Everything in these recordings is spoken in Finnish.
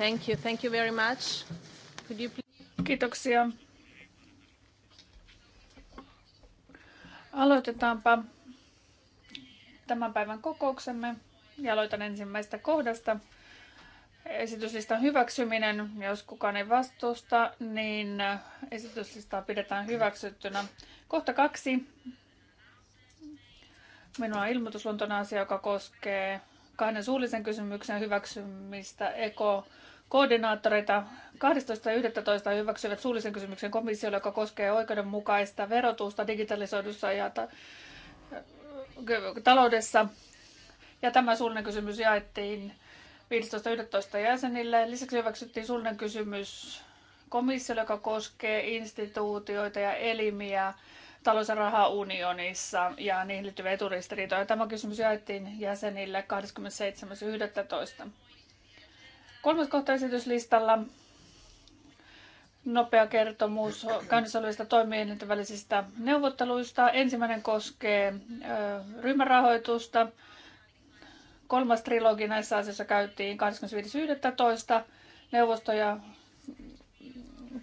Thank you. Thank you very much. Could you please... Kiitoksia. Aloitetaanpa tämän päivän kokouksemme ja aloitan ensimmäistä kohdasta. Esityslistan hyväksyminen. Jos kukaan ei vastusta, niin esityslistaa pidetään hyväksyttynä. Kohta kaksi. Minulla on ilmoitusluontoinen asia, joka koskee kahden suullisen kysymyksen hyväksymistä Eko koordinaattoreita 12.11. hyväksyivät suullisen kysymyksen komissiolle, joka koskee oikeudenmukaista verotusta digitalisoidussa ja ta- taloudessa. Ja tämä suullinen kysymys jaettiin 15.11. jäsenille. Lisäksi hyväksyttiin suullinen kysymys komissiolle, joka koskee instituutioita ja elimiä talous- ja rahaunionissa ja niihin liittyviä eturistiriitoja. Tämä kysymys jaettiin jäsenille 27.11. Kolmas kohta esityslistalla nopea kertomus käynnissä olevista toimielinten välisistä neuvotteluista. Ensimmäinen koskee ryhmärahoitusta. Kolmas trilogi näissä asioissa käytiin 25.11. Neuvosto ja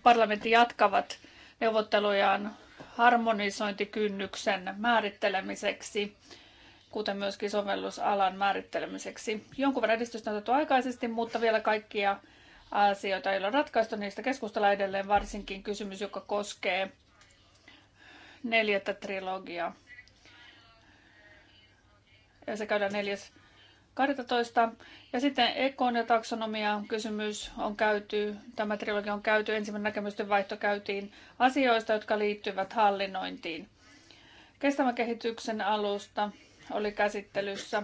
parlamentti jatkavat neuvottelujaan harmonisointikynnyksen määrittelemiseksi kuten myöskin sovellusalan määrittelemiseksi. Jonkun verran edistystä on otettu aikaisesti, mutta vielä kaikkia asioita ei ole ratkaistu. Niistä keskustellaan edelleen varsinkin kysymys, joka koskee neljättä trilogiaa. Ja se käydään 12. Ja sitten ekon ja taksonomia kysymys on käyty, tämä trilogia on käyty, ensimmäinen näkemysten vaihto käytiin asioista, jotka liittyvät hallinnointiin. Kestävän kehityksen alusta oli käsittelyssä.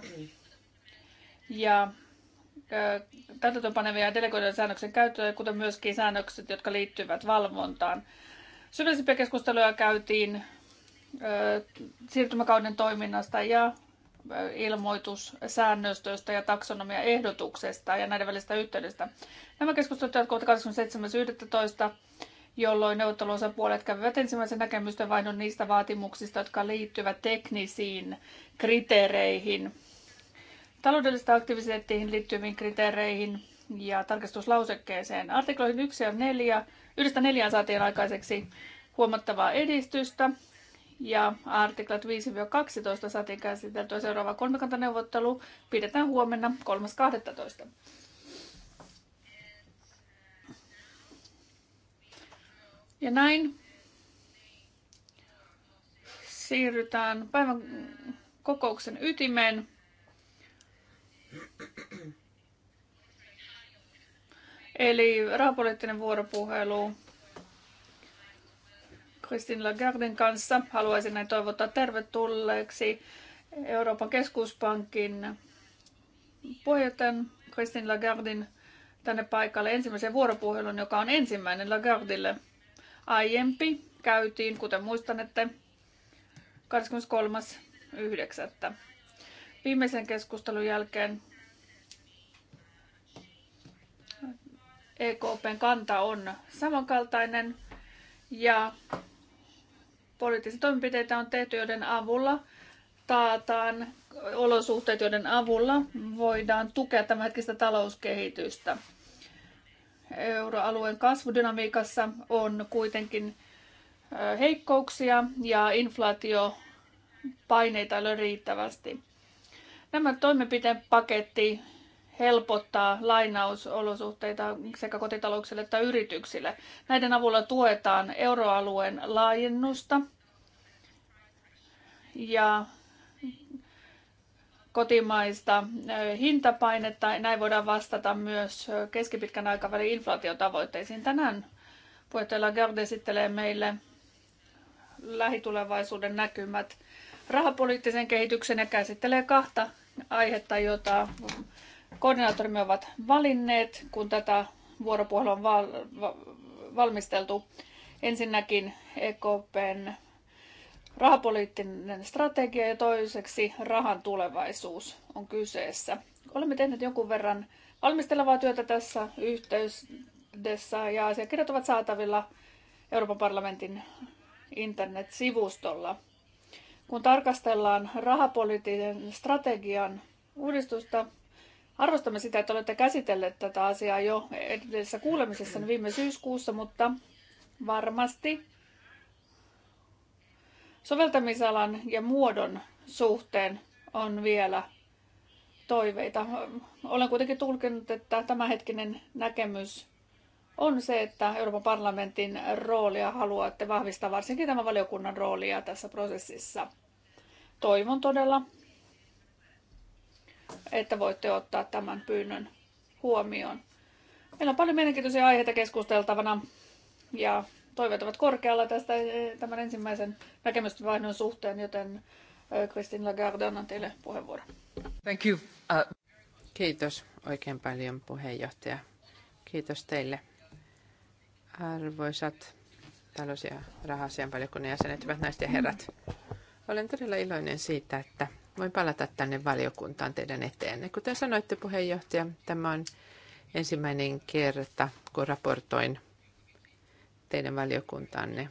Ja täytäntöönpanevia delegoidun säännöksen käyttöä, kuten myöskin säännökset, jotka liittyvät valvontaan. Syvällisempiä keskusteluja käytiin siirtymäkauden toiminnasta ja ilmoitussäännöstöstä ja taksonomiaehdotuksesta ja näiden välistä yhteydestä. Nämä keskustelut jatkuvat 27.11 jolloin neuvotteluosapuolet kävivät ensimmäisen näkemysten vaihdon niistä vaatimuksista, jotka liittyvät teknisiin kriteereihin, taloudellista aktiviteettiin liittyviin kriteereihin ja tarkastuslausekkeeseen. Artikloihin 1 ja 4, yhdestä neljään saatiin aikaiseksi huomattavaa edistystä ja artiklat 5-12 saatiin käsiteltyä. Seuraava kolmikantaneuvottelu pidetään huomenna 3.12. Ja näin siirrytään päivän kokouksen ytimeen. Eli rahapoliittinen vuoropuhelu Christine Lagarden kanssa. Haluaisin näin toivottaa tervetulleeksi Euroopan keskuspankin puheenjohtajan Christine Lagardin tänne paikalle ensimmäisen vuoropuhelun, joka on ensimmäinen Lagardille – Aiempi käytiin, kuten muistanette, 23.9. Viimeisen keskustelun jälkeen EKPn kanta on samankaltainen ja poliittisia toimenpiteitä on tehty, joiden avulla taataan olosuhteet, joiden avulla voidaan tukea tämänhetkistä talouskehitystä. Euroalueen kasvudynamiikassa on kuitenkin heikkouksia ja inflaatiopaineita ei ole riittävästi. Nämä toimenpiteen paketti helpottaa lainausolosuhteita sekä kotitalouksille että yrityksille. Näiden avulla tuetaan euroalueen laajennusta ja kotimaista hintapainetta. Näin voidaan vastata myös keskipitkän aikavälin inflaatiotavoitteisiin. Tänään puheenjohtaja Lagarde esittelee meille lähitulevaisuuden näkymät rahapoliittisen kehityksen ja käsittelee kahta aihetta, jota koordinaattorimme ovat valinneet, kun tätä vuoropuhelua on valmisteltu. Ensinnäkin EKPn rahapoliittinen strategia ja toiseksi rahan tulevaisuus on kyseessä. Olemme tehneet jonkun verran valmistelevaa työtä tässä yhteydessä ja asiakirjat ovat saatavilla Euroopan parlamentin internet internet-sivustolla. Kun tarkastellaan rahapoliittisen strategian uudistusta, arvostamme sitä, että olette käsitelleet tätä asiaa jo edellisessä kuulemisessa viime syyskuussa, mutta varmasti Soveltamisalan ja muodon suhteen on vielä toiveita. Olen kuitenkin tulkinut, että tämänhetkinen näkemys on se, että Euroopan parlamentin roolia haluatte vahvistaa, varsinkin tämän valiokunnan roolia tässä prosessissa. Toivon todella, että voitte ottaa tämän pyynnön huomioon. Meillä on paljon mielenkiintoisia aiheita keskusteltavana ja toiveet ovat korkealla tästä eh, tämän ensimmäisen näkemysten vaihdon suhteen, joten eh, Christine Lagarde, annan teille puheenvuoron. Thank you. Uh... Kiitos oikein paljon puheenjohtaja. Kiitos teille. Arvoisat talous- ja rahasianvaliokunnan jäsenet, hyvät naiset ja herrat. Olen todella iloinen siitä, että voin palata tänne valiokuntaan teidän eteenne. Kuten sanoitte puheenjohtaja, tämä on ensimmäinen kerta, kun raportoin – teidän valiokuntanne.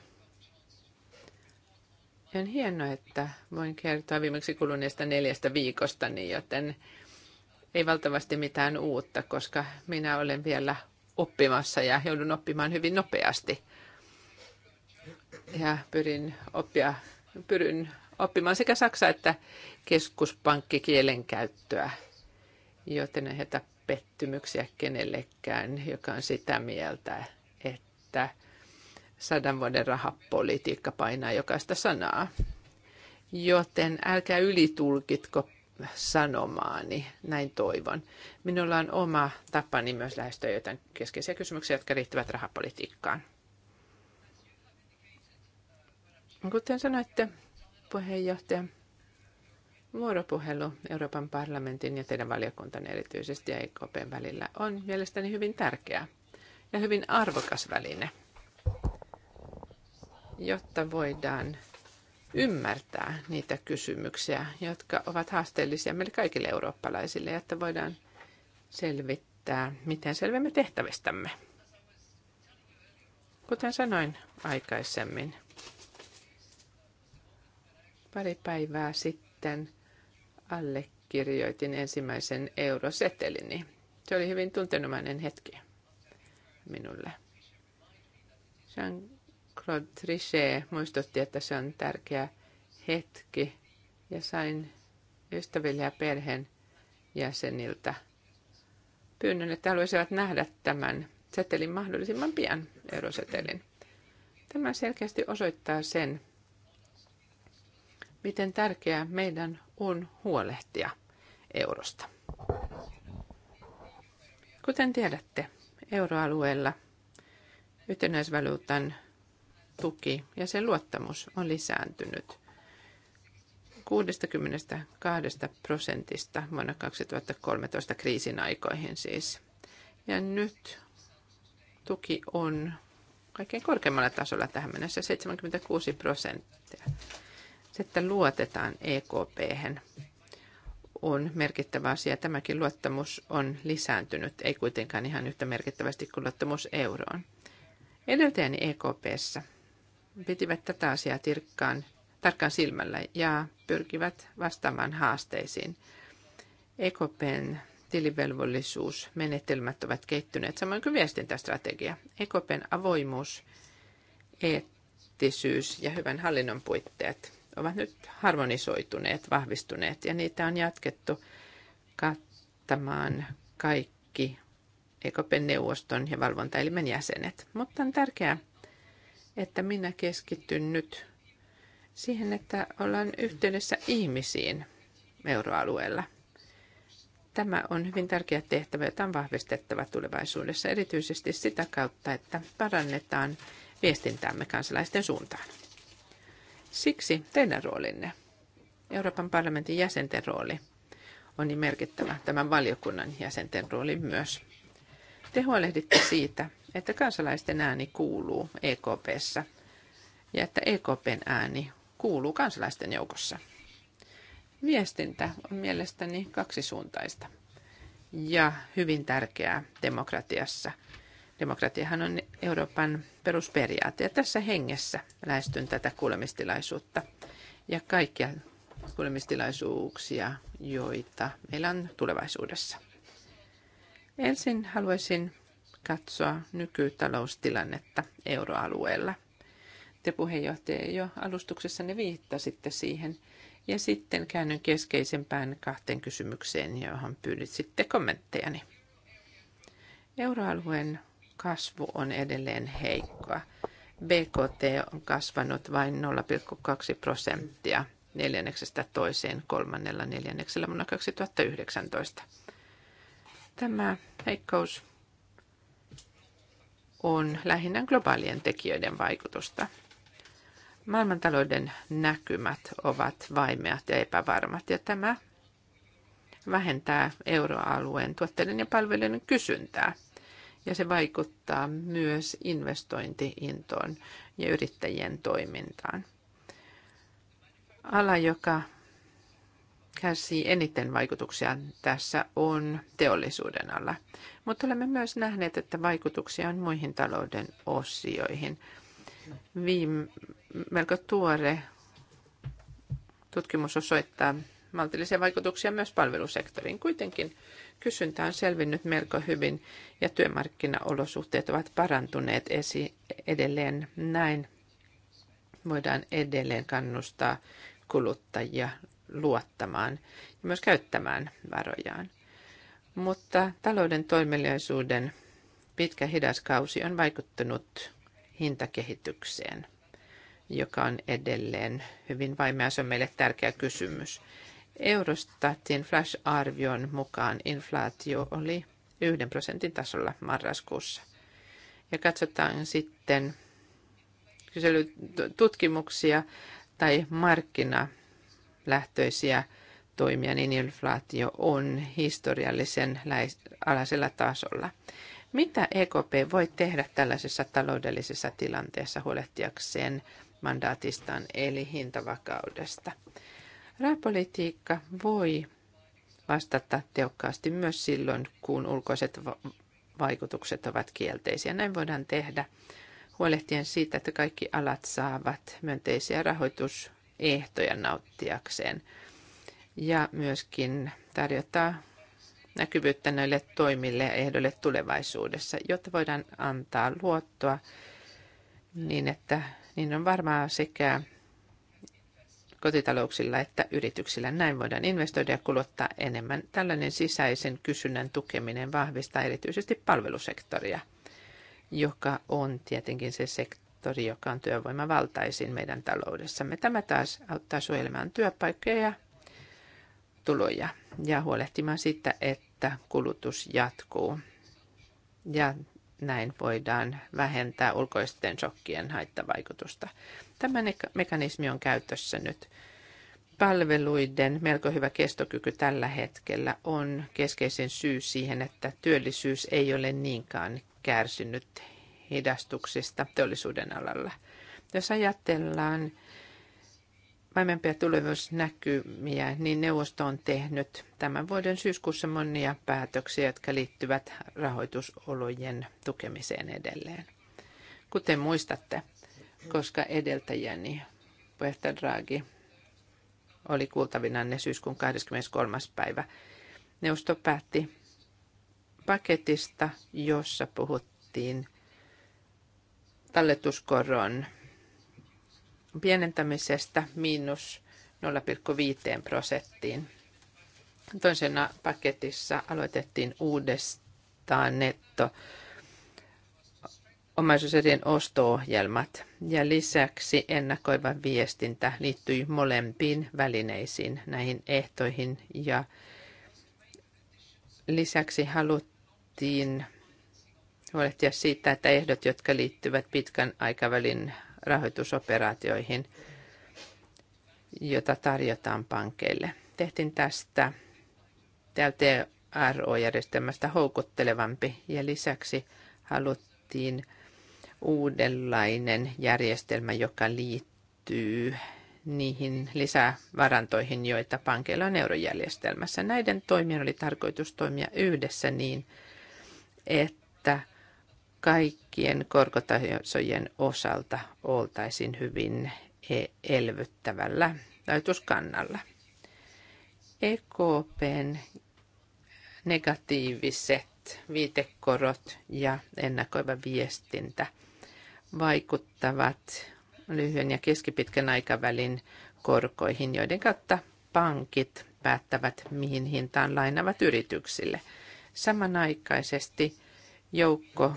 Ja on hienoa, että voin kertoa viimeksi kuluneesta neljästä niin joten ei valtavasti mitään uutta, koska minä olen vielä oppimassa ja joudun oppimaan hyvin nopeasti. Ja pyrin, oppia, pyrin oppimaan sekä saksa että keskuspankkikielenkäyttöä, joten ei heitä pettymyksiä kenellekään, joka on sitä mieltä, että – sadan vuoden rahapolitiikka painaa jokaista sanaa. Joten älkää ylitulkitko sanomaani, näin toivon. Minulla on oma tapani myös lähestyä jotain keskeisiä kysymyksiä, jotka liittyvät rahapolitiikkaan. Kuten sanoitte, puheenjohtaja, vuoropuhelu Euroopan parlamentin ja teidän valiokuntanne erityisesti ja EKPn välillä on mielestäni hyvin tärkeä ja hyvin arvokas väline – jotta voidaan ymmärtää niitä kysymyksiä, jotka ovat haasteellisia meille kaikille eurooppalaisille, jotta voidaan selvittää, miten selvemme tehtävistämme. Kuten sanoin aikaisemmin, pari päivää sitten allekirjoitin ensimmäisen eurosetelini. Se oli hyvin tuntenomainen hetki minulle. Jean Claude Trichet muistutti, että se on tärkeä hetki ja sain ystäville ja perheen jäseniltä pyynnön, että haluaisivat nähdä tämän setelin mahdollisimman pian, erosetelin. Tämä selkeästi osoittaa sen, miten tärkeää meidän on huolehtia eurosta. Kuten tiedätte, euroalueella yhtenäisvaluutan tuki ja sen luottamus on lisääntynyt 62 prosentista vuonna 2013 kriisin aikoihin siis. Ja nyt tuki on kaikkein korkeimmalla tasolla tähän mennessä 76 prosenttia. Se, että luotetaan ekp on merkittävä asia. Tämäkin luottamus on lisääntynyt, ei kuitenkaan ihan yhtä merkittävästi kuin luottamus euroon. Edeltäjäni EKPssä pitivät tätä asiaa tirkkaan, tarkkaan silmällä ja pyrkivät vastaamaan haasteisiin. EKPn tilivelvollisuusmenetelmät ovat kehittyneet, samoin kuin viestintästrategia. EKPn avoimuus, eettisyys ja hyvän hallinnon puitteet ovat nyt harmonisoituneet, vahvistuneet ja niitä on jatkettu kattamaan kaikki EKPn neuvoston ja valvontaelimen jäsenet. Mutta on tärkeää että minä keskityn nyt siihen, että ollaan yhteydessä ihmisiin euroalueella. Tämä on hyvin tärkeä tehtävä, jota on vahvistettava tulevaisuudessa, erityisesti sitä kautta, että parannetaan viestintäämme kansalaisten suuntaan. Siksi teidän roolinne, Euroopan parlamentin jäsenten rooli, on niin merkittävä, tämän valiokunnan jäsenten rooli myös. Te huolehditte siitä, että kansalaisten ääni kuuluu EKPssä ja että EKPn ääni kuuluu kansalaisten joukossa. Viestintä on mielestäni kaksisuuntaista ja hyvin tärkeää demokratiassa. Demokratiahan on Euroopan perusperiaate ja tässä hengessä lähestyn tätä kuulemistilaisuutta ja kaikkia kuulemistilaisuuksia, joita meillä on tulevaisuudessa. Ensin haluaisin katsoa nykytaloustilannetta euroalueella. Te puheenjohtaja jo alustuksessanne viittasitte siihen. Ja sitten käännyn keskeisempään kahteen kysymykseen, johon sitten kommenttejani. Euroalueen kasvu on edelleen heikkoa. BKT on kasvanut vain 0,2 prosenttia neljänneksestä toiseen kolmannella neljänneksellä vuonna 2019. Tämä heikkous on lähinnä globaalien tekijöiden vaikutusta. Maailmantalouden näkymät ovat vaimeat ja epävarmat, ja tämä vähentää euroalueen tuotteiden ja palveluiden kysyntää. Ja se vaikuttaa myös investointiintoon ja yrittäjien toimintaan. Ala, joka kärsii eniten vaikutuksia tässä on teollisuuden alla. Mutta olemme myös nähneet, että vaikutuksia on muihin talouden osioihin. Viime, melko tuore tutkimus osoittaa maltillisia vaikutuksia myös palvelusektoriin. Kuitenkin kysyntä on selvinnyt melko hyvin ja työmarkkinaolosuhteet ovat parantuneet esi- edelleen. Näin voidaan edelleen kannustaa kuluttajia luottamaan ja myös käyttämään varojaan. Mutta talouden toimeliaisuuden pitkä hidas kausi on vaikuttanut hintakehitykseen, joka on edelleen hyvin vaimea. Se on meille tärkeä kysymys. Eurostatin flash-arvion mukaan inflaatio oli 1 prosentin tasolla marraskuussa. Ja katsotaan sitten kyselytutkimuksia tai markkina lähtöisiä toimia, niin inflaatio on historiallisen alaisella tasolla. Mitä EKP voi tehdä tällaisessa taloudellisessa tilanteessa huolehtiakseen mandaatistaan eli hintavakaudesta? Rahapolitiikka voi vastata tehokkaasti myös silloin, kun ulkoiset vaikutukset ovat kielteisiä. Näin voidaan tehdä huolehtien siitä, että kaikki alat saavat myönteisiä rahoitus ehtoja nauttiakseen ja myöskin tarjota näkyvyyttä näille toimille ja ehdolle tulevaisuudessa, jotta voidaan antaa luottoa niin, että niin on varmaa sekä kotitalouksilla että yrityksillä. Näin voidaan investoida ja kuluttaa enemmän. Tällainen sisäisen kysynnän tukeminen vahvistaa erityisesti palvelusektoria, joka on tietenkin se sektori, sektori, joka on työvoimavaltaisin meidän taloudessamme. Tämä taas auttaa suojelemaan työpaikkoja ja tuloja ja huolehtimaan siitä, että kulutus jatkuu. Ja näin voidaan vähentää ulkoisten shokkien haittavaikutusta. Tämä mekanismi on käytössä nyt. Palveluiden melko hyvä kestokyky tällä hetkellä on keskeisin syy siihen, että työllisyys ei ole niinkaan kärsinyt hidastuksista teollisuuden alalla. Jos ajatellaan vaimempia tulevuusnäkymiä, niin neuvosto on tehnyt tämän vuoden syyskuussa monia päätöksiä, jotka liittyvät rahoitusolojen tukemiseen edelleen. Kuten muistatte, koska edeltäjäni puheenjohtaja Draghi oli ne syyskuun 23. päivä, neuvosto päätti paketista, jossa puhuttiin talletuskoron pienentämisestä miinus 0,5 prosenttiin. Toisena paketissa aloitettiin uudestaan netto omaisuuserien osto-ohjelmat ja lisäksi ennakoiva viestintä liittyi molempiin välineisiin näihin ehtoihin ja lisäksi haluttiin huolehtia siitä, että ehdot, jotka liittyvät pitkän aikavälin rahoitusoperaatioihin, jota tarjotaan pankeille. Tehtiin tästä TRO-järjestelmästä houkuttelevampi ja lisäksi haluttiin uudenlainen järjestelmä, joka liittyy niihin lisävarantoihin, joita pankeilla on eurojärjestelmässä. Näiden toimien oli tarkoitus toimia yhdessä niin, että kaikkien korkotasojen osalta oltaisiin hyvin e- elvyttävällä tuskannalla. EKPn negatiiviset viitekorot ja ennakoiva viestintä vaikuttavat lyhyen ja keskipitkän aikavälin korkoihin, joiden kautta pankit päättävät, mihin hintaan lainavat yrityksille. Samanaikaisesti joukko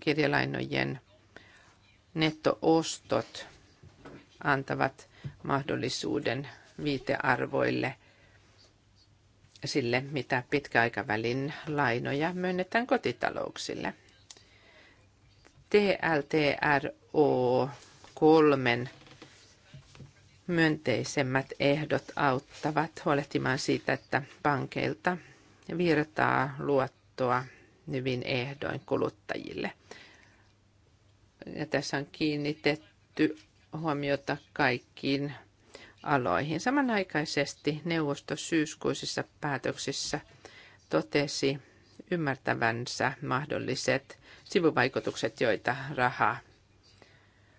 kirjalainojen nettoostot antavat mahdollisuuden viitearvoille sille, mitä pitkäaikavälin lainoja myönnetään kotitalouksille. TLTRO kolmen myönteisemmät ehdot auttavat huolehtimaan siitä, että pankeilta virtaa luottoa hyvin ehdoin kuluttajille. Ja tässä on kiinnitetty huomiota kaikkiin aloihin. Samanaikaisesti neuvosto syyskuisissa päätöksissä totesi ymmärtävänsä mahdolliset sivuvaikutukset, joita raha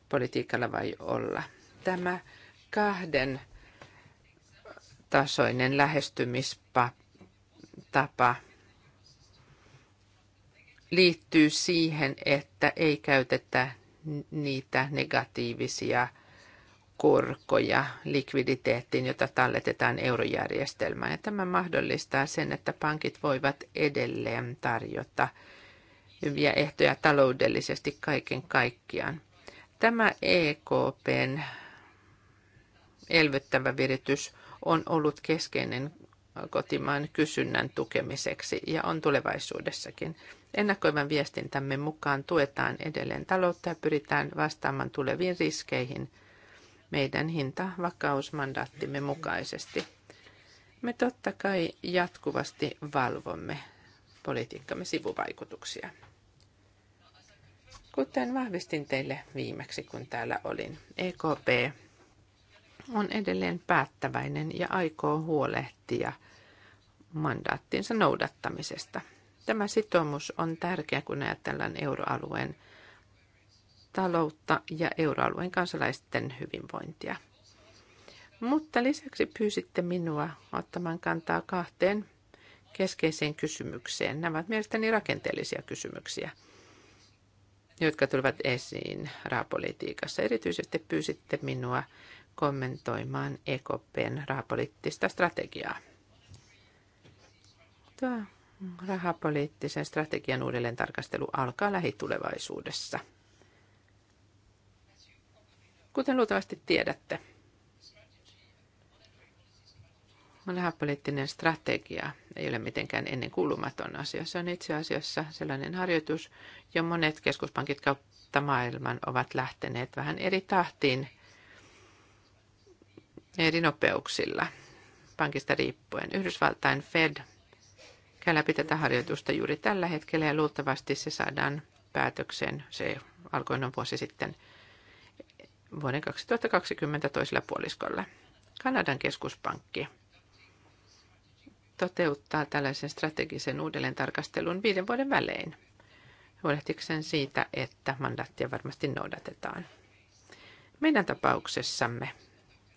politiikalla voi olla. Tämä kahden tasoinen lähestymistapa liittyy siihen, että ei käytetä niitä negatiivisia korkoja likviditeettiin, jota talletetaan eurojärjestelmään. Ja tämä mahdollistaa sen, että pankit voivat edelleen tarjota hyviä ehtoja taloudellisesti kaiken kaikkiaan. Tämä EKPn elvyttävä viritys on ollut keskeinen kotimaan kysynnän tukemiseksi ja on tulevaisuudessakin. Ennakoivan viestintämme mukaan tuetaan edelleen taloutta ja pyritään vastaamaan tuleviin riskeihin meidän hintavakausmandaattimme mukaisesti. Me totta kai jatkuvasti valvomme politiikkamme sivuvaikutuksia. Kuten vahvistin teille viimeksi, kun täällä olin, EKP on edelleen päättäväinen ja aikoo huolehtia mandaattinsa noudattamisesta. Tämä sitoumus on tärkeä, kun ajatellaan euroalueen taloutta ja euroalueen kansalaisten hyvinvointia. Mutta lisäksi pyysitte minua ottamaan kantaa kahteen keskeiseen kysymykseen. Nämä ovat mielestäni rakenteellisia kysymyksiä, jotka tulevat esiin rahapolitiikassa. Erityisesti pyysitte minua kommentoimaan EKPn rahapoliittista strategiaa. Tuo rahapoliittisen strategian uudelleen tarkastelu alkaa lähitulevaisuudessa. Kuten luultavasti tiedätte, rahapoliittinen strategia ei ole mitenkään ennen kuulumaton asia. Se on itse asiassa sellainen harjoitus, jo monet keskuspankit kautta maailman ovat lähteneet vähän eri tahtiin eri nopeuksilla pankista riippuen. Yhdysvaltain Fed käy läpi tätä harjoitusta juuri tällä hetkellä ja luultavasti se saadaan päätökseen. Se alkoi noin vuosi sitten vuoden 2020 toisella puoliskolla. Kanadan keskuspankki toteuttaa tällaisen strategisen tarkastelun viiden vuoden välein, huolehtikseen siitä, että mandaattia varmasti noudatetaan. Meidän tapauksessamme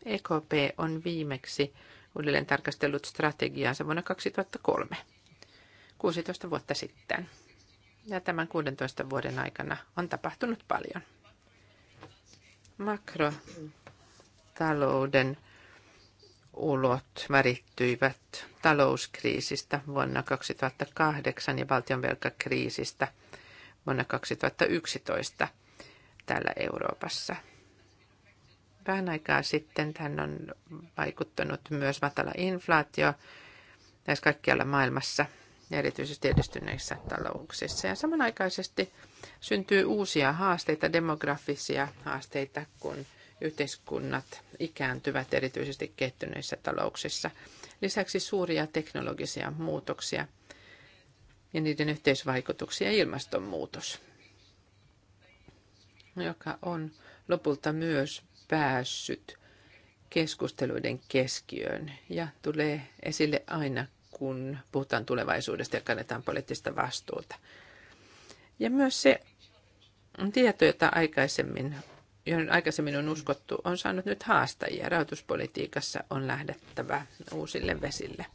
EKP on viimeksi uudelleen tarkastellut strategiaansa vuonna 2003. 16 vuotta sitten. Ja tämän 16 vuoden aikana on tapahtunut paljon. Makrotalouden ulot värittyivät talouskriisistä vuonna 2008 ja valtionvelkakriisistä vuonna 2011 täällä Euroopassa. Vähän aikaa sitten tähän on vaikuttanut myös matala inflaatio näissä kaikkialla maailmassa – ja erityisesti edistyneissä talouksissa. Ja samanaikaisesti syntyy uusia haasteita, demografisia haasteita, kun yhteiskunnat ikääntyvät erityisesti kehittyneissä talouksissa. Lisäksi suuria teknologisia muutoksia ja niiden yhteisvaikutuksia ilmastonmuutos, joka on lopulta myös päässyt keskusteluiden keskiöön ja tulee esille aina, kun puhutaan tulevaisuudesta ja kannetaan poliittista vastuuta. Ja myös se tieto, jota aikaisemmin, johon aikaisemmin on uskottu, on saanut nyt haastajia. Rahoituspolitiikassa on lähdettävä uusille vesille.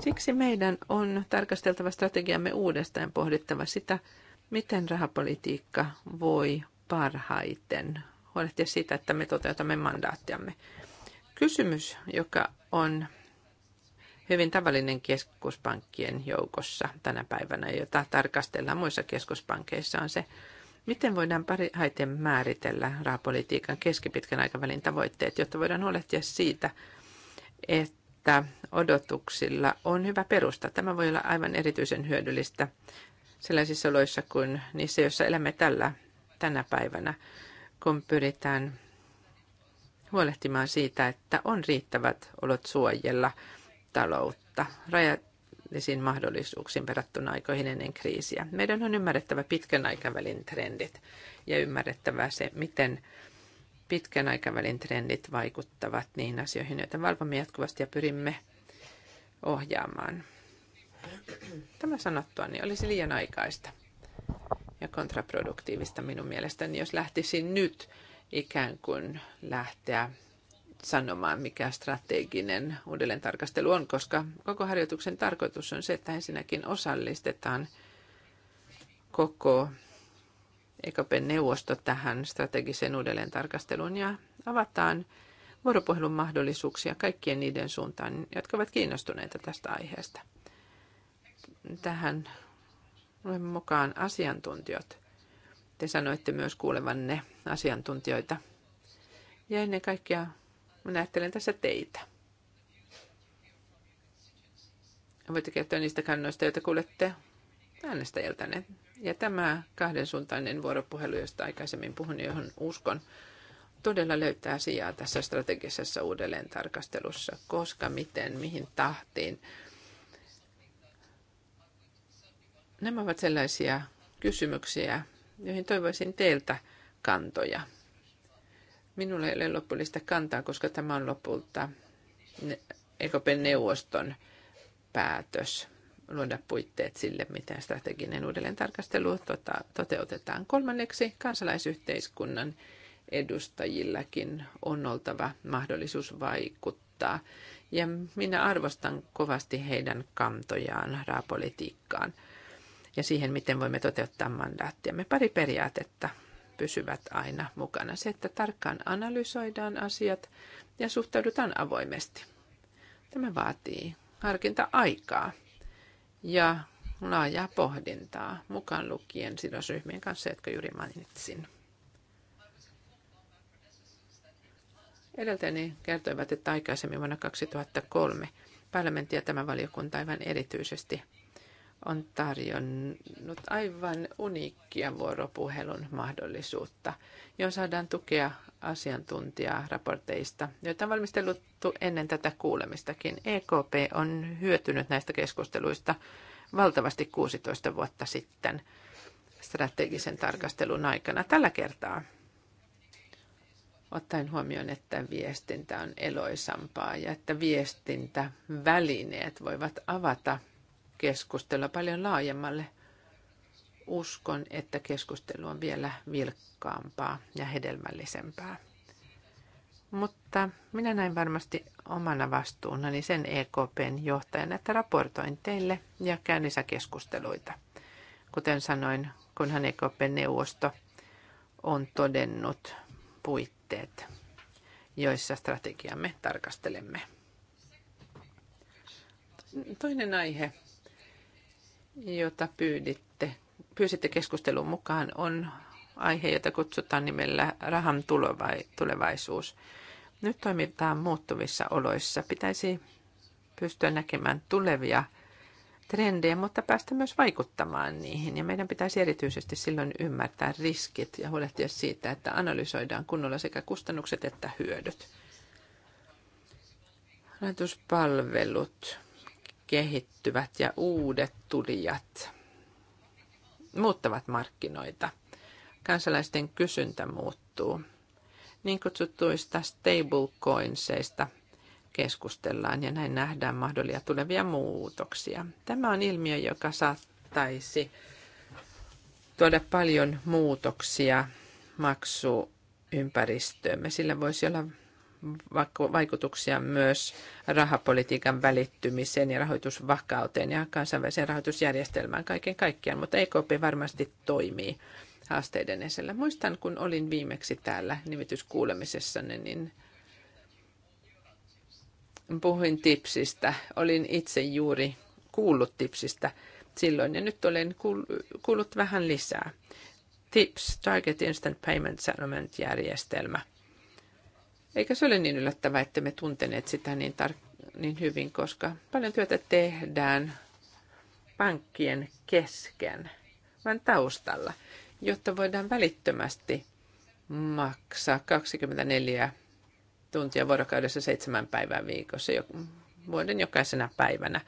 Siksi meidän on tarkasteltava strategiamme uudestaan pohdittava sitä, miten rahapolitiikka voi parhaiten huolehtia siitä, että me toteutamme mandaattiamme. Kysymys, joka on hyvin tavallinen keskuspankkien joukossa tänä päivänä, jota tarkastellaan muissa keskuspankeissa, on se, miten voidaan parhaiten määritellä rahapolitiikan keskipitkän aikavälin tavoitteet, jotta voidaan huolehtia siitä, että odotuksilla on hyvä perusta. Tämä voi olla aivan erityisen hyödyllistä sellaisissa oloissa kuin niissä, joissa elämme tällä tänä päivänä, kun pyritään huolehtimaan siitä, että on riittävät olot suojella taloutta rajallisiin mahdollisuuksiin verrattuna aikoihin ennen kriisiä. Meidän on ymmärrettävä pitkän aikavälin trendit ja ymmärrettävä se, miten pitkän aikavälin trendit vaikuttavat niihin asioihin, joita valvomme jatkuvasti ja pyrimme ohjaamaan. Tämä sanottua niin olisi liian aikaista ja kontraproduktiivista minun mielestäni, jos lähtisin nyt ikään kuin lähteä sanomaan, mikä strateginen uudelleen tarkastelu on, koska koko harjoituksen tarkoitus on se, että ensinnäkin osallistetaan koko EKPn neuvosto tähän strategiseen uudelleen tarkasteluun ja avataan vuoropuhelun mahdollisuuksia kaikkien niiden suuntaan, jotka ovat kiinnostuneita tästä aiheesta. Tähän olemme mukaan asiantuntijat. Te sanoitte myös kuulevanne asiantuntijoita. Ja ennen kaikkea minä ajattelen tässä teitä. Voitte kertoa niistä kannoista, joita kuulette äänestäjältäne. Ja tämä kahdensuuntainen vuoropuhelu, josta aikaisemmin puhun, johon uskon, todella löytää sijaa tässä strategisessa uudelleen tarkastelussa, koska miten, mihin tahtiin. Nämä ovat sellaisia kysymyksiä, joihin toivoisin teiltä kantoja. Minulla ei ole lopullista kantaa, koska tämä on lopulta EKPn neuvoston päätös luoda puitteet sille, miten strateginen uudelleen tarkastelu tota- toteutetaan. Kolmanneksi kansalaisyhteiskunnan edustajillakin on oltava mahdollisuus vaikuttaa. Ja minä arvostan kovasti heidän kantojaan raapolitiikkaan ja siihen, miten voimme toteuttaa mandaattiamme. Pari periaatetta pysyvät aina mukana. Se, että tarkkaan analysoidaan asiat ja suhtaudutaan avoimesti. Tämä vaatii harkinta-aikaa ja laajaa pohdintaa, mukaan lukien sidosryhmien kanssa, jotka juuri mainitsin. Edeltäni kertoivat, että aikaisemmin vuonna 2003 parlamentti ja tämä valiokunta aivan erityisesti – on tarjonnut aivan uniikkia vuoropuhelun mahdollisuutta, johon saadaan tukea raporteista, joita on valmisteltu ennen tätä kuulemistakin. EKP on hyötynyt näistä keskusteluista valtavasti 16 vuotta sitten strategisen tarkastelun aikana. Tällä kertaa ottaen huomioon, että viestintä on eloisampaa ja että viestintävälineet voivat avata keskustella paljon laajemmalle. Uskon, että keskustelu on vielä vilkkaampaa ja hedelmällisempää. Mutta minä näin varmasti omana vastuunani sen EKPn johtajana, että raportoin teille ja käyn lisäkeskusteluita. Kuten sanoin, kunhan EKPn neuvosto on todennut puitteet, joissa strategiamme tarkastelemme. Toinen aihe jota pyyditte, pyysitte keskustelun mukaan, on aihe, jota kutsutaan nimellä rahan tulevaisuus. Nyt toimitaan muuttuvissa oloissa. Pitäisi pystyä näkemään tulevia trendejä, mutta päästä myös vaikuttamaan niihin. Ja meidän pitäisi erityisesti silloin ymmärtää riskit ja huolehtia siitä, että analysoidaan kunnolla sekä kustannukset että hyödyt. Rahoituspalvelut kehittyvät ja uudet tulijat muuttavat markkinoita. Kansalaisten kysyntä muuttuu. Niin kutsutuista stablecoinseista keskustellaan ja näin nähdään mahdollisia tulevia muutoksia. Tämä on ilmiö, joka saattaisi tuoda paljon muutoksia maksuympäristöömme. Sillä voisi olla vaikutuksia myös rahapolitiikan välittymiseen ja rahoitusvakauteen ja kansainväliseen rahoitusjärjestelmään kaiken kaikkiaan, mutta EKP varmasti toimii haasteiden esillä. Muistan, kun olin viimeksi täällä nimityskuulemisessa, niin puhuin tipsistä. Olin itse juuri kuullut tipsistä silloin ja nyt olen kuullut vähän lisää. TIPS, Target Instant Payment Settlement järjestelmä – eikä se ole niin yllättävää, että me tunteneet sitä niin, tar- niin hyvin, koska paljon työtä tehdään pankkien kesken, vaan taustalla, jotta voidaan välittömästi maksaa 24 tuntia vuorokaudessa seitsemän päivää viikossa vuoden jokaisena päivänä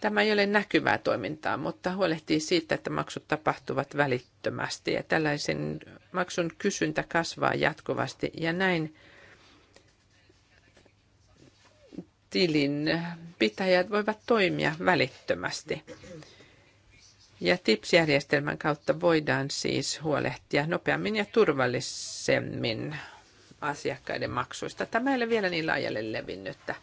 Tämä ei ole näkyvää toimintaa, mutta huolehtii siitä, että maksut tapahtuvat välittömästi ja tällaisen maksun kysyntä kasvaa jatkuvasti ja näin tilin pitäjät voivat toimia välittömästi. Ja TIPS-järjestelmän kautta voidaan siis huolehtia nopeammin ja turvallisemmin asiakkaiden maksuista. Tämä ei ole vielä niin laajalle levinnyttä.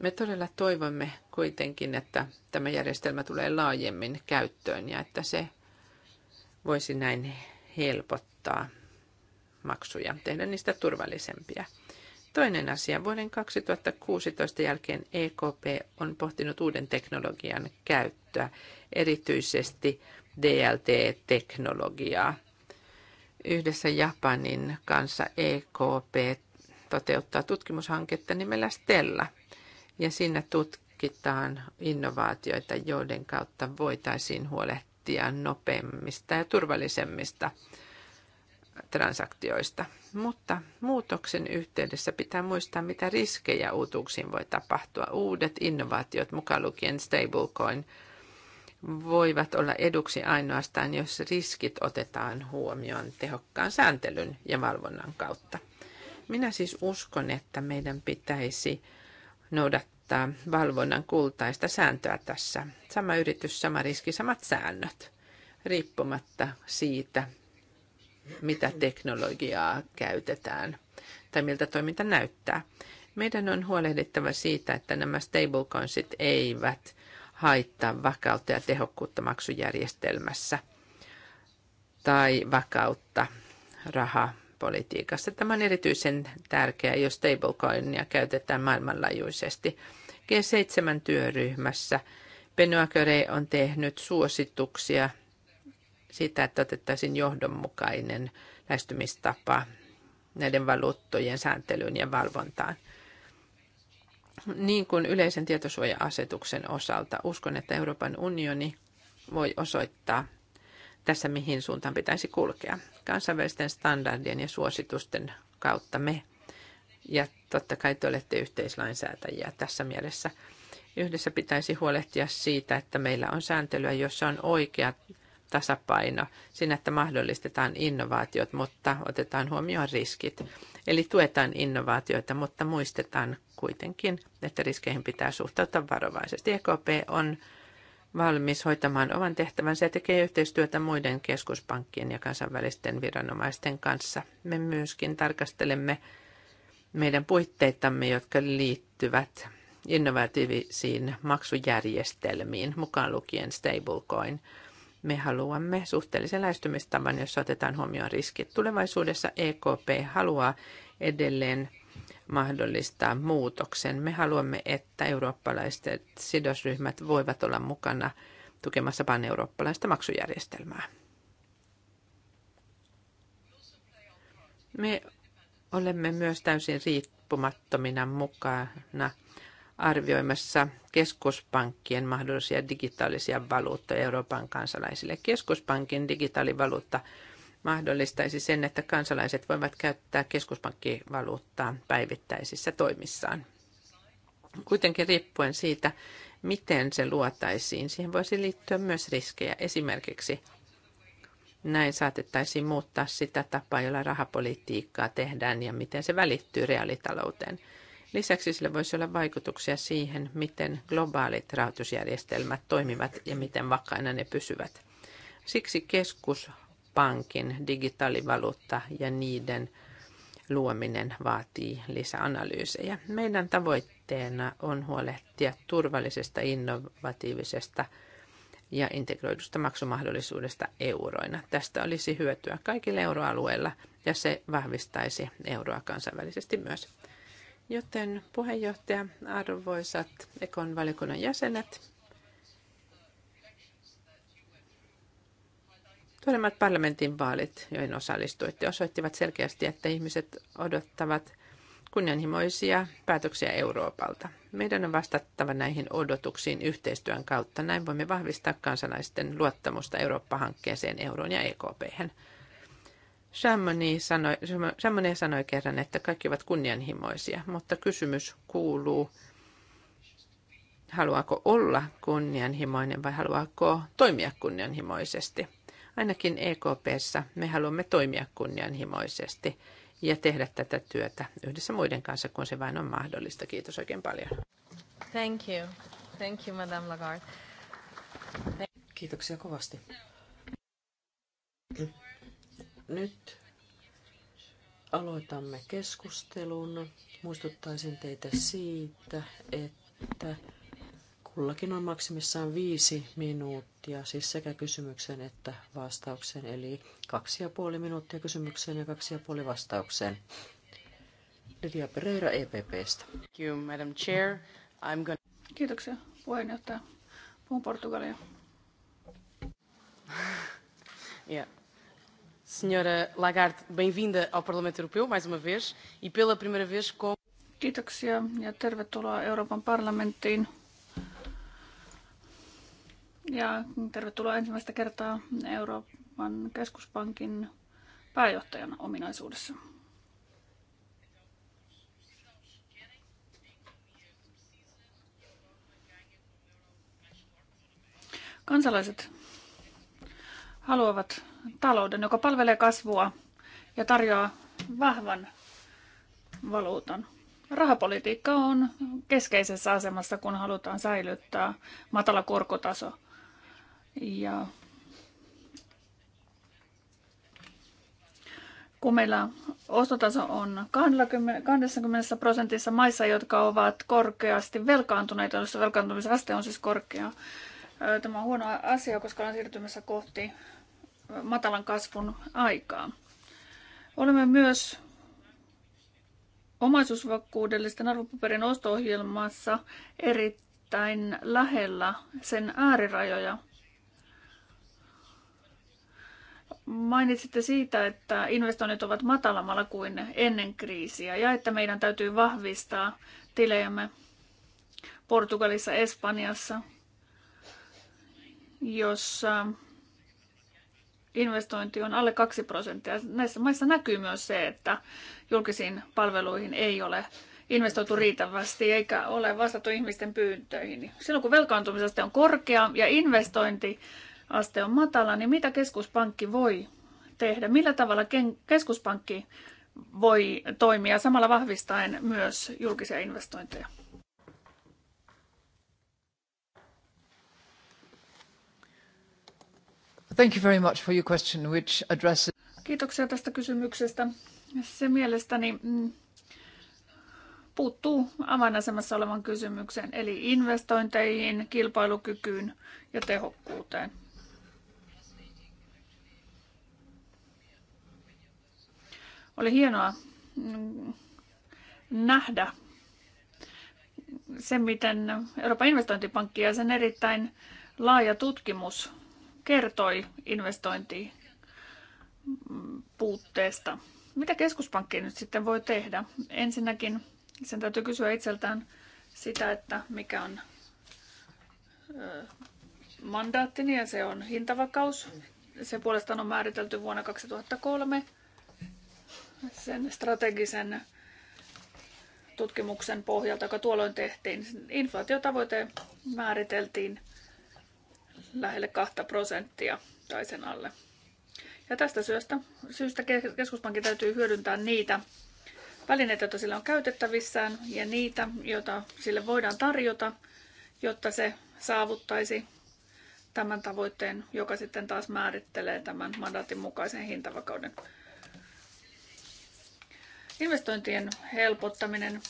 Me todella toivomme kuitenkin, että tämä järjestelmä tulee laajemmin käyttöön ja että se voisi näin helpottaa maksuja, tehdä niistä turvallisempia. Toinen asia. Vuoden 2016 jälkeen EKP on pohtinut uuden teknologian käyttöä, erityisesti DLT-teknologiaa. Yhdessä Japanin kanssa EKP toteuttaa tutkimushanketta nimellä Stella – ja siinä tutkitaan innovaatioita, joiden kautta voitaisiin huolehtia nopeammista ja turvallisemmista transaktioista. Mutta muutoksen yhteydessä pitää muistaa, mitä riskejä uutuuksiin voi tapahtua. Uudet innovaatiot, mukaan lukien stablecoin, voivat olla eduksi ainoastaan, jos riskit otetaan huomioon tehokkaan sääntelyn ja valvonnan kautta. Minä siis uskon, että meidän pitäisi noudattaa valvonnan kultaista sääntöä tässä. Sama yritys, sama riski, samat säännöt, riippumatta siitä, mitä teknologiaa käytetään tai miltä toiminta näyttää. Meidän on huolehdittava siitä, että nämä stablecoinsit eivät haittaa vakautta ja tehokkuutta maksujärjestelmässä tai vakautta raha politiikasta. Tämä on erityisen tärkeää, jos stablecoinia käytetään maailmanlaajuisesti. G7-työryhmässä Benoit on tehnyt suosituksia sitä, että otettaisiin johdonmukainen lähestymistapa näiden valuuttojen sääntelyyn ja valvontaan. Niin kuin yleisen tietosuoja-asetuksen osalta, uskon, että Euroopan unioni voi osoittaa tässä, mihin suuntaan pitäisi kulkea. Kansainvälisten standardien ja suositusten kautta me, ja totta kai te olette yhteislainsäätäjiä tässä mielessä, yhdessä pitäisi huolehtia siitä, että meillä on sääntelyä, jossa on oikea tasapaino siinä, että mahdollistetaan innovaatiot, mutta otetaan huomioon riskit. Eli tuetaan innovaatioita, mutta muistetaan kuitenkin, että riskeihin pitää suhtautua varovaisesti. EKP on valmis hoitamaan oman tehtävänsä ja tekee yhteistyötä muiden keskuspankkien ja kansainvälisten viranomaisten kanssa. Me myöskin tarkastelemme meidän puitteitamme, jotka liittyvät innovatiivisiin maksujärjestelmiin, mukaan lukien stablecoin. Me haluamme suhteellisen lähestymistavan, jossa otetaan huomioon riskit. Tulevaisuudessa EKP haluaa edelleen mahdollistaa muutoksen. Me haluamme, että eurooppalaiset sidosryhmät voivat olla mukana tukemassa pan-eurooppalaista maksujärjestelmää. Me olemme myös täysin riippumattomina mukana arvioimassa keskuspankkien mahdollisia digitaalisia valuuttoja Euroopan kansalaisille. Keskuspankin digitaalivaluutta mahdollistaisi sen, että kansalaiset voivat käyttää keskuspankkivaluuttaa päivittäisissä toimissaan. Kuitenkin riippuen siitä, miten se luotaisiin, siihen voisi liittyä myös riskejä. Esimerkiksi näin saatettaisiin muuttaa sitä tapaa, jolla rahapolitiikkaa tehdään ja miten se välittyy reaalitalouteen. Lisäksi sillä voisi olla vaikutuksia siihen, miten globaalit rahoitusjärjestelmät toimivat ja miten vakaina ne pysyvät. Siksi keskus pankin digitaalivaluutta ja niiden luominen vaatii lisäanalyysejä. Meidän tavoitteena on huolehtia turvallisesta, innovatiivisesta ja integroidusta maksumahdollisuudesta euroina. Tästä olisi hyötyä kaikille euroalueilla ja se vahvistaisi euroa kansainvälisesti myös. Joten puheenjohtaja, arvoisat Ekon valiokunnan jäsenet, Tuoreimmat parlamentin vaalit, joihin osallistuitte, osoittivat selkeästi, että ihmiset odottavat kunnianhimoisia päätöksiä Euroopalta. Meidän on vastattava näihin odotuksiin yhteistyön kautta. Näin voimme vahvistaa kansalaisten luottamusta Eurooppa-hankkeeseen, euroon ja EKP-hän. Chamonix sanoi, sanoi kerran, että kaikki ovat kunnianhimoisia, mutta kysymys kuuluu, haluaako olla kunnianhimoinen vai haluaako toimia kunnianhimoisesti. Ainakin EKPssä me haluamme toimia kunnianhimoisesti ja tehdä tätä työtä yhdessä muiden kanssa, kun se vain on mahdollista. Kiitos oikein paljon. Thank you. Thank you, Madame Lagarde. Thank Kiitoksia kovasti. Nyt aloitamme keskustelun. Muistuttaisin teitä siitä, että Kullakin on maksimissaan viisi minuuttia, siis sekä kysymykseen että vastaukseen, eli kaksi ja puoli minuuttia kysymykseen ja kaksi ja puoli vastaukseen. Lydia Pereira EPPstä. Thank you, Madam Chair. I'm gonna... Kiitoksia puheenjohtaja. Puhun Portugalia. yeah. Senhora Lagarde, bem-vinda ao Parlamento Europeu mais uma vez e pela primeira vez com... Kiitoksia ja tervetuloa Euroopan parlamenttiin. Ja tervetuloa ensimmäistä kertaa Euroopan keskuspankin pääjohtajan ominaisuudessa. Kansalaiset haluavat talouden, joka palvelee kasvua ja tarjoaa vahvan valuutan. Rahapolitiikka on keskeisessä asemassa, kun halutaan säilyttää matala korkotaso – ja kun meillä ostotaso on 20, prosentissa maissa, jotka ovat korkeasti velkaantuneita, joissa velkaantumisaste on siis korkea. Tämä on huono asia, koska ollaan siirtymässä kohti matalan kasvun aikaa. Olemme myös omaisuusvakuudellisten arvopaperin osto-ohjelmassa erittäin lähellä sen äärirajoja – Mainitsitte siitä, että investoinnit ovat matalammalla kuin ennen kriisiä ja että meidän täytyy vahvistaa tilejämme Portugalissa, Espanjassa, jossa investointi on alle 2 prosenttia. Näissä maissa näkyy myös se, että julkisiin palveluihin ei ole investoitu riittävästi eikä ole vastattu ihmisten pyyntöihin. Silloin kun velkaantumisaste on korkea ja investointi aste on matala, niin mitä keskuspankki voi tehdä? Millä tavalla keskuspankki voi toimia samalla vahvistaen myös julkisia investointeja? Thank you very much for your question, which addresses... Kiitoksia tästä kysymyksestä. Se mielestäni mm, puuttuu avainasemassa olevan kysymyksen, eli investointeihin, kilpailukykyyn ja tehokkuuteen. Oli hienoa mm, nähdä se, miten Euroopan investointipankki ja sen erittäin laaja tutkimus kertoi investointipuutteesta. Mm, puutteesta. Mitä keskuspankki nyt sitten voi tehdä? Ensinnäkin sen täytyy kysyä itseltään sitä, että mikä on mandaattini ja se on hintavakaus. Se puolestaan on määritelty vuonna 2003 sen strategisen tutkimuksen pohjalta, joka tuolloin tehtiin. Inflaatiotavoite määriteltiin lähelle 2 prosenttia tai sen alle. Ja tästä syystä, syystä keskuspankin täytyy hyödyntää niitä välineitä, joita sillä on käytettävissään ja niitä, joita sille voidaan tarjota, jotta se saavuttaisi tämän tavoitteen, joka sitten taas määrittelee tämän mandaatin mukaisen hintavakauden investointien helpottaminen,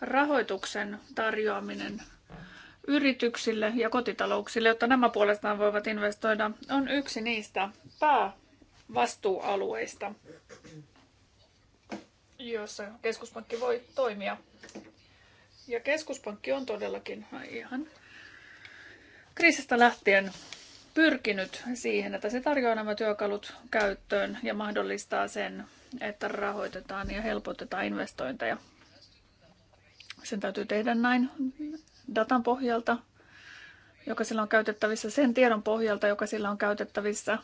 rahoituksen tarjoaminen yrityksille ja kotitalouksille, jotta nämä puolestaan voivat investoida, on yksi niistä päävastuualueista, jossa keskuspankki voi toimia. Ja keskuspankki on todellakin ihan kriisistä lähtien pyrkinyt siihen, että se tarjoaa nämä työkalut käyttöön ja mahdollistaa sen, että rahoitetaan ja helpotetaan investointeja. Sen täytyy tehdä näin datan pohjalta, joka sillä on käytettävissä, sen tiedon pohjalta, joka sillä on käytettävissä.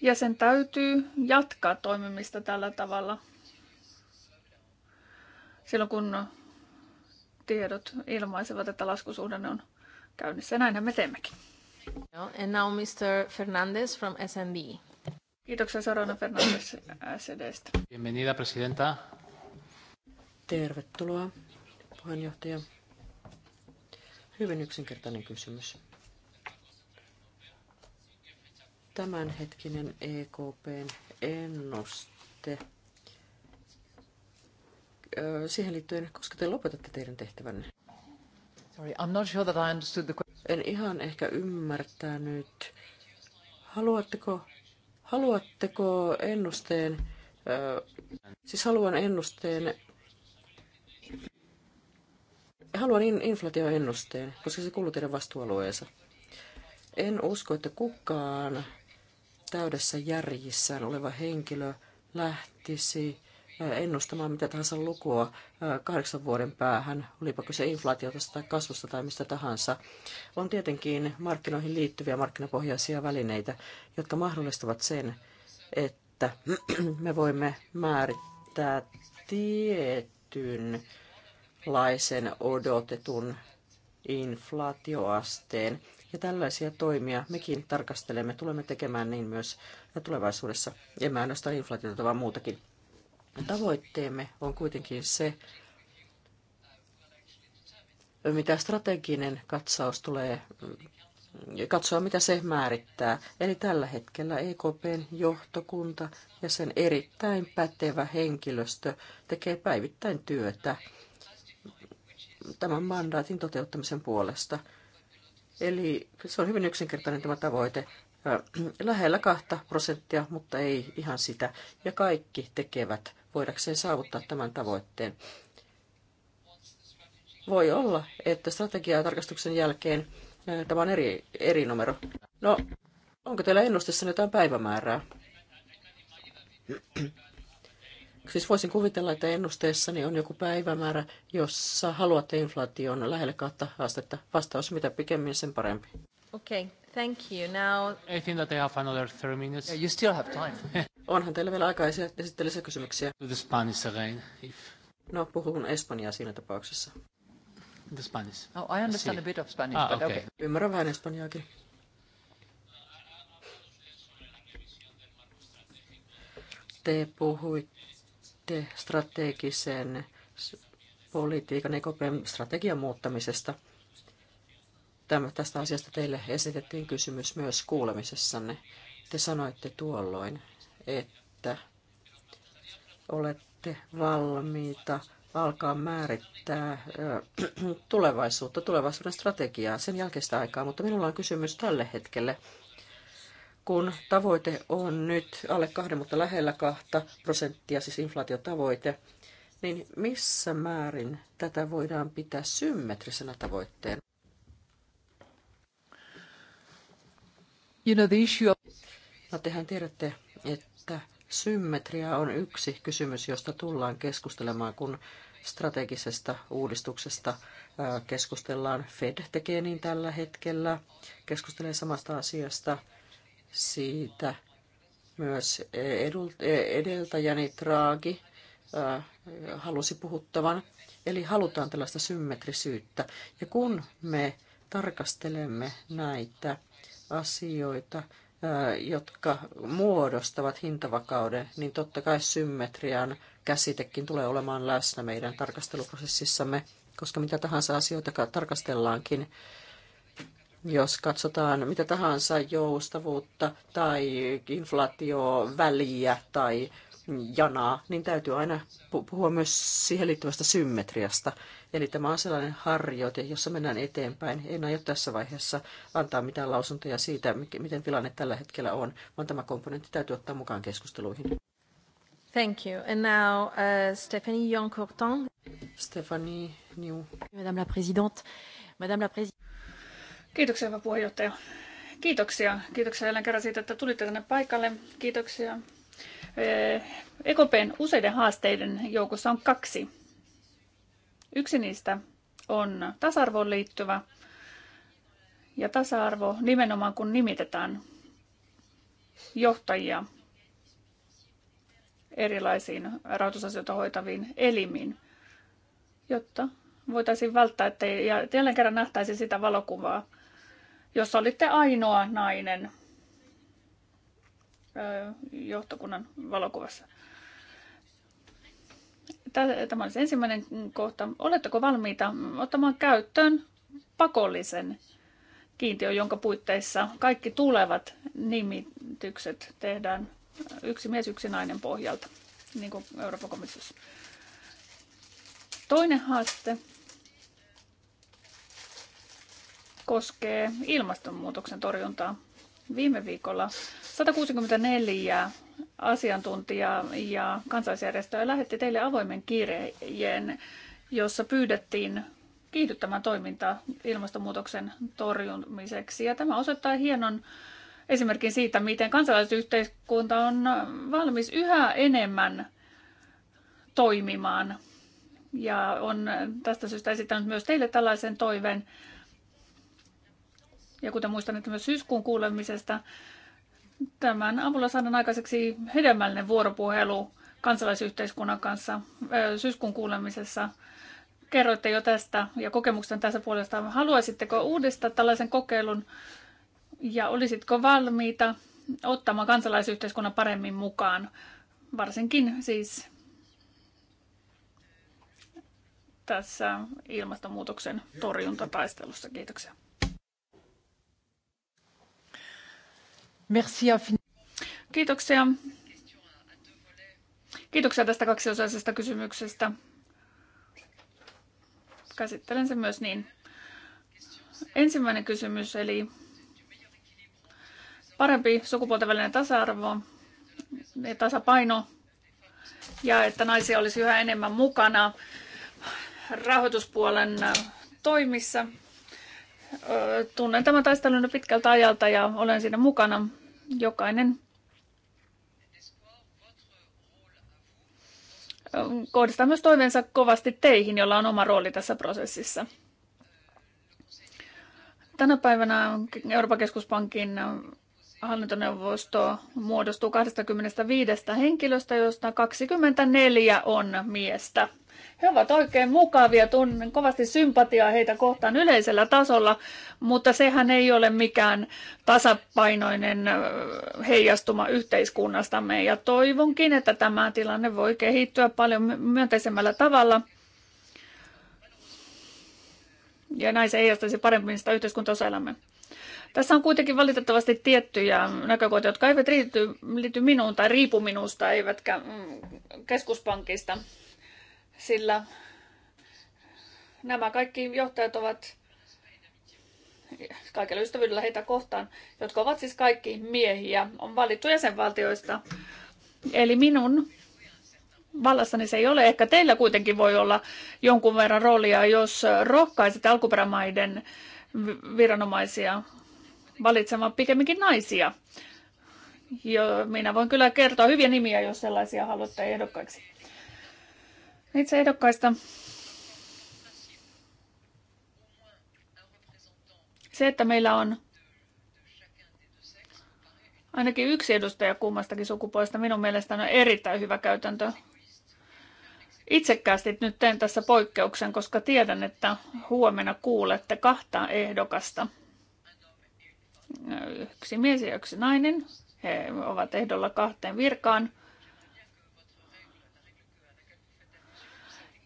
Ja sen täytyy jatkaa toimimista tällä tavalla. Silloin kun tiedot ilmaisevat, että laskusuhdanne on käynnissä. Näinhän me teemmekin. And now Mr. Fernandez from SMB. Sorona Fernandes SEDstä. Bienvenida, presidenta. Tervetuloa, puheenjohtaja. Hyvin yksinkertainen kysymys. Tämänhetkinen EKPn ennuste. Siihen liittyen, koska te lopetatte teidän tehtävänne. Sorry, I'm not sure that I understood the En ihan ehkä ymmärtänyt. Haluatteko Haluatteko ennusteen, siis haluan ennusteen, haluan in, inflaatioennusteen, koska se kuuluu teidän vastuualueensa. En usko, että kukaan täydessä järjissään oleva henkilö lähtisi ennustamaan mitä tahansa lukua kahdeksan vuoden päähän, olipa kyse inflaatiota tai kasvusta tai mistä tahansa. On tietenkin markkinoihin liittyviä markkinapohjaisia välineitä, jotka mahdollistavat sen, että me voimme määrittää tietynlaisen odotetun inflaatioasteen. Ja tällaisia toimia mekin tarkastelemme, tulemme tekemään niin myös tulevaisuudessa, emme ainoastaan inflaatiota, vaan muutakin. Tavoitteemme on kuitenkin se, mitä strateginen katsaus tulee katsoa, mitä se määrittää. Eli tällä hetkellä EKPn johtokunta ja sen erittäin pätevä henkilöstö tekee päivittäin työtä tämän mandaatin toteuttamisen puolesta. Eli se on hyvin yksinkertainen tämä tavoite. Lähellä kahta prosenttia, mutta ei ihan sitä. Ja kaikki tekevät voidakseen saavuttaa tämän tavoitteen. Voi olla, että strategiatarkastuksen jälkeen tämä on eri, eri numero. No, onko teillä ennustessa jotain päivämäärää? Siis voisin kuvitella, että ennusteessani on joku päivämäärä, jossa haluatte inflaation lähelle kahta astetta. Vastaus mitä pikemmin, sen parempi. Okay, thank you. Now... I think that I have another three minutes. Yeah, you still have time. Onhan teillä vielä aikaa esittää lisäkysymyksiä. No, puhun espanjaa siinä tapauksessa. The Spanish. Oh, I understand a bit of Spanish, ah, but okay. okay. Ymmärrän vähän espanjaakin. Te puhuitte strategisen politiikan EKPn strategian muuttamisesta. Tämä, tästä asiasta teille esitettiin kysymys myös kuulemisessanne. Te sanoitte tuolloin, että olette valmiita alkaa määrittää tulevaisuutta, tulevaisuuden strategiaa, sen jälkeistä aikaa. Mutta minulla on kysymys tälle hetkelle. Kun tavoite on nyt alle kahden, mutta lähellä kahta prosenttia, siis inflaatiotavoite, niin missä määrin tätä voidaan pitää symmetrisenä tavoitteena? You know, the issue of... No tehän tiedätte, että symmetria on yksi kysymys, josta tullaan keskustelemaan, kun strategisesta uudistuksesta keskustellaan. Fed tekee niin tällä hetkellä, keskustelee samasta asiasta siitä myös edeltäjäni Traagi halusi puhuttavan. Eli halutaan tällaista symmetrisyyttä. Ja kun me tarkastelemme näitä asioita, jotka muodostavat hintavakauden, niin totta kai symmetrian käsitekin tulee olemaan läsnä meidän tarkasteluprosessissamme, koska mitä tahansa asioita tarkastellaankin, jos katsotaan mitä tahansa joustavuutta tai inflaatioväliä tai janaa, niin täytyy aina puhua myös siihen liittyvästä symmetriasta. Eli tämä on sellainen harjoite, jossa mennään eteenpäin. En aio tässä vaiheessa antaa mitään lausuntoja siitä, miten tilanne tällä hetkellä on, vaan tämä komponentti täytyy ottaa mukaan keskusteluihin. Thank you. And now uh, Stephanie Yoncourton. Stephanie New. Madame la Présidente. Madame la Présidente. Kiitoksia, hyvä puheenjohtaja. Kiitoksia. Kiitoksia jälleen kerran siitä, että tulitte tänne paikalle. Kiitoksia EKPn useiden haasteiden joukossa on kaksi. Yksi niistä on tasa-arvoon liittyvä ja tasa-arvo nimenomaan kun nimitetään johtajia erilaisiin rahoitusasioita hoitaviin elimiin, jotta voitaisiin välttää, että jälleen kerran nähtäisi sitä valokuvaa, jossa olitte ainoa nainen johtokunnan valokuvassa. Tämä on ensimmäinen kohta. Oletteko valmiita ottamaan käyttöön pakollisen kiintiön, jonka puitteissa kaikki tulevat nimitykset tehdään yksi mies, yksi nainen pohjalta, niin kuin Euroopan komissiossa. Toinen haaste koskee ilmastonmuutoksen torjuntaa. Viime viikolla 164 asiantuntijaa ja kansalaisjärjestöä lähetti teille avoimen kirjeen, jossa pyydettiin kiihdyttämään toimintaa ilmastonmuutoksen torjumiseksi. Ja tämä osoittaa hienon esimerkin siitä, miten kansalaisyhteiskunta on valmis yhä enemmän toimimaan. Ja on tästä syystä esittänyt myös teille tällaisen toiveen. Ja kuten muistan, että myös syyskuun kuulemisesta tämän avulla saadaan aikaiseksi hedelmällinen vuoropuhelu kansalaisyhteiskunnan kanssa syyskuun kuulemisessa. Kerroitte jo tästä ja kokemuksesta tässä puolesta. Haluaisitteko uudistaa tällaisen kokeilun ja olisitko valmiita ottamaan kansalaisyhteiskunnan paremmin mukaan, varsinkin siis tässä ilmastonmuutoksen torjuntataistelussa. Kiitoksia. Kiitoksia. Kiitoksia tästä kaksiosaisesta kysymyksestä. Käsittelen sen myös niin. Ensimmäinen kysymys, eli parempi sukupuolten välinen tasa-arvo ja tasapaino ja että naisia olisi yhä enemmän mukana rahoituspuolen toimissa. Tunnen tämän taistelun pitkältä ajalta ja olen siinä mukana jokainen kohdistaa myös toiveensa kovasti teihin, jolla on oma rooli tässä prosessissa. Tänä päivänä Euroopan keskuspankin hallintoneuvosto muodostuu 25 henkilöstä, josta 24 on miestä. He ovat oikein mukavia, tunnen kovasti sympatiaa heitä kohtaan yleisellä tasolla, mutta sehän ei ole mikään tasapainoinen heijastuma yhteiskunnastamme. Ja toivonkin, että tämä tilanne voi kehittyä paljon myönteisemmällä tavalla. Ja näin se heijastaisi paremmin sitä yhteiskuntaosaelämme. Tässä on kuitenkin valitettavasti tiettyjä näkökohtia, jotka eivät liity, liity minuun tai riipu minusta, eivätkä mm, keskuspankista sillä nämä kaikki johtajat ovat kaikella ystävyydellä heitä kohtaan, jotka ovat siis kaikki miehiä, on valittu jäsenvaltioista. Eli minun vallassani se ei ole. Ehkä teillä kuitenkin voi olla jonkun verran roolia, jos rohkaisit alkuperämaiden viranomaisia valitsemaan pikemminkin naisia. Jo, minä voin kyllä kertoa hyviä nimiä, jos sellaisia haluatte ehdokkaiksi itse ehdokkaista. Se, että meillä on ainakin yksi edustaja kummastakin sukupuolesta, minun mielestäni on erittäin hyvä käytäntö. Itsekkäästi nyt teen tässä poikkeuksen, koska tiedän, että huomenna kuulette kahta ehdokasta. Yksi mies ja yksi nainen. He ovat ehdolla kahteen virkaan.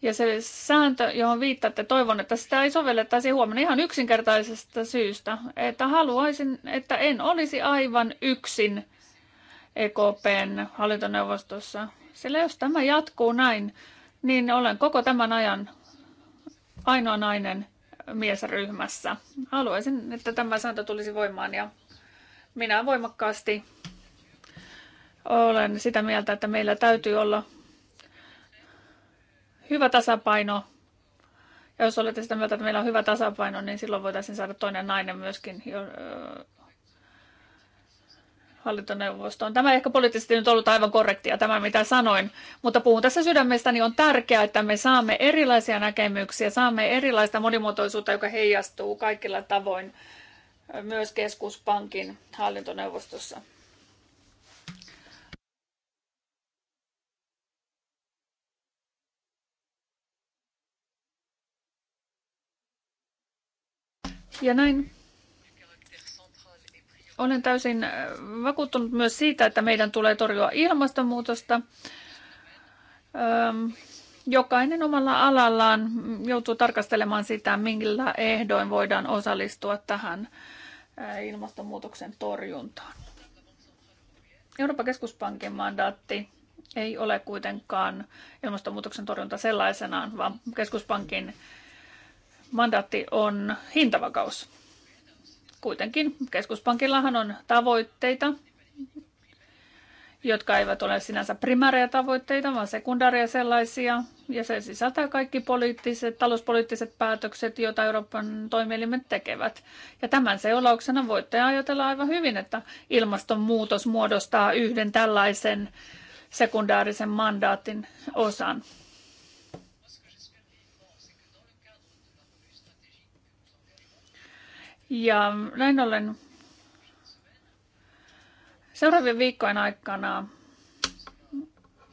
Ja se sääntö, johon viittaatte, toivon, että sitä ei sovellettaisi huomenna ihan yksinkertaisesta syystä, että haluaisin, että en olisi aivan yksin EKPn hallintoneuvostossa. Sillä jos tämä jatkuu näin, niin olen koko tämän ajan ainoa nainen miesryhmässä. Haluaisin, että tämä sääntö tulisi voimaan ja minä voimakkaasti olen sitä mieltä, että meillä täytyy olla hyvä tasapaino. Ja jos olette sitä mieltä, että meillä on hyvä tasapaino, niin silloin voitaisiin saada toinen nainen myöskin hallintoneuvostoon. Tämä ei ehkä poliittisesti nyt ollut aivan korrektia tämä, mitä sanoin, mutta puhun tässä sydämestä, niin on tärkeää, että me saamme erilaisia näkemyksiä, saamme erilaista monimuotoisuutta, joka heijastuu kaikilla tavoin myös keskuspankin hallintoneuvostossa. Ja näin olen täysin äh, vakuuttunut myös siitä, että meidän tulee torjua ilmastonmuutosta. Jokainen omalla alallaan joutuu tarkastelemaan sitä, millä ehdoin voidaan osallistua tähän äh, ilmastonmuutoksen torjuntaan. Euroopan keskuspankin mandaatti ei ole kuitenkaan ilmastonmuutoksen torjunta sellaisenaan, vaan keskuspankin mandaatti on hintavakaus. Kuitenkin keskuspankillahan on tavoitteita, jotka eivät ole sinänsä primäärejä tavoitteita, vaan sekundaaria sellaisia. Ja se sisältää kaikki poliittiset, talouspoliittiset päätökset, joita Euroopan toimielimet tekevät. Ja tämän seurauksena voitte ajatella aivan hyvin, että ilmastonmuutos muodostaa yhden tällaisen sekundaarisen mandaatin osan. Ja näin ollen seuraavien viikkojen aikana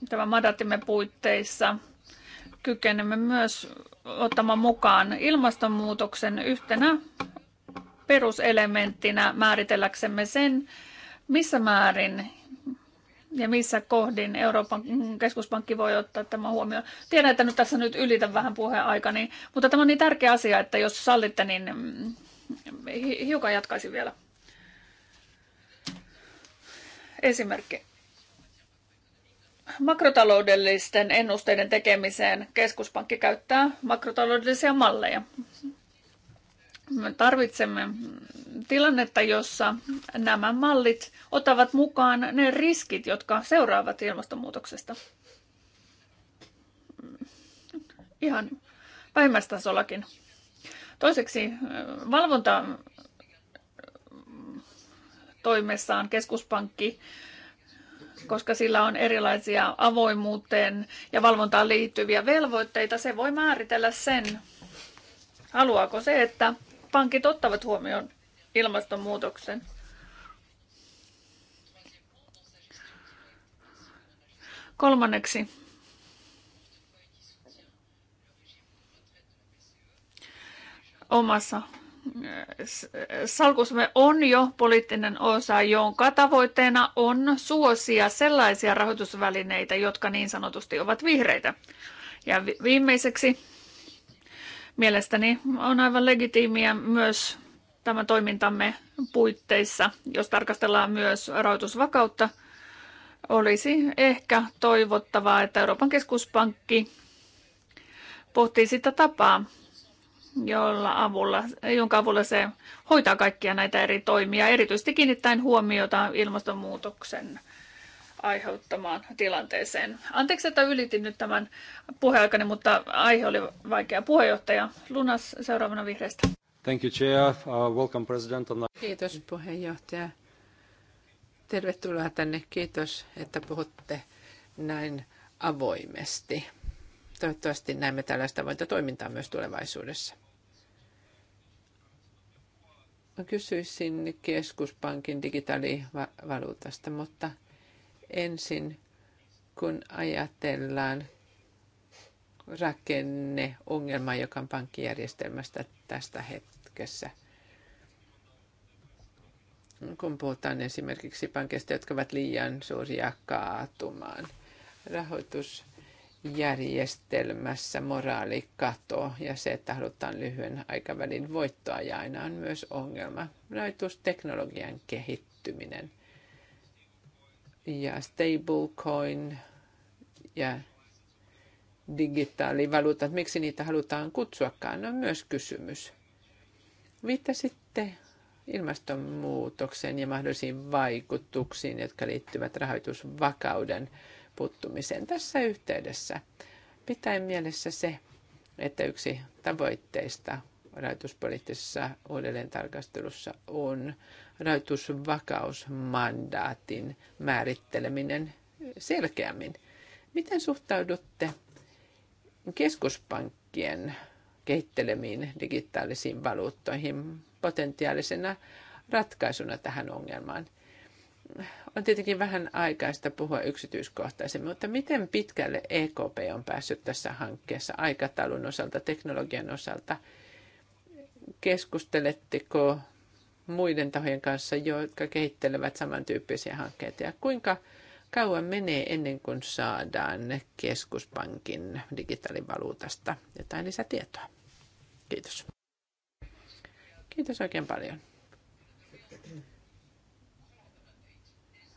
tämän madatimme puitteissa kykenemme myös ottamaan mukaan ilmastonmuutoksen yhtenä peruselementtinä määritelläksemme sen, missä määrin ja missä kohdin Euroopan keskuspankki voi ottaa tämä huomioon. Tiedän, että nyt tässä nyt ylitän vähän aikani, mutta tämä on niin tärkeä asia, että jos sallitte, niin hiukan jatkaisin vielä. Esimerkki. Makrotaloudellisten ennusteiden tekemiseen keskuspankki käyttää makrotaloudellisia malleja. Me tarvitsemme tilannetta, jossa nämä mallit ottavat mukaan ne riskit, jotka seuraavat ilmastonmuutoksesta. Ihan vähimmäistasollakin. Toiseksi äh, valvonta äh, toimessaan keskuspankki, koska sillä on erilaisia avoimuuteen ja valvontaan liittyviä velvoitteita, se voi määritellä sen, haluaako se, että pankit ottavat huomioon ilmastonmuutoksen. Kolmanneksi omassa äh, salkussamme on jo poliittinen osa, jonka tavoitteena on suosia sellaisia rahoitusvälineitä, jotka niin sanotusti ovat vihreitä. Ja viimeiseksi mielestäni on aivan legitiimiä myös tämä toimintamme puitteissa, jos tarkastellaan myös rahoitusvakautta, olisi ehkä toivottavaa, että Euroopan keskuspankki pohtii sitä tapaa, jolla avulla, jonka avulla se hoitaa kaikkia näitä eri toimia, erityisesti kiinnittäen huomiota ilmastonmuutoksen aiheuttamaan tilanteeseen. Anteeksi, että ylitin nyt tämän puheaikani, mutta aihe oli vaikea. Puheenjohtaja Lunas seuraavana vihreistä. Thank you, Chair. Uh, welcome, President. Kiitos puheenjohtaja. Tervetuloa tänne. Kiitos, että puhutte näin avoimesti. Toivottavasti näemme tällaista avointa toimintaa myös tulevaisuudessa. Kysyisin keskuspankin digitaalivaluutasta, mutta ensin kun ajatellaan rakenneongelmaa, joka on pankkijärjestelmästä tästä hetkessä. Kun puhutaan esimerkiksi pankeista, jotka ovat liian suuria kaatumaan. Rahoitus järjestelmässä moraalikato ja se, että halutaan lyhyen aikavälin voittoa ja aina on myös ongelma. Rahoitusteknologian kehittyminen ja stablecoin ja digitaalivaluutat, miksi niitä halutaan kutsuakaan, on myös kysymys. Viittasitte ilmastonmuutoksen ja mahdollisiin vaikutuksiin, jotka liittyvät rahoitusvakauden puuttumiseen tässä yhteydessä. Pitäen mielessä se, että yksi tavoitteista rahoituspoliittisessa uudelleentarkastelussa on rahoitusvakausmandaatin määritteleminen selkeämmin. Miten suhtaudutte keskuspankkien kehittelemiin digitaalisiin valuuttoihin potentiaalisena ratkaisuna tähän ongelmaan? on tietenkin vähän aikaista puhua yksityiskohtaisemmin, mutta miten pitkälle EKP on päässyt tässä hankkeessa aikataulun osalta, teknologian osalta? Keskusteletteko muiden tahojen kanssa, jotka kehittelevät samantyyppisiä hankkeita? Ja kuinka kauan menee ennen kuin saadaan keskuspankin digitaalivaluutasta jotain lisätietoa? Kiitos. Kiitos oikein paljon.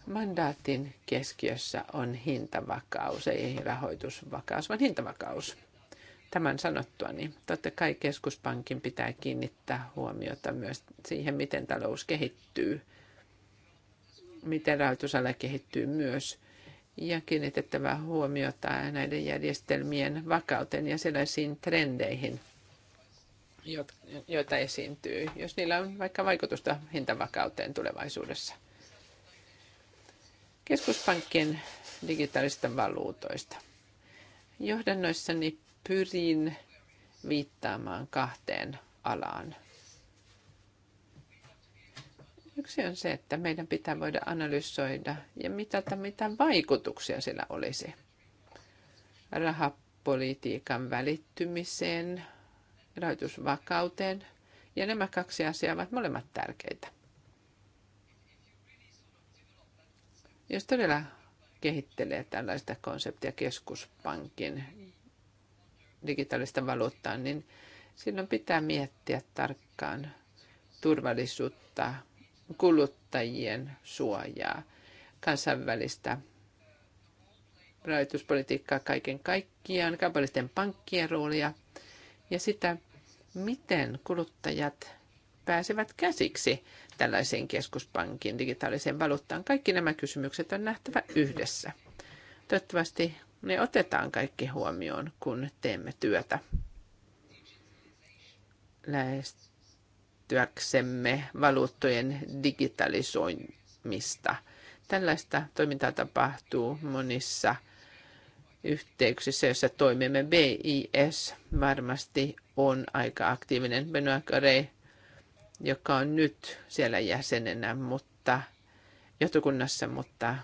mandaatin keskiössä on hintavakaus, ei rahoitusvakaus, vaan hintavakaus. Tämän sanottua, niin totta kai keskuspankin pitää kiinnittää huomiota myös siihen, miten talous kehittyy, miten rahoitusala kehittyy myös, ja kiinnitettävä huomiota näiden järjestelmien vakauteen ja sellaisiin trendeihin, joita esiintyy, jos niillä on vaikka vaikutusta hintavakauteen tulevaisuudessa keskuspankkien digitaalisista valuutoista. Johdannoissani pyrin viittaamaan kahteen alaan. Yksi on se, että meidän pitää voida analysoida ja mitata, mitä vaikutuksia sillä olisi rahapolitiikan välittymiseen, rahoitusvakauteen. Ja nämä kaksi asiaa ovat molemmat tärkeitä. jos todella kehittelee tällaista konseptia keskuspankin digitaalista valuuttaa, niin silloin pitää miettiä tarkkaan turvallisuutta, kuluttajien suojaa, kansainvälistä rajoituspolitiikkaa kaiken kaikkiaan, kaupallisten pankkien roolia ja sitä, miten kuluttajat pääsevät käsiksi tällaiseen keskuspankin digitaaliseen valuuttaan. Kaikki nämä kysymykset on nähtävä yhdessä. Toivottavasti ne otetaan kaikki huomioon, kun teemme työtä lähestyäksemme valuuttojen digitalisoimista. Tällaista toimintaa tapahtuu monissa yhteyksissä, joissa toimimme. BIS varmasti on aika aktiivinen. Benoit Carré joka on nyt siellä jäsenenä, mutta johtokunnassa, mutta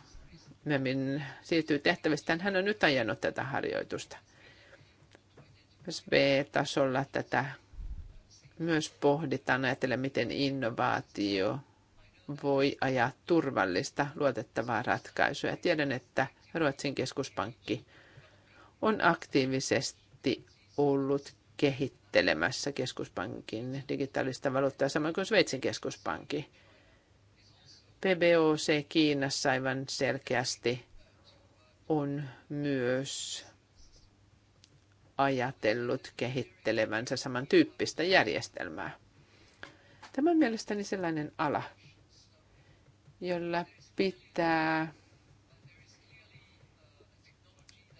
Memin siirtyy tehtävistään. Hän on nyt ajanut tätä harjoitusta. Myös B-tasolla tätä myös pohditaan, ajatella miten innovaatio voi ajaa turvallista, luotettavaa ratkaisua. Tiedän, että Ruotsin keskuspankki on aktiivisesti ollut kehittämässä käsittelemässä keskuspankin digitaalista valuuttaa, samoin kuin Sveitsin keskuspankki. PBOC Kiinassa aivan selkeästi on myös ajatellut kehittelevänsä samantyyppistä järjestelmää. Tämä on mielestäni sellainen ala, jolla pitää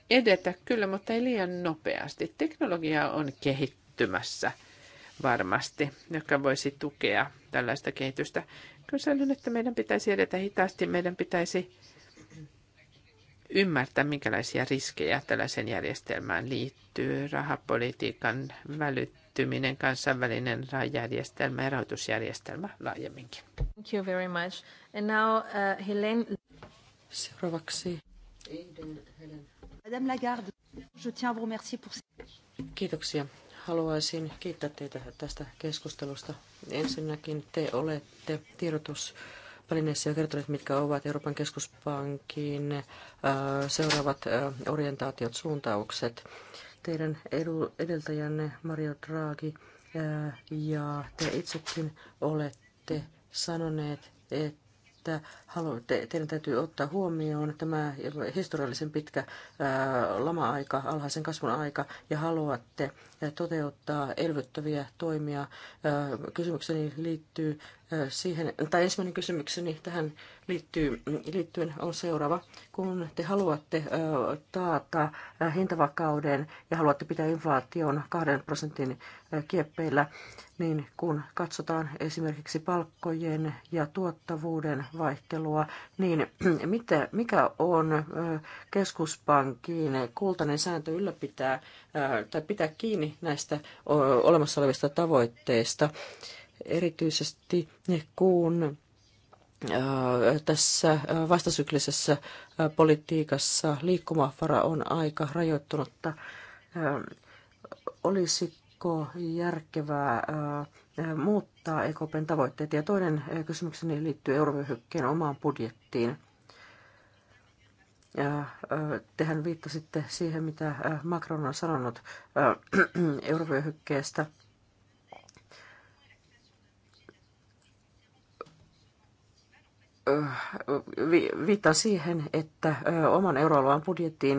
edetä kyllä, mutta ei liian nopeasti. Teknologia on kehittynyt kehittymässä varmasti, joka voisi tukea tällaista kehitystä. Kyselyn, että meidän pitäisi edetä hitaasti, meidän pitäisi ymmärtää, minkälaisia riskejä tällaisen järjestelmään liittyy. Rahapolitiikan välyttyminen, kansainvälinen järjestelmä ja rahoitusjärjestelmä laajemminkin. Thank you very much. And now, uh, Helene... Seuraavaksi. Madame Lagarde, je tiens à vous remercier pour... Kiitoksia haluaisin kiittää teitä tästä keskustelusta. Ensinnäkin te olette tiedotus välineissä jo kertoneet, mitkä ovat Euroopan keskuspankin äh, seuraavat äh, orientaatiot, suuntaukset. Teidän edeltäjänne Mario Draghi äh, ja te itsekin olette sanoneet, että että halu, te, teidän täytyy ottaa huomioon tämä historiallisen pitkä ää, lama-aika, alhaisen kasvun aika, ja haluatte toteuttaa elvyttäviä toimia. Ää, kysymykseni liittyy siihen, tai ensimmäinen kysymykseni tähän liittyy, liittyen on seuraava. Kun te haluatte taata hintavakauden ja haluatte pitää inflaation kahden prosentin kieppeillä, niin kun katsotaan esimerkiksi palkkojen ja tuottavuuden vaihtelua, niin mitä, mikä on keskuspankin kultainen sääntö ylläpitää tai pitää kiinni näistä olemassa olevista tavoitteista? erityisesti kun äh, tässä äh, vastasyklisessä äh, politiikassa liikkumavara on aika rajoittunutta. Olisiko järkevää muuttaa EKPn tavoitteet? Ja toinen kysymykseni liittyy eurovyöhykkeen omaan budjettiin. Ja tehän viittasitte siihen, mitä Macron on sanonut eurovyöhykkeestä – viittaa siihen, että oman euroalueen budjettiin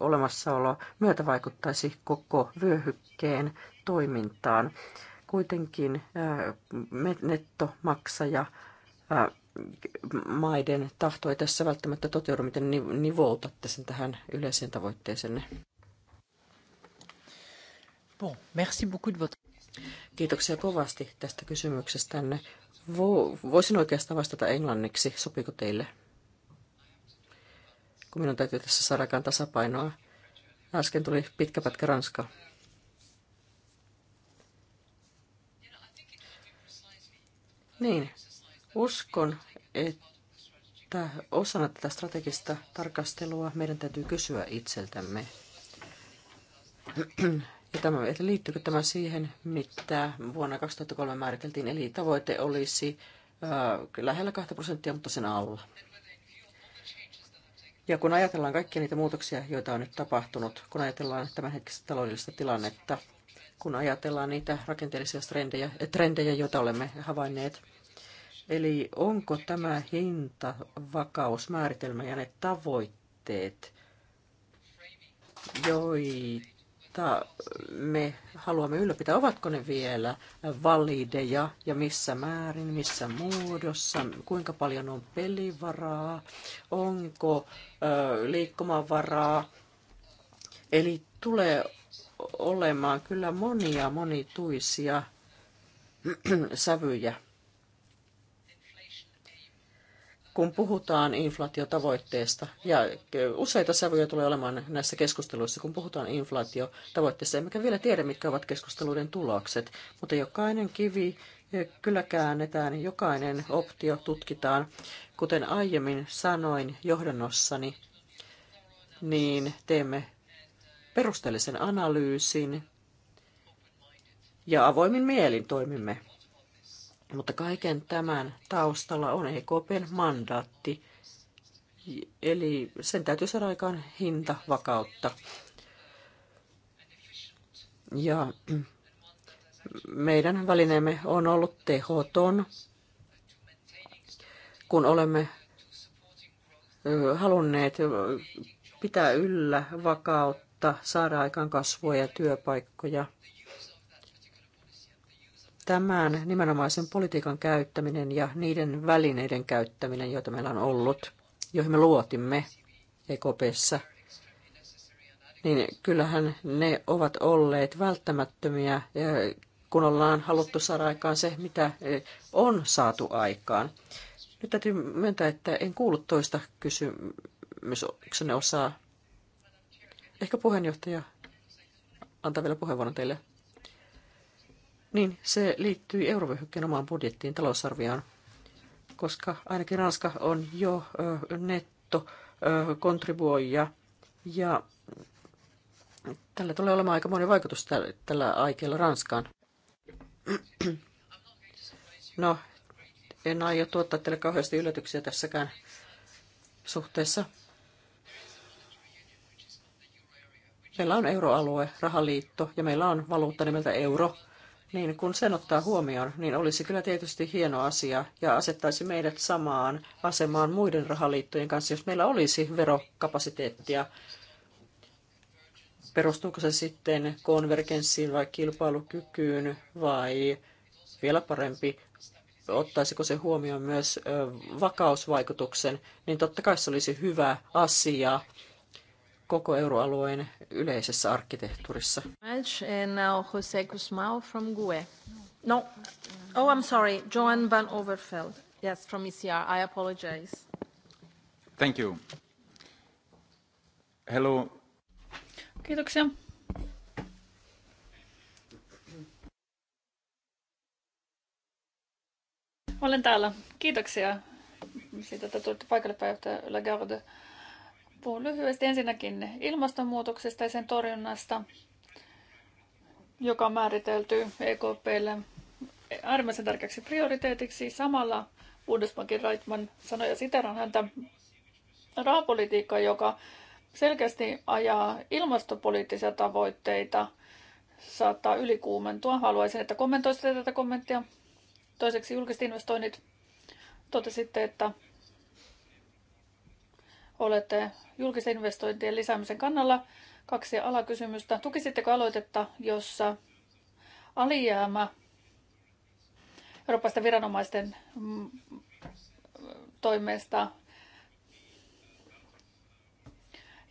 olemassaolo myötä vaikuttaisi koko vyöhykkeen toimintaan. Kuitenkin nettomaksaja maiden tahto ei tässä välttämättä toteudu, miten nivoutatte sen tähän yleiseen tavoitteeseen. Bon, merci beaucoup de votre... Kiitoksia kovasti tästä kysymyksestänne. Voisin oikeastaan vastata englanniksi, sopiiko teille? Kun minun täytyy tässä saada tasapainoa. Äsken tuli pitkä pätkä ranska. Niin, uskon, että osana tätä strategista tarkastelua meidän täytyy kysyä itseltämme, ja tämä, että liittyykö tämä siihen, mitä vuonna 2003 määriteltiin, eli tavoite olisi lähellä 2 prosenttia, mutta sen alla. Ja kun ajatellaan kaikkia niitä muutoksia, joita on nyt tapahtunut, kun ajatellaan tämänhetkistä taloudellista tilannetta, kun ajatellaan niitä rakenteellisia trendejä, trendejä joita olemme havainneet, Eli onko tämä hintavakausmääritelmä ja ne tavoitteet, joita joita me haluamme ylläpitää, ovatko ne vielä valideja ja missä määrin, missä muodossa, kuinka paljon on pelivaraa, onko ö, liikkumavaraa. Eli tulee olemaan kyllä monia monituisia sävyjä kun puhutaan inflaatiotavoitteesta, ja useita sävyjä tulee olemaan näissä keskusteluissa, kun puhutaan inflaatiotavoitteesta, emmekä vielä tiedä, mitkä ovat keskusteluiden tulokset, mutta jokainen kivi kyllä käännetään, jokainen optio tutkitaan. Kuten aiemmin sanoin johdannossani, niin teemme perusteellisen analyysin ja avoimin mielin toimimme mutta kaiken tämän taustalla on EKPn mandaatti, eli sen täytyy saada aikaan vakautta. Ja meidän välineemme on ollut tehoton, kun olemme halunneet pitää yllä vakautta, saada aikaan kasvua ja työpaikkoja tämän nimenomaisen politiikan käyttäminen ja niiden välineiden käyttäminen, joita meillä on ollut, joihin me luotimme EKPssä, niin kyllähän ne ovat olleet välttämättömiä, eh, kun ollaan haluttu saada aikaan se, mitä eh, on saatu aikaan. Nyt täytyy myöntää, että en kuullut toista kysymyksenne osaa. Ehkä puheenjohtaja antaa vielä puheenvuoron teille. Niin, se liittyy eurovyöhykkeen omaan budjettiin, talousarvioon, koska ainakin Ranska on jo netto kontribuoija ja tällä tulee olemaan aika moni vaikutus tällä, tällä aikeella Ranskaan. No, en aio tuottaa teille kauheasti yllätyksiä tässäkään suhteessa. Meillä on euroalue, rahaliitto ja meillä on valuutta nimeltä euro niin kun sen ottaa huomioon, niin olisi kyllä tietysti hieno asia ja asettaisi meidät samaan asemaan muiden rahaliittojen kanssa, jos meillä olisi verokapasiteettia. Perustuuko se sitten konvergenssiin vai kilpailukykyyn vai vielä parempi, ottaisiko se huomioon myös vakausvaikutuksen, niin totta kai se olisi hyvä asia koko euroalueen yleisessä arkkitehtuurissa. now Jose Guzmão from GUE. No, oh I'm sorry, Joan van Overfeld, Yes, from ECR. I apologize. Thank you. Hello. Kiitoksia. Olen täällä. Kiitoksia siitä, että tulitte paikalle pääjohtaja Lagarde. Puhun lyhyesti ensinnäkin ilmastonmuutoksesta ja sen torjunnasta, joka on määritelty EKPlle äärimmäisen tärkeäksi prioriteetiksi. Samalla Bundesbankin Reitman sanoi, ja siteran häntä, rahapolitiikka, joka selkeästi ajaa ilmastopoliittisia tavoitteita, saattaa ylikuumentua. Haluaisin, että kommentoisitte tätä kommenttia. Toiseksi julkiset investoinnit. Totesitte, että olette julkisten investointien lisäämisen kannalla. Kaksi alakysymystä. Tukisitteko aloitetta, jossa alijäämä Euroopasta viranomaisten mm, toimesta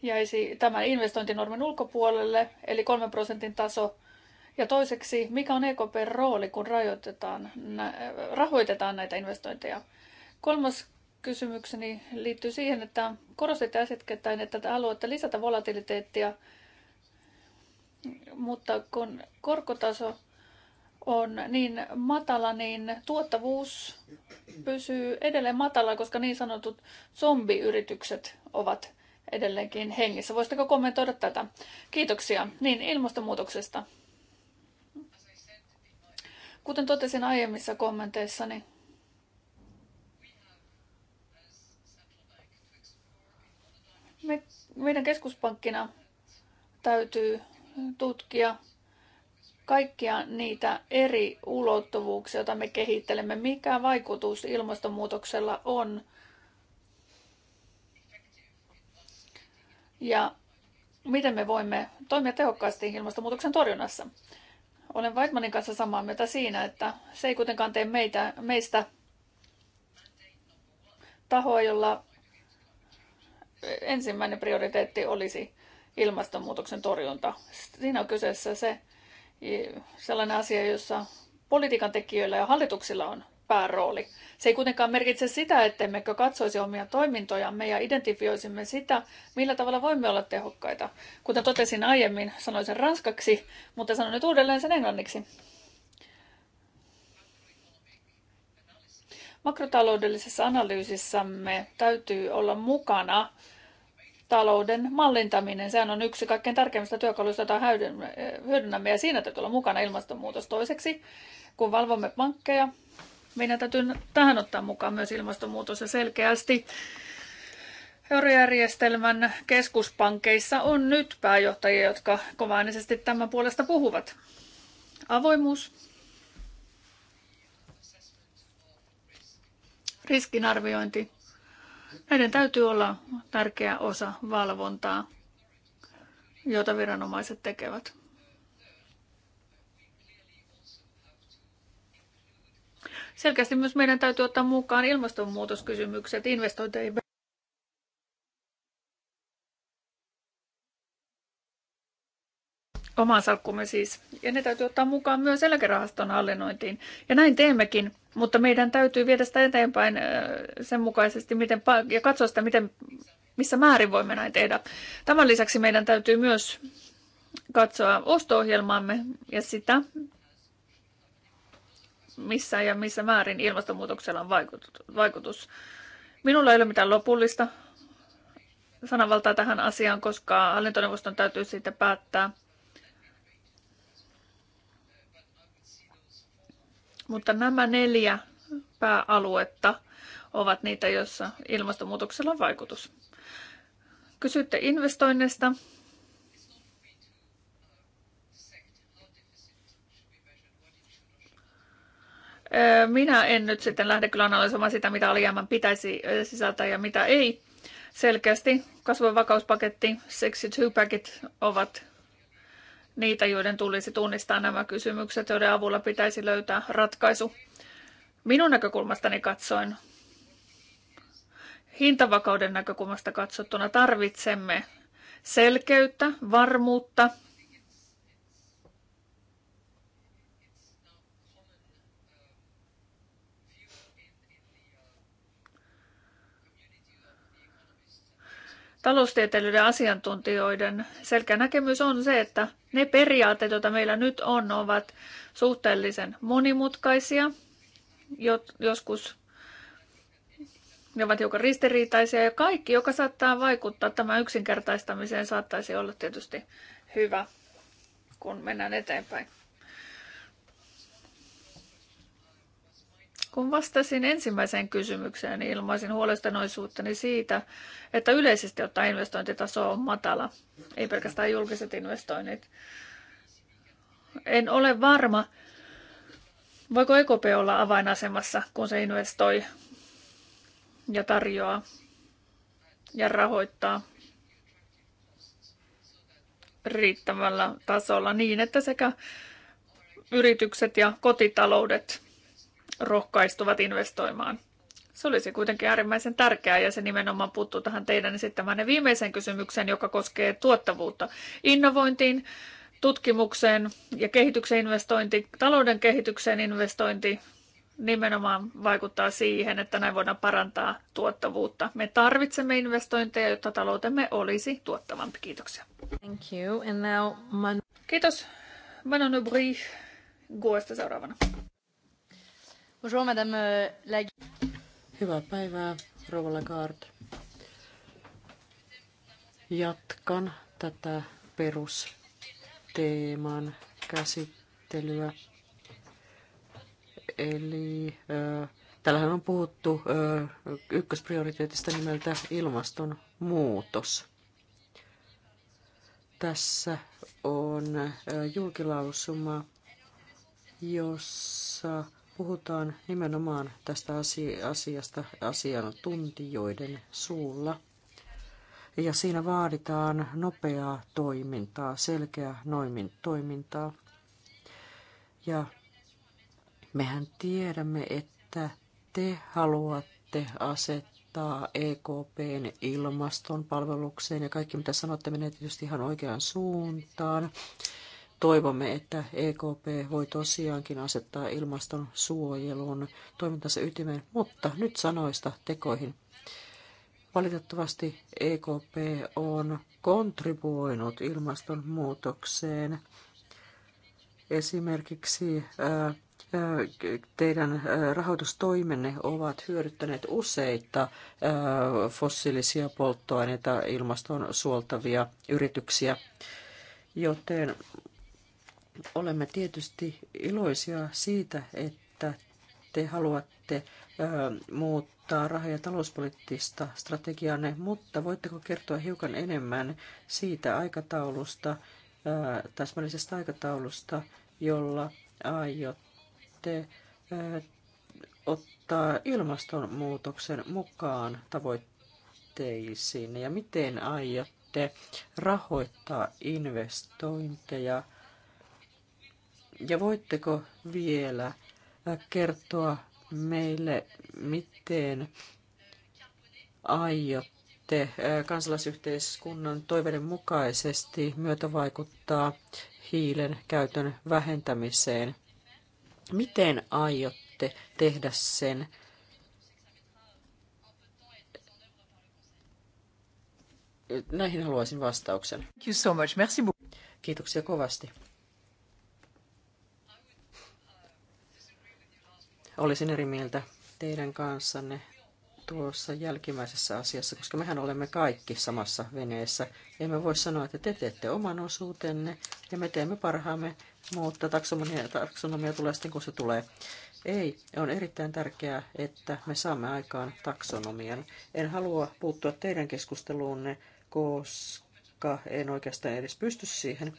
jäisi tämän investointinormin ulkopuolelle, eli 3 prosentin taso. Ja toiseksi, mikä on EKP rooli, kun rajoitetaan, rahoitetaan näitä investointeja? Kolmas kysymykseni liittyy siihen, että korostit äskettäin, että haluatte lisätä volatiliteettia, mutta kun korkotaso on niin matala, niin tuottavuus pysyy edelleen matala, koska niin sanotut zombiyritykset ovat edelleenkin hengissä. Voisitteko kommentoida tätä? Kiitoksia. Niin, ilmastonmuutoksesta. Kuten totesin aiemmissa kommenteissani, Me, meidän keskuspankkina täytyy tutkia kaikkia niitä eri ulottuvuuksia, joita me kehittelemme, mikä vaikutus ilmastonmuutoksella on. Ja miten me voimme toimia tehokkaasti ilmastonmuutoksen torjunnassa. Olen Weidmanin kanssa samaa mieltä siinä, että se ei kuitenkaan tee meitä, meistä tahoa, jolla ensimmäinen prioriteetti olisi ilmastonmuutoksen torjunta. Siinä on kyseessä se sellainen asia, jossa politiikan tekijöillä ja hallituksilla on päärooli. Se ei kuitenkaan merkitse sitä, ettemmekö katsoisi omia toimintojamme ja identifioisimme sitä, millä tavalla voimme olla tehokkaita. Kuten totesin aiemmin, sanoin sen ranskaksi, mutta sanon nyt uudelleen sen englanniksi. Makrotaloudellisessa analyysissamme täytyy olla mukana talouden mallintaminen. Sehän on yksi kaikkein tärkeimmistä työkaluista, jota hyödynnämme ja siinä täytyy olla mukana ilmastonmuutos toiseksi. Kun valvomme pankkeja, meidän täytyy tähän ottaa mukaan myös ilmastonmuutos ja selkeästi eurojärjestelmän keskuspankeissa on nyt pääjohtajia, jotka kovainisesti tämän puolesta puhuvat. Avoimuus, riskinarviointi, Näiden täytyy olla tärkeä osa valvontaa, jota viranomaiset tekevät. Selkeästi myös meidän täytyy ottaa mukaan ilmastonmuutoskysymykset investointeihin. omaan salkkumme siis. Ja ne täytyy ottaa mukaan myös eläkerahaston hallinnointiin. Ja näin teemmekin, mutta meidän täytyy viedä sitä eteenpäin äh, sen mukaisesti miten, ja katsoa sitä, miten, missä määrin voimme näin tehdä. Tämän lisäksi meidän täytyy myös katsoa osto-ohjelmaamme ja sitä, missä ja missä määrin ilmastonmuutoksella on vaikutus. Minulla ei ole mitään lopullista sananvaltaa tähän asiaan, koska hallintoneuvoston täytyy siitä päättää – Mutta nämä neljä pääaluetta ovat niitä, joissa ilmastonmuutoksella on vaikutus. Kysytte investoinneista. Minä en nyt sitten lähde kyllä analysoimaan sitä, mitä alijäämän pitäisi sisältää ja mitä ei. Selkeästi kasvun vakauspaketti, 62 packet ovat niitä, joiden tulisi tunnistaa nämä kysymykset, joiden avulla pitäisi löytää ratkaisu. Minun näkökulmastani katsoin, hintavakauden näkökulmasta katsottuna tarvitsemme selkeyttä, varmuutta taloustieteilijöiden asiantuntijoiden selkeä näkemys on se, että ne periaatteet, joita meillä nyt on, ovat suhteellisen monimutkaisia, joskus ne ovat hiukan ristiriitaisia ja kaikki, joka saattaa vaikuttaa tämän yksinkertaistamiseen, saattaisi olla tietysti hyvä, kun mennään eteenpäin. Kun vastasin ensimmäiseen kysymykseen, niin ilmaisin huolestuneisuuttani siitä, että yleisesti ottaen investointitaso on matala, ei pelkästään julkiset investoinnit. En ole varma, voiko EKP olla avainasemassa, kun se investoi ja tarjoaa ja rahoittaa riittävällä tasolla niin, että sekä yritykset ja kotitaloudet rohkaistuvat investoimaan. Se olisi kuitenkin äärimmäisen tärkeää ja se nimenomaan puuttuu tähän teidän esittämään viimeiseen kysymykseen, joka koskee tuottavuutta. Innovointiin, tutkimukseen ja kehityksen investointi, talouden kehitykseen investointi nimenomaan vaikuttaa siihen, että näin voidaan parantaa tuottavuutta. Me tarvitsemme investointeja, jotta taloutemme olisi tuottavampi. Kiitoksia. Thank you. And now Man- Kiitos. Manon brief Guesta seuraavana. Bonjour, madame euh, Lag. Hyvää päivää, rouva Lagarde. Jatkan tätä perusteeman käsittelyä. Eli äh, Tällähän on puhuttu äh, ykkösprioriteetista nimeltä ilmastonmuutos. Tässä on julkilausuma, jossa puhutaan nimenomaan tästä asiasta asiantuntijoiden suulla. Ja siinä vaaditaan nopeaa toimintaa, selkeää noimin toimintaa. Ja mehän tiedämme, että te haluatte asettaa EKPn ilmaston palvelukseen ja kaikki mitä sanotte menee tietysti ihan oikeaan suuntaan toivomme, että EKP voi tosiaankin asettaa ilmaston suojelun toimintansa ytimeen, mutta nyt sanoista tekoihin. Valitettavasti EKP on kontribuoinut ilmastonmuutokseen. Esimerkiksi teidän rahoitustoimenne ovat hyödyttäneet useita fossiilisia polttoaineita ilmaston suoltavia yrityksiä, joten Olemme tietysti iloisia siitä, että te haluatte muuttaa raha- ja talouspoliittista strategianne, mutta voitteko kertoa hiukan enemmän siitä aikataulusta, täsmällisestä aikataulusta, jolla aiotte ottaa ilmastonmuutoksen mukaan tavoitteisiin ja miten aiotte rahoittaa investointeja – ja voitteko vielä kertoa meille, miten aiotte äh, kansalaisyhteiskunnan toiveiden mukaisesti myötävaikuttaa hiilen käytön vähentämiseen? Miten aiotte tehdä sen? Näihin haluaisin vastauksen. Thank you so much. Merci beaucoup. Kiitoksia kovasti. olisin eri mieltä teidän kanssanne tuossa jälkimmäisessä asiassa, koska mehän olemme kaikki samassa veneessä. Emme voi sanoa, että te teette oman osuutenne ja me teemme parhaamme, mutta taksonomia, taksonomia tulee sitten, kun se tulee. Ei, on erittäin tärkeää, että me saamme aikaan taksonomian. En halua puuttua teidän keskusteluunne, koska en oikeastaan edes pysty siihen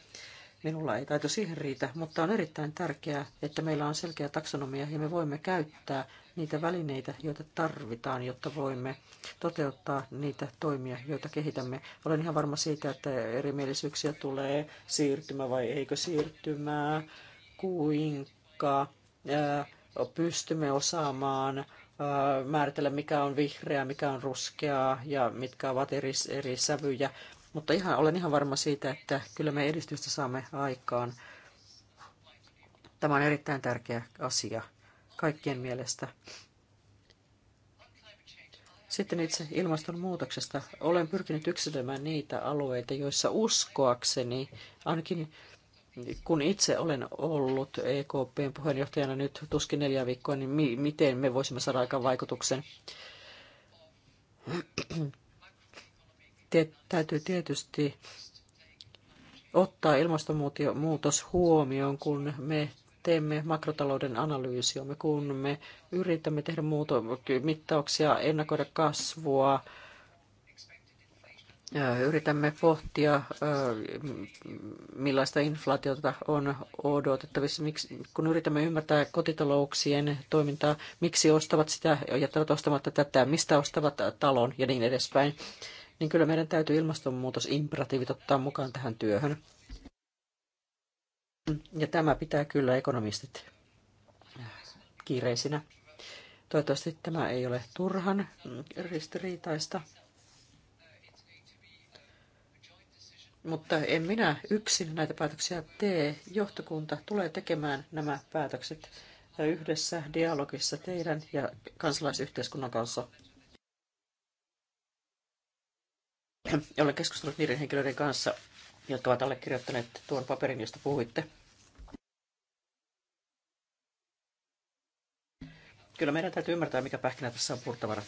Minulla ei taito siihen riitä, mutta on erittäin tärkeää, että meillä on selkeä taksonomia ja me voimme käyttää niitä välineitä, joita tarvitaan, jotta voimme toteuttaa niitä toimia, joita kehitämme. Olen ihan varma siitä, että erimielisyyksiä tulee siirtymä vai eikö siirtymää, kuinka pystymme osaamaan määritellä, mikä on vihreää, mikä on ruskeaa ja mitkä ovat eri, eri sävyjä. Mutta ihan, olen ihan varma siitä, että kyllä me edistystä saamme aikaan. Tämä on erittäin tärkeä asia kaikkien mielestä. Sitten itse ilmastonmuutoksesta. Olen pyrkinyt yksilöimään niitä alueita, joissa uskoakseni, ainakin kun itse olen ollut EKPn puheenjohtajana nyt tuskin neljä viikkoa, niin mi- miten me voisimme saada aikaan vaikutuksen? täytyy tietysti ottaa ilmastonmuutos huomioon, kun me teemme makrotalouden analyysiä, kun me yritämme tehdä mittauksia, ennakoida kasvua, yritämme pohtia, millaista inflaatiota on odotettavissa, miksi, kun yritämme ymmärtää kotitalouksien toimintaa, miksi ostavat sitä, jättävät ostamatta tätä, mistä ostavat talon ja niin edespäin niin kyllä meidän täytyy ilmastonmuutosimperatiivit ottaa mukaan tähän työhön. Ja tämä pitää kyllä ekonomistit kiireisinä. Toivottavasti tämä ei ole turhan ristiriitaista. Mutta en minä yksin näitä päätöksiä tee. Johtokunta tulee tekemään nämä päätökset yhdessä dialogissa teidän ja kansalaisyhteiskunnan kanssa. Olen keskustellut niiden henkilöiden kanssa, jotka ovat allekirjoittaneet tuon paperin, josta puhuitte. Kyllä meidän täytyy ymmärtää, mikä pähkinä tässä on purtavara.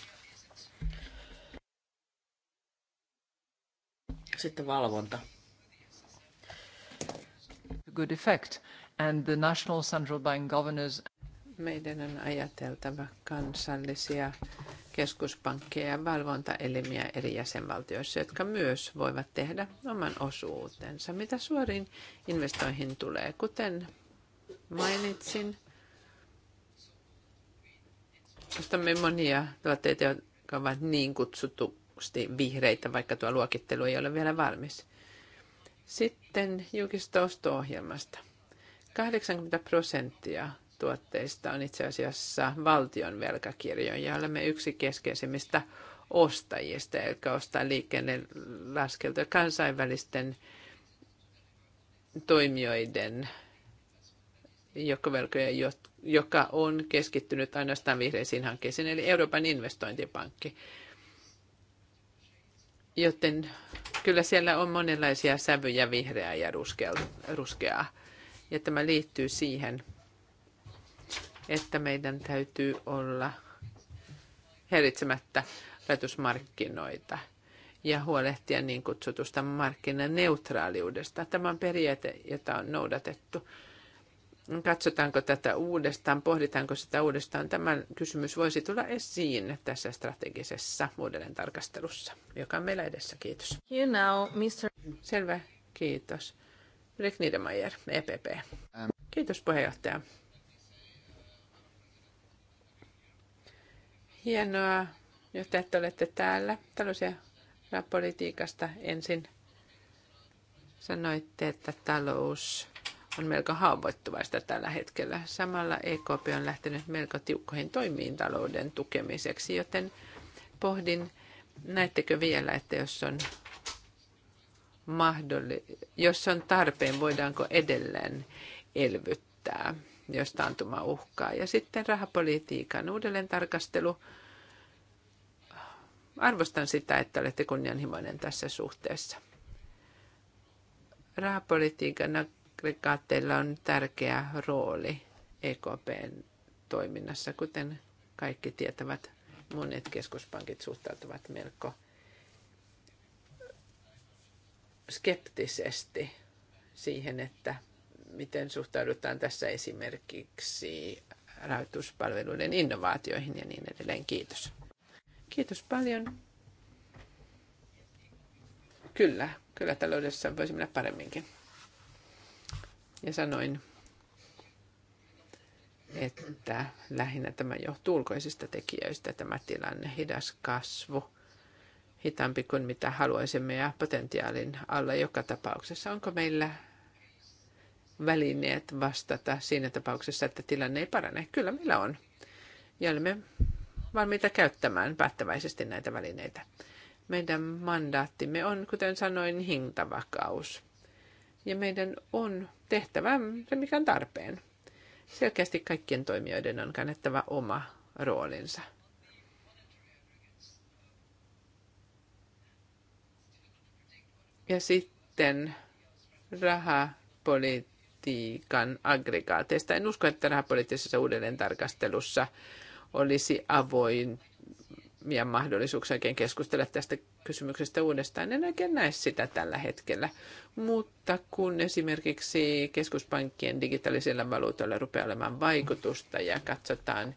Sitten valvonta. Good effect. And the national central bank governors meidän on ajateltava kansallisia keskuspankkeja ja valvontaelimiä eri jäsenvaltioissa, jotka myös voivat tehdä oman osuutensa. Mitä suoriin investointeihin tulee, kuten mainitsin, ostamme monia tuotteita, jotka ovat niin kutsutusti vihreitä, vaikka tuo luokittelu ei ole vielä valmis. Sitten julkisesta osto-ohjelmasta. 80 prosenttia tuotteista on itse asiassa valtion velkakirjoja. Olemme yksi keskeisimmistä ostajista, jotka ostaa liikenne laskelta kansainvälisten toimijoiden joukkovelkoja, joka on keskittynyt ainoastaan vihreisiin hankkeisiin, eli Euroopan investointipankki. Joten kyllä siellä on monenlaisia sävyjä vihreää ja ruskeaa. Ja tämä liittyy siihen, että meidän täytyy olla häiritsemättä rajoitusmarkkinoita ja huolehtia niin kutsutusta markkinaneutraaliudesta. Tämä on periaate, jota on noudatettu. Katsotaanko tätä uudestaan, pohditaanko sitä uudestaan. Tämä kysymys voisi tulla esiin tässä strategisessa uudelleen tarkastelussa, joka on meillä edessä. Kiitos. You know, Mr. Selvä, kiitos. Rick Niedermayer, EPP. Ähm. Kiitos puheenjohtaja. Hienoa, jotta te olette täällä talous- ja politiikasta ensin. Sanoitte, että talous on melko haavoittuvaista tällä hetkellä. Samalla EKP on lähtenyt melko tiukkoihin toimiin talouden tukemiseksi, joten pohdin, näettekö vielä, että jos on mahdolli- jos on tarpeen, voidaanko edelleen elvyttää jos taantuma uhkaa. Ja sitten rahapolitiikan uudelleen tarkastelu. Arvostan sitä, että olette kunnianhimoinen tässä suhteessa. Rahapolitiikan aggregaatteilla on tärkeä rooli EKPn toiminnassa, kuten kaikki tietävät. Monet keskuspankit suhtautuvat melko skeptisesti siihen, että miten suhtaudutaan tässä esimerkiksi rahoituspalveluiden innovaatioihin ja niin edelleen. Kiitos. Kiitos paljon. Kyllä, kyllä taloudessa voisi mennä paremminkin. Ja sanoin, että lähinnä tämä johtuu ulkoisista tekijöistä, tämä tilanne, hidas kasvu, hitaampi kuin mitä haluaisimme ja potentiaalin alla joka tapauksessa. Onko meillä välineet vastata siinä tapauksessa, että tilanne ei parane. Kyllä meillä on. Ja olemme valmiita käyttämään päättäväisesti näitä välineitä. Meidän mandaattimme on, kuten sanoin, hintavakaus. Ja meidän on tehtävä se, mikä on tarpeen. Selkeästi kaikkien toimijoiden on kannettava oma roolinsa. Ja sitten rahapolitiikka politiikan aggregaateista. En usko, että rahapoliittisessa uudelleen tarkastelussa olisi avoin ja mahdollisuuksia oikein keskustella tästä kysymyksestä uudestaan. En oikein näe sitä tällä hetkellä. Mutta kun esimerkiksi keskuspankkien digitaalisilla valuutoilla rupeaa olemaan vaikutusta ja katsotaan,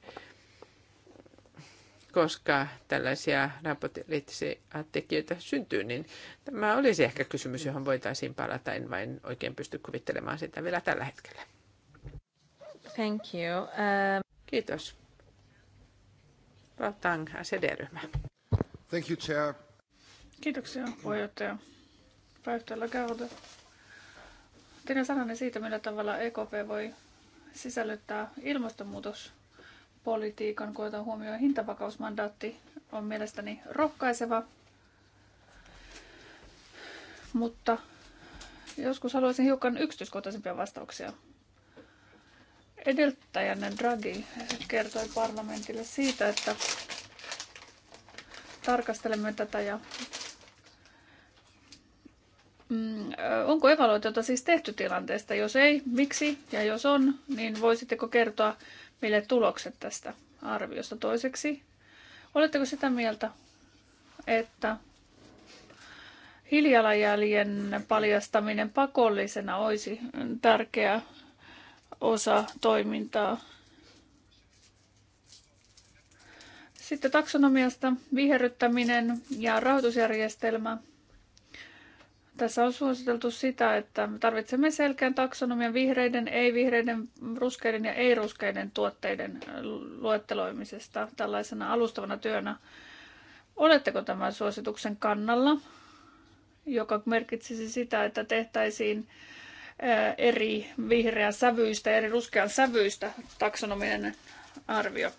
koska tällaisia raportillisia tekijöitä syntyy, niin tämä olisi ehkä kysymys, johon voitaisiin palata. En vain oikein pysty kuvittelemaan sitä vielä tällä hetkellä. Thank you. Um... Kiitos. Valtaan cd ryhmä Thank you, Chair. Kiitoksia, puheenjohtaja. Päivittäjällä käydä. Teidän sananne siitä, millä tavalla EKP voi sisällyttää ilmastonmuutos politiikan, kun otan huomioon hintavakausmandaatti, on mielestäni rohkaiseva. Mutta joskus haluaisin hiukan yksityiskohtaisempia vastauksia. Edeltäjänne Draghi kertoi parlamentille siitä, että tarkastelemme tätä ja mm, onko evaluatiota siis tehty tilanteesta? Jos ei, miksi? Ja jos on, niin voisitteko kertoa, meille tulokset tästä arviosta. Toiseksi, oletteko sitä mieltä, että hiilijalanjäljen paljastaminen pakollisena olisi tärkeä osa toimintaa? Sitten taksonomiasta viherryttäminen ja rahoitusjärjestelmä – tässä on suositeltu sitä, että tarvitsemme selkeän taksonomian vihreiden, ei-vihreiden, ruskeiden ja ei-ruskeiden tuotteiden luetteloimisesta tällaisena alustavana työnä. Oletteko tämän suosituksen kannalla, joka merkitsisi sitä, että tehtäisiin eh, eri vihreän sävyistä, eri ruskean sävyistä taksonominen arvio?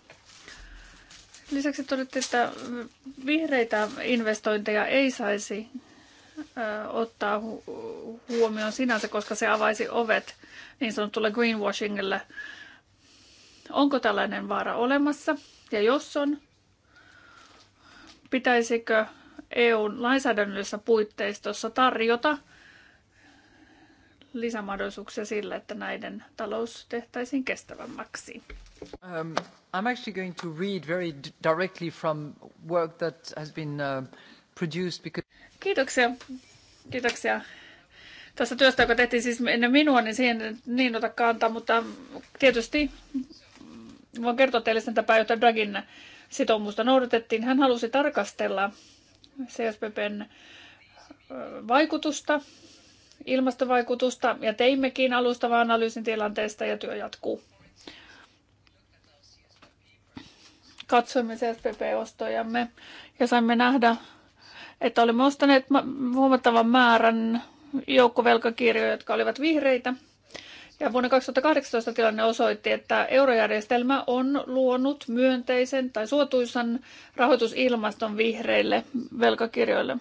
Lisäksi todettiin, että vihreitä investointeja ei saisi ottaa huomioon sinänsä, koska se avaisi ovet niin sanotulle greenwashingille. Onko tällainen vaara olemassa? Ja jos on, pitäisikö EUn lainsäädännöllisessä puitteistossa tarjota lisämahdollisuuksia sille, että näiden talous tehtäisiin kestävämmäksi. Um, I'm actually going to read very directly from work that has been uh, produced because... Kiitoksia. Kiitoksia. Tässä työstä, joka tehtiin siis ennen minua, niin siihen niin ota kantaa, mutta tietysti voin kertoa teille sen tapaa, jota Dragin sitoumusta noudatettiin. Hän halusi tarkastella CSPPn vaikutusta, ilmastovaikutusta ja teimmekin alustavan analyysin tilanteesta ja työ jatkuu. Katsoimme CSPP-ostojamme ja saimme nähdä että olimme ostaneet huomattavan määrän joukkovelkakirjoja, jotka olivat vihreitä. Ja vuonna 2018 tilanne osoitti, että eurojärjestelmä on luonut myönteisen tai suotuisan rahoitusilmaston vihreille velkakirjoille.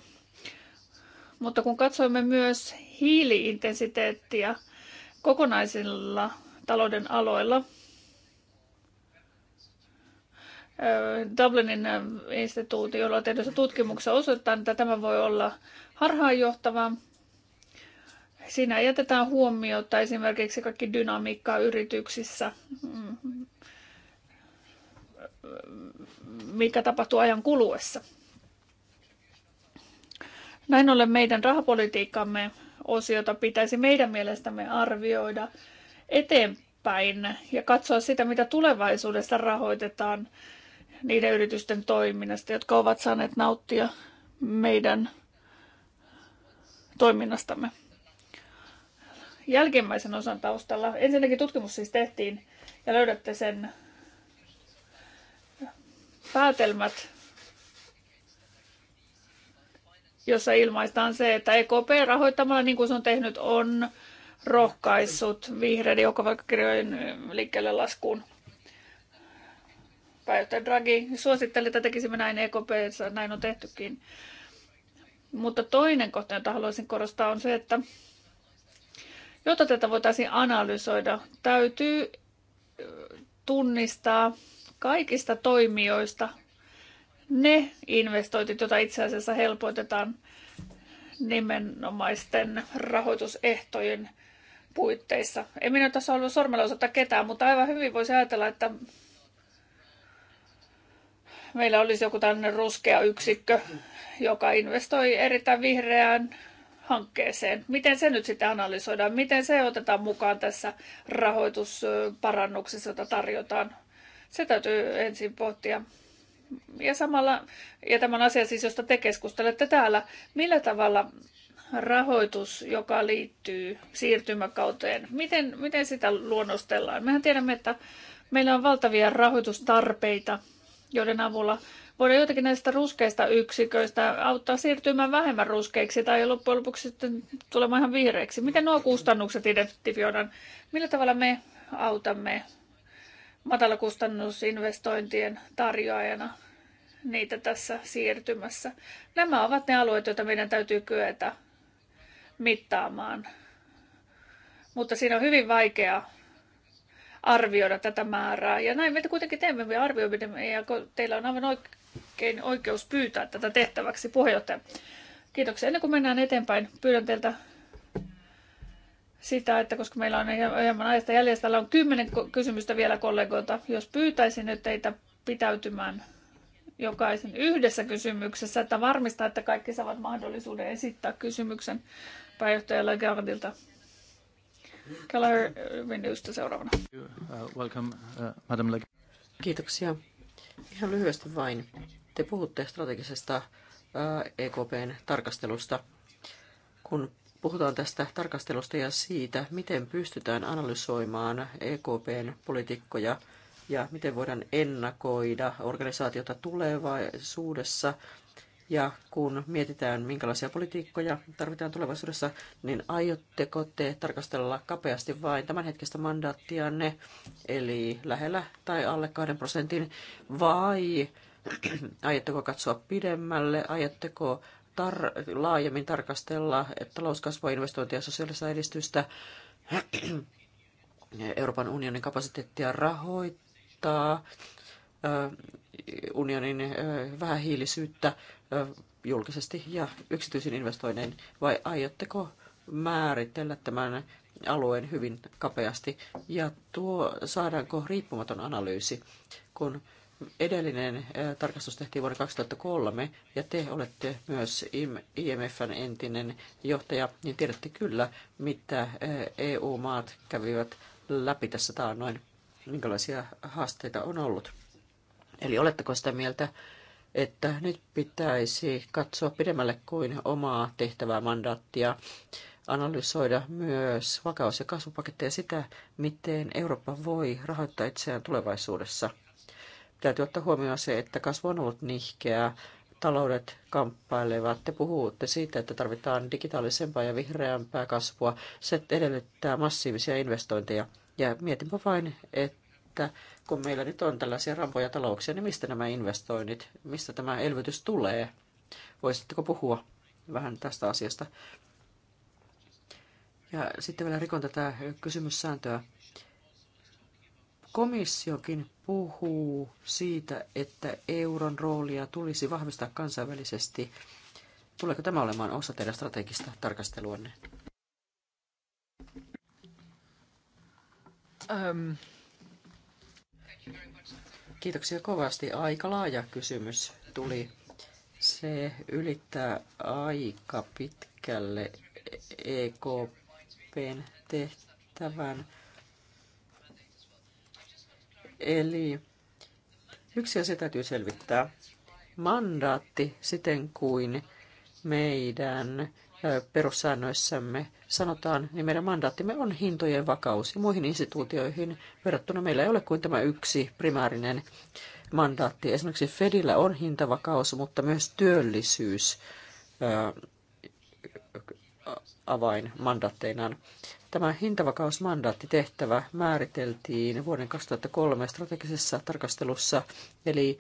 Mutta kun katsoimme myös hiiliintensiteettiä kokonaisilla talouden aloilla, Dublinin instituutiolla tehdyssä tutkimuksessa osoittaa, että tämä voi olla harhaanjohtava. Siinä jätetään huomiota esimerkiksi kaikki dynamiikkaa yrityksissä, mm, mikä tapahtuu ajan kuluessa. Näin ollen meidän rahapolitiikkamme osiota pitäisi meidän mielestämme arvioida eteenpäin ja katsoa sitä, mitä tulevaisuudessa rahoitetaan niiden yritysten toiminnasta, jotka ovat saaneet nauttia meidän toiminnastamme. Jälkimmäisen osan taustalla, ensinnäkin tutkimus siis tehtiin ja löydätte sen päätelmät, jossa ilmaistaan se, että EKP rahoittamalla niin kuin se on tehnyt, on rohkaissut vihreiden joukkovaikkakirjojen liikkeelle laskuun pääjohtaja Draghi suositteli, että tekisimme näin EKPssä, näin on tehtykin. Mutta toinen kohta, jota haluaisin korostaa, on se, että jotta tätä voitaisiin analysoida, täytyy tunnistaa kaikista toimijoista ne investoitit, joita itse asiassa helpotetaan nimenomaisten rahoitusehtojen puitteissa. En minä tässä halua sormella osata ketään, mutta aivan hyvin voisi ajatella, että meillä olisi joku tällainen ruskea yksikkö, joka investoi erittäin vihreään hankkeeseen. Miten se nyt sitten analysoidaan? Miten se otetaan mukaan tässä rahoitusparannuksessa, jota tarjotaan? Se täytyy ensin pohtia. Ja samalla, ja tämän asian siis, josta te keskustelette täällä, millä tavalla rahoitus, joka liittyy siirtymäkauteen, miten, miten sitä luonnostellaan? Mehän tiedämme, että meillä on valtavia rahoitustarpeita – joiden avulla voidaan jotakin näistä ruskeista yksiköistä auttaa siirtymään vähemmän ruskeiksi tai loppujen lopuksi sitten tulemaan ihan vihreiksi. Miten nuo kustannukset identifioidaan? Millä tavalla me autamme matalakustannusinvestointien tarjoajana niitä tässä siirtymässä? Nämä ovat ne alueet, joita meidän täytyy kyetä mittaamaan. Mutta siinä on hyvin vaikeaa arvioida tätä määrää. Ja näin me kuitenkin teemme, me arvioimme, ja teillä on aivan oikein oikeus pyytää tätä tehtäväksi puheenjohtaja. Kiitoksia. Ennen kuin mennään eteenpäin, pyydän teiltä sitä, että koska meillä on hieman ajasta jäljessä, täällä on kymmenen kysymystä vielä kollegoilta. Jos pyytäisin nyt teitä pitäytymään jokaisen yhdessä kysymyksessä, että varmistaa, että kaikki saavat mahdollisuuden esittää kysymyksen pääjohtaja Lagardilta. Äh, seuraavana. Uh, uh, Kiitoksia. Ihan lyhyesti vain. Te puhutte strategisesta uh, EKPn tarkastelusta. Kun puhutaan tästä tarkastelusta ja siitä, miten pystytään analysoimaan EKPn politikkoja ja miten voidaan ennakoida organisaatiota tulevaisuudessa ja kun mietitään, minkälaisia politiikkoja tarvitaan tulevaisuudessa, niin aiotteko te tarkastella kapeasti vain tämänhetkistä mandaattianne, eli lähellä tai alle kahden prosentin, vai aiotteko katsoa pidemmälle, aiotteko tar- laajemmin tarkastella talouskasvua, investointia ja sosiaalista edistystä, Euroopan unionin kapasiteettia rahoittaa unionin vähähiilisyyttä julkisesti ja yksityisin investoinnein, vai aiotteko määritellä tämän alueen hyvin kapeasti? Ja tuo, saadaanko riippumaton analyysi, kun edellinen tarkastus tehtiin vuonna 2003, ja te olette myös IMFn entinen johtaja, niin tiedätte kyllä, mitä EU-maat kävivät läpi tässä taannoin, minkälaisia haasteita on ollut. Eli oletteko sitä mieltä, että nyt pitäisi katsoa pidemmälle kuin omaa tehtävää mandaattia, analysoida myös vakaus- ja kasvupaketteja sitä, miten Eurooppa voi rahoittaa itseään tulevaisuudessa. Täytyy ottaa huomioon se, että kasvu on ollut nihkeää, taloudet kamppailevat. Te puhutte siitä, että tarvitaan digitaalisempaa ja vihreämpää kasvua. Se edellyttää massiivisia investointeja. Ja mietinpä vain, että että kun meillä nyt on tällaisia rampoja talouksia, niin mistä nämä investoinnit, mistä tämä elvytys tulee? Voisitteko puhua vähän tästä asiasta? Ja sitten vielä rikon tätä kysymyssääntöä. Komissiokin puhuu siitä, että euron roolia tulisi vahvistaa kansainvälisesti. Tuleeko tämä olemaan osa teidän strategista tarkasteluanne? Um, Kiitoksia kovasti. Aika laaja kysymys tuli. Se ylittää aika pitkälle EKPn tehtävän. Eli yksi asia täytyy selvittää. Mandaatti siten kuin meidän perussäännöissämme sanotaan, niin meidän mandaattimme on hintojen vakaus. Ja muihin instituutioihin verrattuna meillä ei ole kuin tämä yksi primäärinen mandaatti. Esimerkiksi Fedillä on hintavakaus, mutta myös työllisyys avain mandaatteinaan. Tämä hintavakausmandaattitehtävä tehtävä määriteltiin vuoden 2003 strategisessa tarkastelussa, eli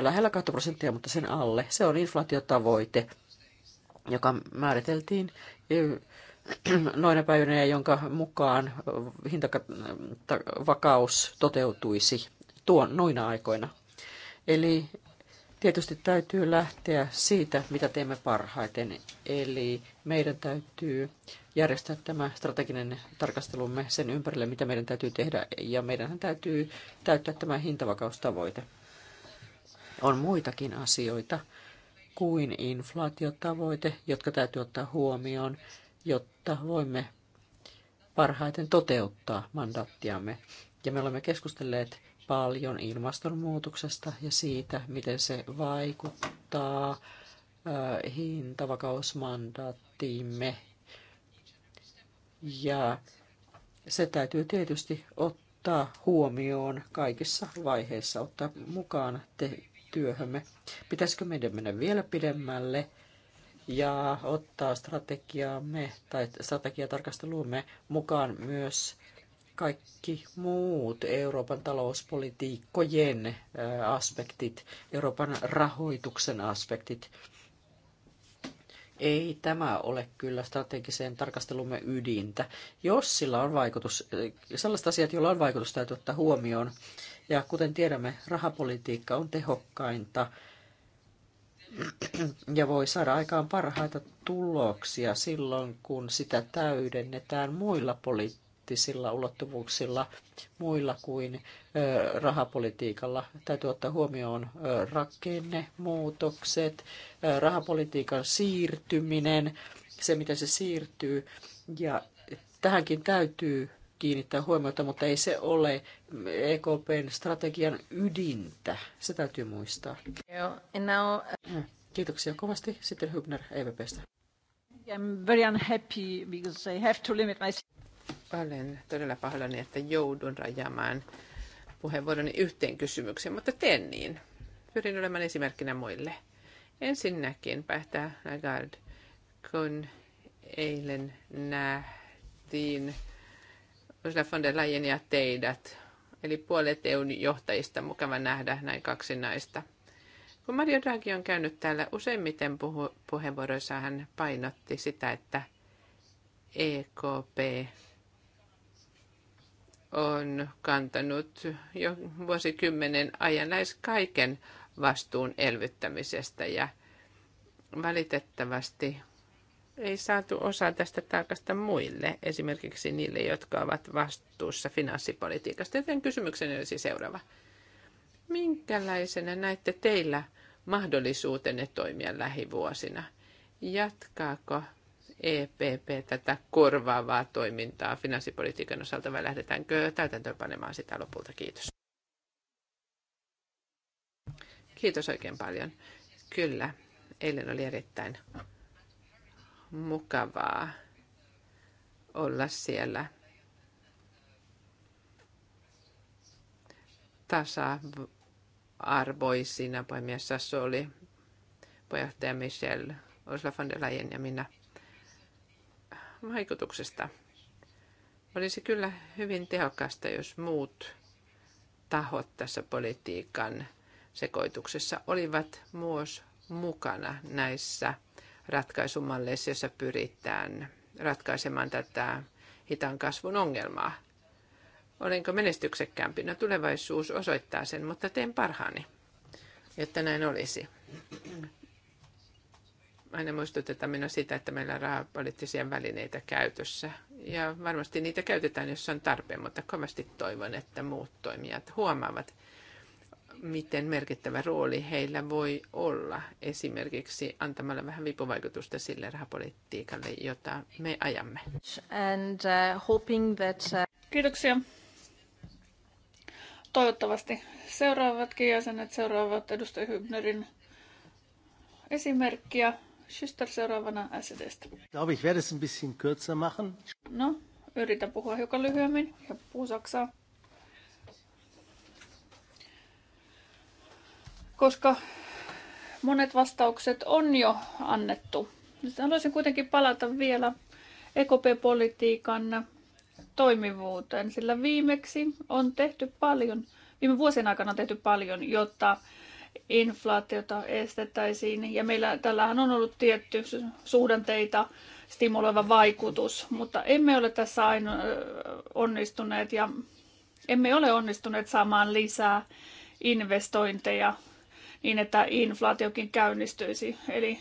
lähellä 2 prosenttia, mutta sen alle. Se on inflaatiotavoite joka määriteltiin noina päivinä ja jonka mukaan hintavakaus toteutuisi tuon noina aikoina. Eli tietysti täytyy lähteä siitä, mitä teemme parhaiten. Eli meidän täytyy järjestää tämä strateginen tarkastelumme sen ympärille, mitä meidän täytyy tehdä, ja meidän täytyy täyttää tämä hintavakaustavoite. On muitakin asioita, kuin inflaatiotavoite, jotka täytyy ottaa huomioon, jotta voimme parhaiten toteuttaa mandaattiamme. Ja me olemme keskustelleet paljon ilmastonmuutoksesta ja siitä, miten se vaikuttaa äh, hintavakausmandaattiimme. Ja se täytyy tietysti ottaa huomioon kaikissa vaiheissa, ottaa mukaan te- työhömme. Pitäisikö meidän mennä vielä pidemmälle ja ottaa strategiaamme tai strategiatarkasteluumme mukaan myös kaikki muut Euroopan talouspolitiikkojen aspektit, Euroopan rahoituksen aspektit. Ei tämä ole kyllä strategiseen tarkastelumme ydintä. Jos sillä on vaikutus, sellaiset asiat, joilla on vaikutus, täytyy ottaa huomioon ja kuten tiedämme, rahapolitiikka on tehokkainta ja voi saada aikaan parhaita tuloksia silloin, kun sitä täydennetään muilla poliittisilla ulottuvuuksilla, muilla kuin rahapolitiikalla. Täytyy ottaa huomioon rakennemuutokset, rahapolitiikan siirtyminen, se miten se siirtyy. Ja tähänkin täytyy kiinnittää huomiota, mutta ei se ole EKPn strategian ydintä. Se täytyy muistaa. Joo, now... Kiitoksia kovasti. Sitten Hübner EVPstä. I'm very unhappy because I have to limit myself. Olen todella pahoillani, että joudun rajamaan puheenvuoroni yhteen kysymykseen, mutta teen niin. Pyrin olemaan esimerkkinä muille. Ensinnäkin päättää Lagarde, kun eilen nähtiin Ursula von der Leyen ja teidät. Eli puolet EUn johtajista mukava nähdä näin kaksi naista. Kun Mario Draghi on käynyt täällä, useimmiten puhu, puheenvuoroissa hän painotti sitä, että EKP on kantanut jo vuosikymmenen ajan lähes kaiken vastuun elvyttämisestä ja valitettavasti ei saatu osaa tästä taakasta muille, esimerkiksi niille, jotka ovat vastuussa finanssipolitiikasta. Joten kysymykseni olisi seuraava. Minkälaisena näette teillä mahdollisuutenne toimia lähivuosina? Jatkaako EPP tätä korvaavaa toimintaa finanssipolitiikan osalta vai lähdetäänkö täytäntöönpanemaan sitä lopulta? Kiitos. Kiitos oikein paljon. Kyllä, eilen oli erittäin mukavaa olla siellä tasa-arvoisina. poimies Sassu oli puheenjohtaja Michel, Ursula von der Leyen ja minä vaikutuksesta. Olisi kyllä hyvin tehokasta, jos muut tahot tässä politiikan sekoituksessa olivat myös mukana näissä ratkaisumalleissa, joissa pyritään ratkaisemaan tätä hitaan kasvun ongelmaa. Olenko menestyksekkäämpi? No tulevaisuus osoittaa sen, mutta teen parhaani, jotta näin olisi. Aina muistutetaan minua sitä, että meillä on rahapoliittisia välineitä käytössä. Ja varmasti niitä käytetään, jos on tarpeen, mutta kovasti toivon, että muut toimijat huomaavat, miten merkittävä rooli heillä voi olla esimerkiksi antamalla vähän vipuvaikutusta sille rahapolitiikalle, jota me ajamme. And, uh, hoping that, uh... Kiitoksia. Toivottavasti seuraavatkin jäsenet seuraavat edustaja Hübnerin esimerkkiä. Schuster seuraavana SEDstä. No, yritän puhua hiukan lyhyemmin ja puhuu saksaa. koska monet vastaukset on jo annettu. Haluaisin kuitenkin palata vielä EKP-politiikan toimivuuteen, sillä viimeksi on tehty paljon, viime vuosien aikana on tehty paljon, jotta inflaatiota estettäisiin. Ja meillä tällähän on ollut tietty suhdanteita stimuloiva vaikutus, mutta emme ole tässä aino, onnistuneet ja emme ole onnistuneet saamaan lisää investointeja niin, että inflaatiokin käynnistyisi. Eli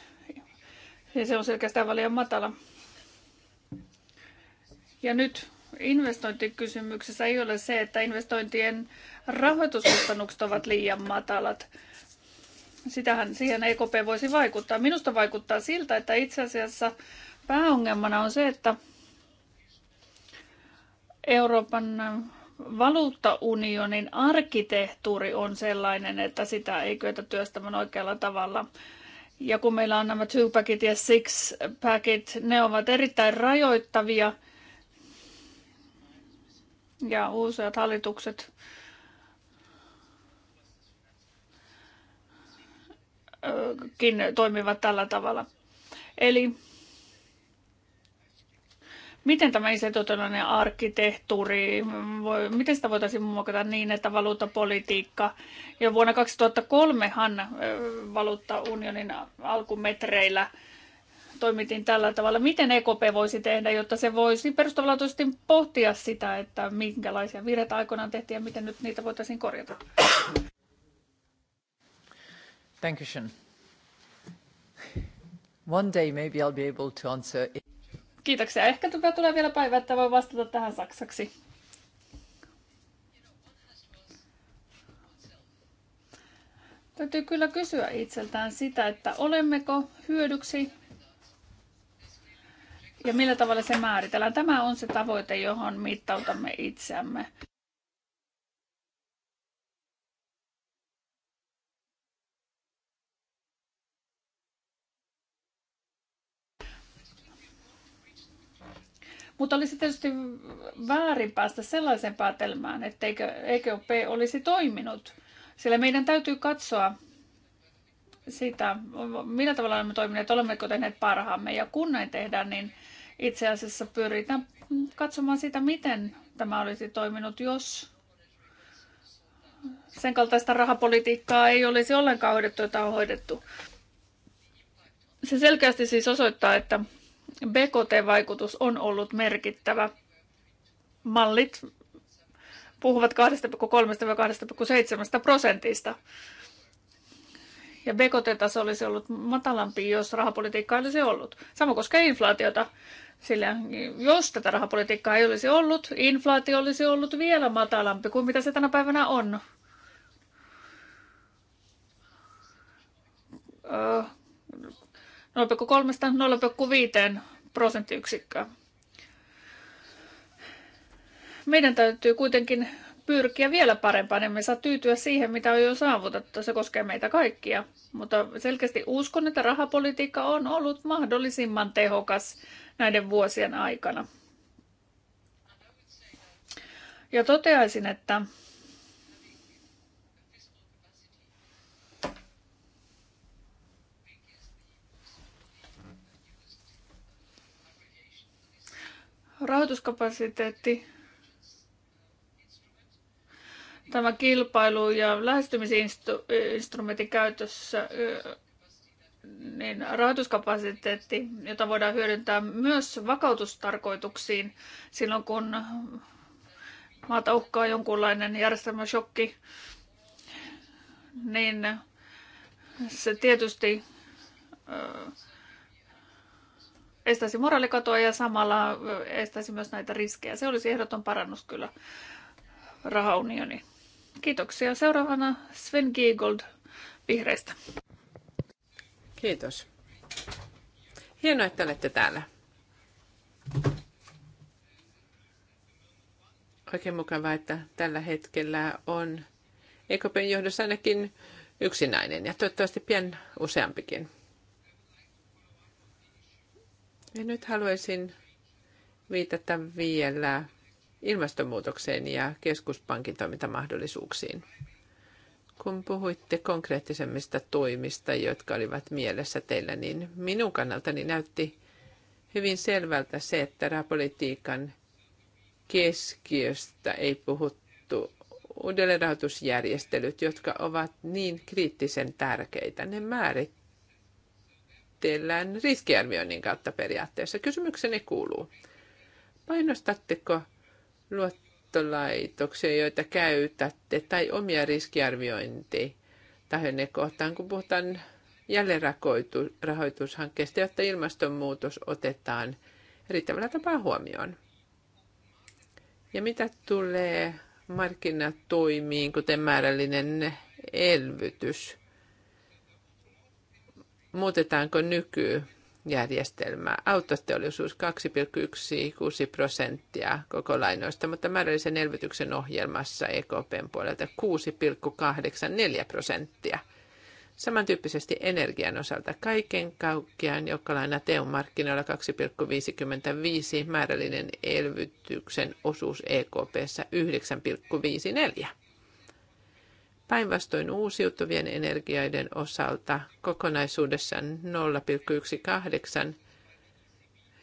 se on selkeästään valian matala. Ja nyt investointikysymyksessä ei ole se, että investointien rahoituskustannukset ovat liian matalat. Sitähän siihen EKP voisi vaikuttaa. Minusta vaikuttaa siltä, että itse asiassa pääongelmana on se, että Euroopan valuuttaunionin arkkitehtuuri on sellainen, että sitä ei kyetä työstämään oikealla tavalla. Ja kun meillä on nämä two packet ja six packet, ne ovat erittäin rajoittavia. Ja uusiat hallitukset toimivat tällä tavalla. Eli Miten tämä isetutelainen arkkitehtuuri, voi, miten sitä voitaisiin muokata niin, että valuuttapolitiikka, jo vuonna 2003han valuuttaunionin alkumetreillä toimitin tällä tavalla. Miten EKP voisi tehdä, jotta se voisi perustavanlaatuisesti pohtia sitä, että minkälaisia virheitä aikoinaan tehtiin ja miten nyt niitä voitaisiin korjata? Thank you, One day maybe I'll be able to answer it. Kiitoksia. Ehkä tulee vielä päivä, että voi vastata tähän saksaksi. Täytyy kyllä kysyä itseltään sitä, että olemmeko hyödyksi ja millä tavalla se määritellään. Tämä on se tavoite, johon mittautamme itseämme. Mutta olisi tietysti väärin päästä sellaiseen päätelmään, että EKP olisi toiminut. Sillä meidän täytyy katsoa sitä, millä tavalla olemme toimineet, olemmeko tehneet parhaamme. Ja kun näin tehdään, niin itse asiassa pyritään katsomaan sitä, miten tämä olisi toiminut, jos sen kaltaista rahapolitiikkaa ei olisi ollenkaan hoidettu, jota on hoidettu. Se selkeästi siis osoittaa, että BKT-vaikutus on ollut merkittävä. Mallit puhuvat 2,3-2,7 prosentista. Ja BKT-taso olisi ollut matalampi, jos rahapolitiikka olisi ollut. Sama koskee inflaatiota, sillä jos tätä rahapolitiikkaa ei olisi ollut, inflaatio olisi ollut vielä matalampi kuin mitä se tänä päivänä on. 0,3-0,5 prosenttiyksikköä. Meidän täytyy kuitenkin pyrkiä vielä parempaan. Emme saa tyytyä siihen, mitä on jo saavutettu. Se koskee meitä kaikkia. Mutta selkeästi uskon, että rahapolitiikka on ollut mahdollisimman tehokas näiden vuosien aikana. Ja toteaisin, että rahoituskapasiteetti, tämä kilpailu ja lähestymisinstrumentin käytössä, niin rahoituskapasiteetti, jota voidaan hyödyntää myös vakautustarkoituksiin silloin, kun maata uhkaa jonkunlainen järjestelmäshokki, niin se tietysti estäisi moraalikatoa ja samalla estäisi myös näitä riskejä. Se olisi ehdoton parannus kyllä rahaunioni. Kiitoksia. Seuraavana Sven Giegold vihreistä. Kiitos. Hienoa, että olette täällä. Oikein mukavaa, että tällä hetkellä on EKPn johdossa ainakin yksinäinen ja toivottavasti pian useampikin. Ja nyt haluaisin viitata vielä ilmastonmuutokseen ja keskuspankin toimintamahdollisuuksiin. Kun puhuitte konkreettisemmista toimista, jotka olivat mielessä teillä, niin minun kannaltani näytti hyvin selvältä se, että rahapolitiikan keskiöstä ei puhuttu uudelleenrahoitusjärjestelyt, jotka ovat niin kriittisen tärkeitä. Ne määrittävät käsitellään riskiarvioinnin kautta periaatteessa. Kysymykseni kuuluu, painostatteko luottolaitoksia, joita käytätte, tai omia riskiarviointitahonne kohtaan, kun puhutaan jälleenrahoitushankkeesta, jotta ilmastonmuutos otetaan riittävällä tapaa huomioon. Ja mitä tulee markkinatoimiin, kuten määrällinen elvytys – muutetaanko nykyjärjestelmää. Autoteollisuus 2,16 prosenttia koko lainoista, mutta määrällisen elvytyksen ohjelmassa EKPn puolelta 6,84 prosenttia. Samantyyppisesti energian osalta kaiken kaikkiaan, joka laina teon markkinoilla 2,55, määrällinen elvytyksen osuus EKPssä 9,54. Päinvastoin uusiutuvien energiaiden osalta kokonaisuudessaan 0,18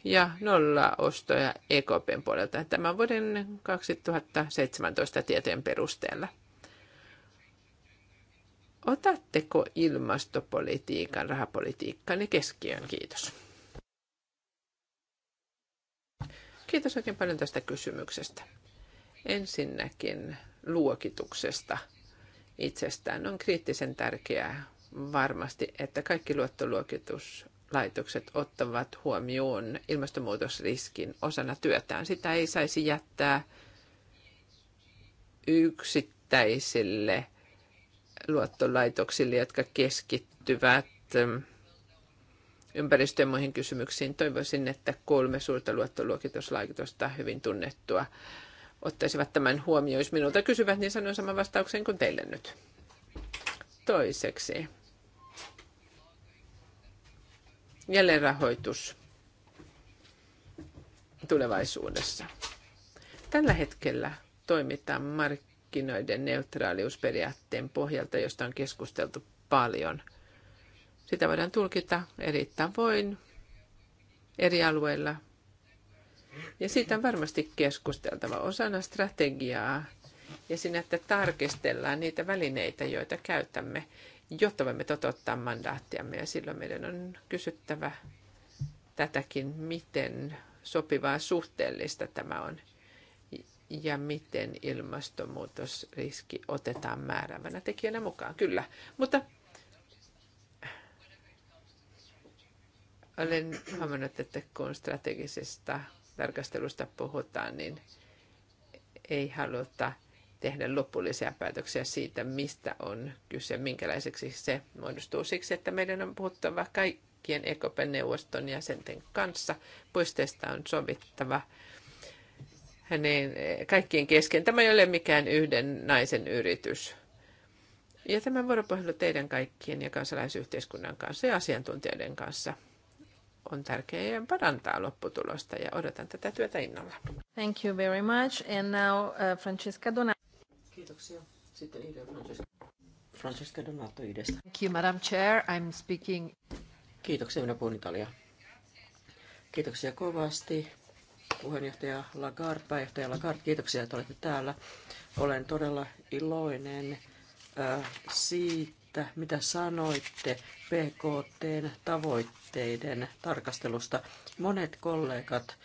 ja nolla ostoja EKPn puolelta tämän vuoden 2017 tieteen perusteella. Otatteko ilmastopolitiikan rahapolitiikkanne keskiöön? Kiitos. Kiitos oikein paljon tästä kysymyksestä. Ensinnäkin luokituksesta – itsestään. On kriittisen tärkeää varmasti, että kaikki luottoluokituslaitokset ottavat huomioon ilmastonmuutosriskin osana työtään. Sitä ei saisi jättää yksittäisille luottolaitoksille, jotka keskittyvät ympäristö- ja muihin kysymyksiin. Toivoisin, että kolme suurta luottoluokituslaitosta, hyvin tunnettua, ottaisivat tämän huomioon. Jos minulta kysyvät, niin sanon saman vastauksen kuin teille nyt. Toiseksi. Jälleenrahoitus tulevaisuudessa. Tällä hetkellä toimitaan markkinoiden neutraaliusperiaatteen pohjalta, josta on keskusteltu paljon. Sitä voidaan tulkita eri tavoin eri alueilla ja siitä on varmasti keskusteltava osana strategiaa ja siinä, että tarkistellaan niitä välineitä, joita käytämme, jotta voimme toteuttaa mandaattiamme. Ja silloin meidän on kysyttävä tätäkin, miten sopivaa suhteellista tämä on ja miten ilmastonmuutosriski otetaan määrävänä tekijänä mukaan. Kyllä, mutta olen huomannut, että kun strategisesta tarkastelusta puhutaan, niin ei haluta tehdä lopullisia päätöksiä siitä, mistä on kyse, minkälaiseksi se muodostuu siksi, että meidän on puhuttava kaikkien EKPn neuvoston jäsenten kanssa. Puisteista on sovittava hänen kaikkien kesken. Tämä ei ole mikään yhden naisen yritys. Ja tämä vuoropuhelu teidän kaikkien ja kansalaisyhteiskunnan kanssa ja asiantuntijoiden kanssa on tärkeää parantaa lopputulosta ja odotan tätä työtä innolla. Thank you very much. And now uh, Francesca Donato. Kiitoksia. Sitten Ida Francesca. Francesca Donato Idesta. Thank you, Madam Chair. I'm speaking. Kiitoksia, minä puhun Italia. Kiitoksia kovasti. Puheenjohtaja Lagarde, pääjohtaja Lagarde, kiitoksia, että olette täällä. Olen todella iloinen äh, siitä, että mitä sanoitte PKTn tavoitteiden tarkastelusta. Monet kollegat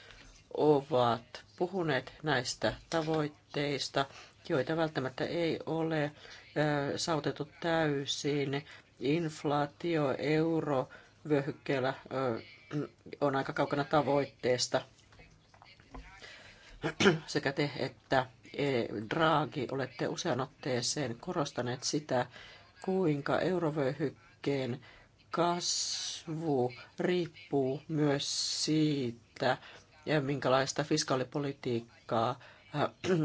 ovat puhuneet näistä tavoitteista, joita välttämättä ei ole saavutettu täysin. Inflaatio eurovyöhykkeellä on aika kaukana tavoitteesta. Sekä te että e, Draghi olette usean otteeseen korostaneet sitä, kuinka eurovöyhykkeen kasvu riippuu myös siitä, ja minkälaista fiskaalipolitiikkaa äh,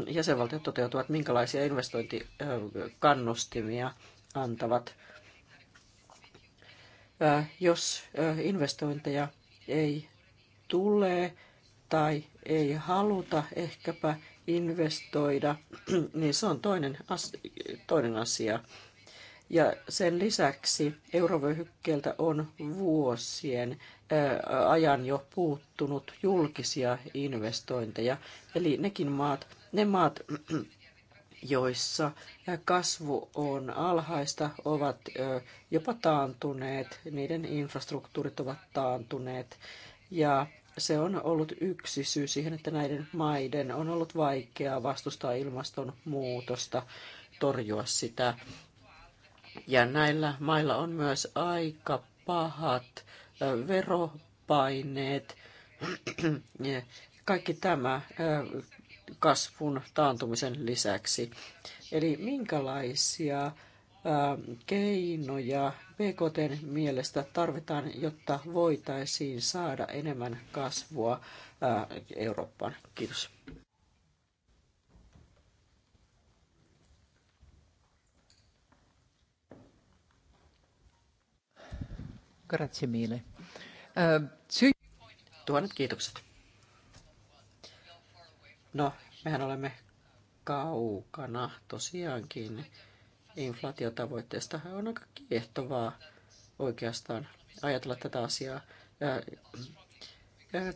jäsenvaltiot toteutuvat, minkälaisia investointikannustimia antavat. Äh, jos äh, investointeja ei tule tai ei haluta ehkäpä investoida, niin se on toinen, toinen asia. Ja sen lisäksi eurovyöhykkeeltä on vuosien ajan jo puuttunut julkisia investointeja. Eli nekin maat, ne maat, joissa kasvu on alhaista, ovat jopa taantuneet, niiden infrastruktuurit ovat taantuneet. Ja se on ollut yksi syy siihen, että näiden maiden on ollut vaikeaa vastustaa ilmastonmuutosta, torjua sitä ja näillä mailla on myös aika pahat veropaineet. Kaikki tämä kasvun taantumisen lisäksi. Eli minkälaisia keinoja BKT mielestä tarvitaan, jotta voitaisiin saada enemmän kasvua Eurooppaan? Kiitos. Grazie mille. Äh, sy- Tuhannet kiitokset. No, mehän olemme kaukana tosiaankin inflaatiotavoitteesta. On aika kiehtovaa oikeastaan ajatella tätä asiaa äh, Eh,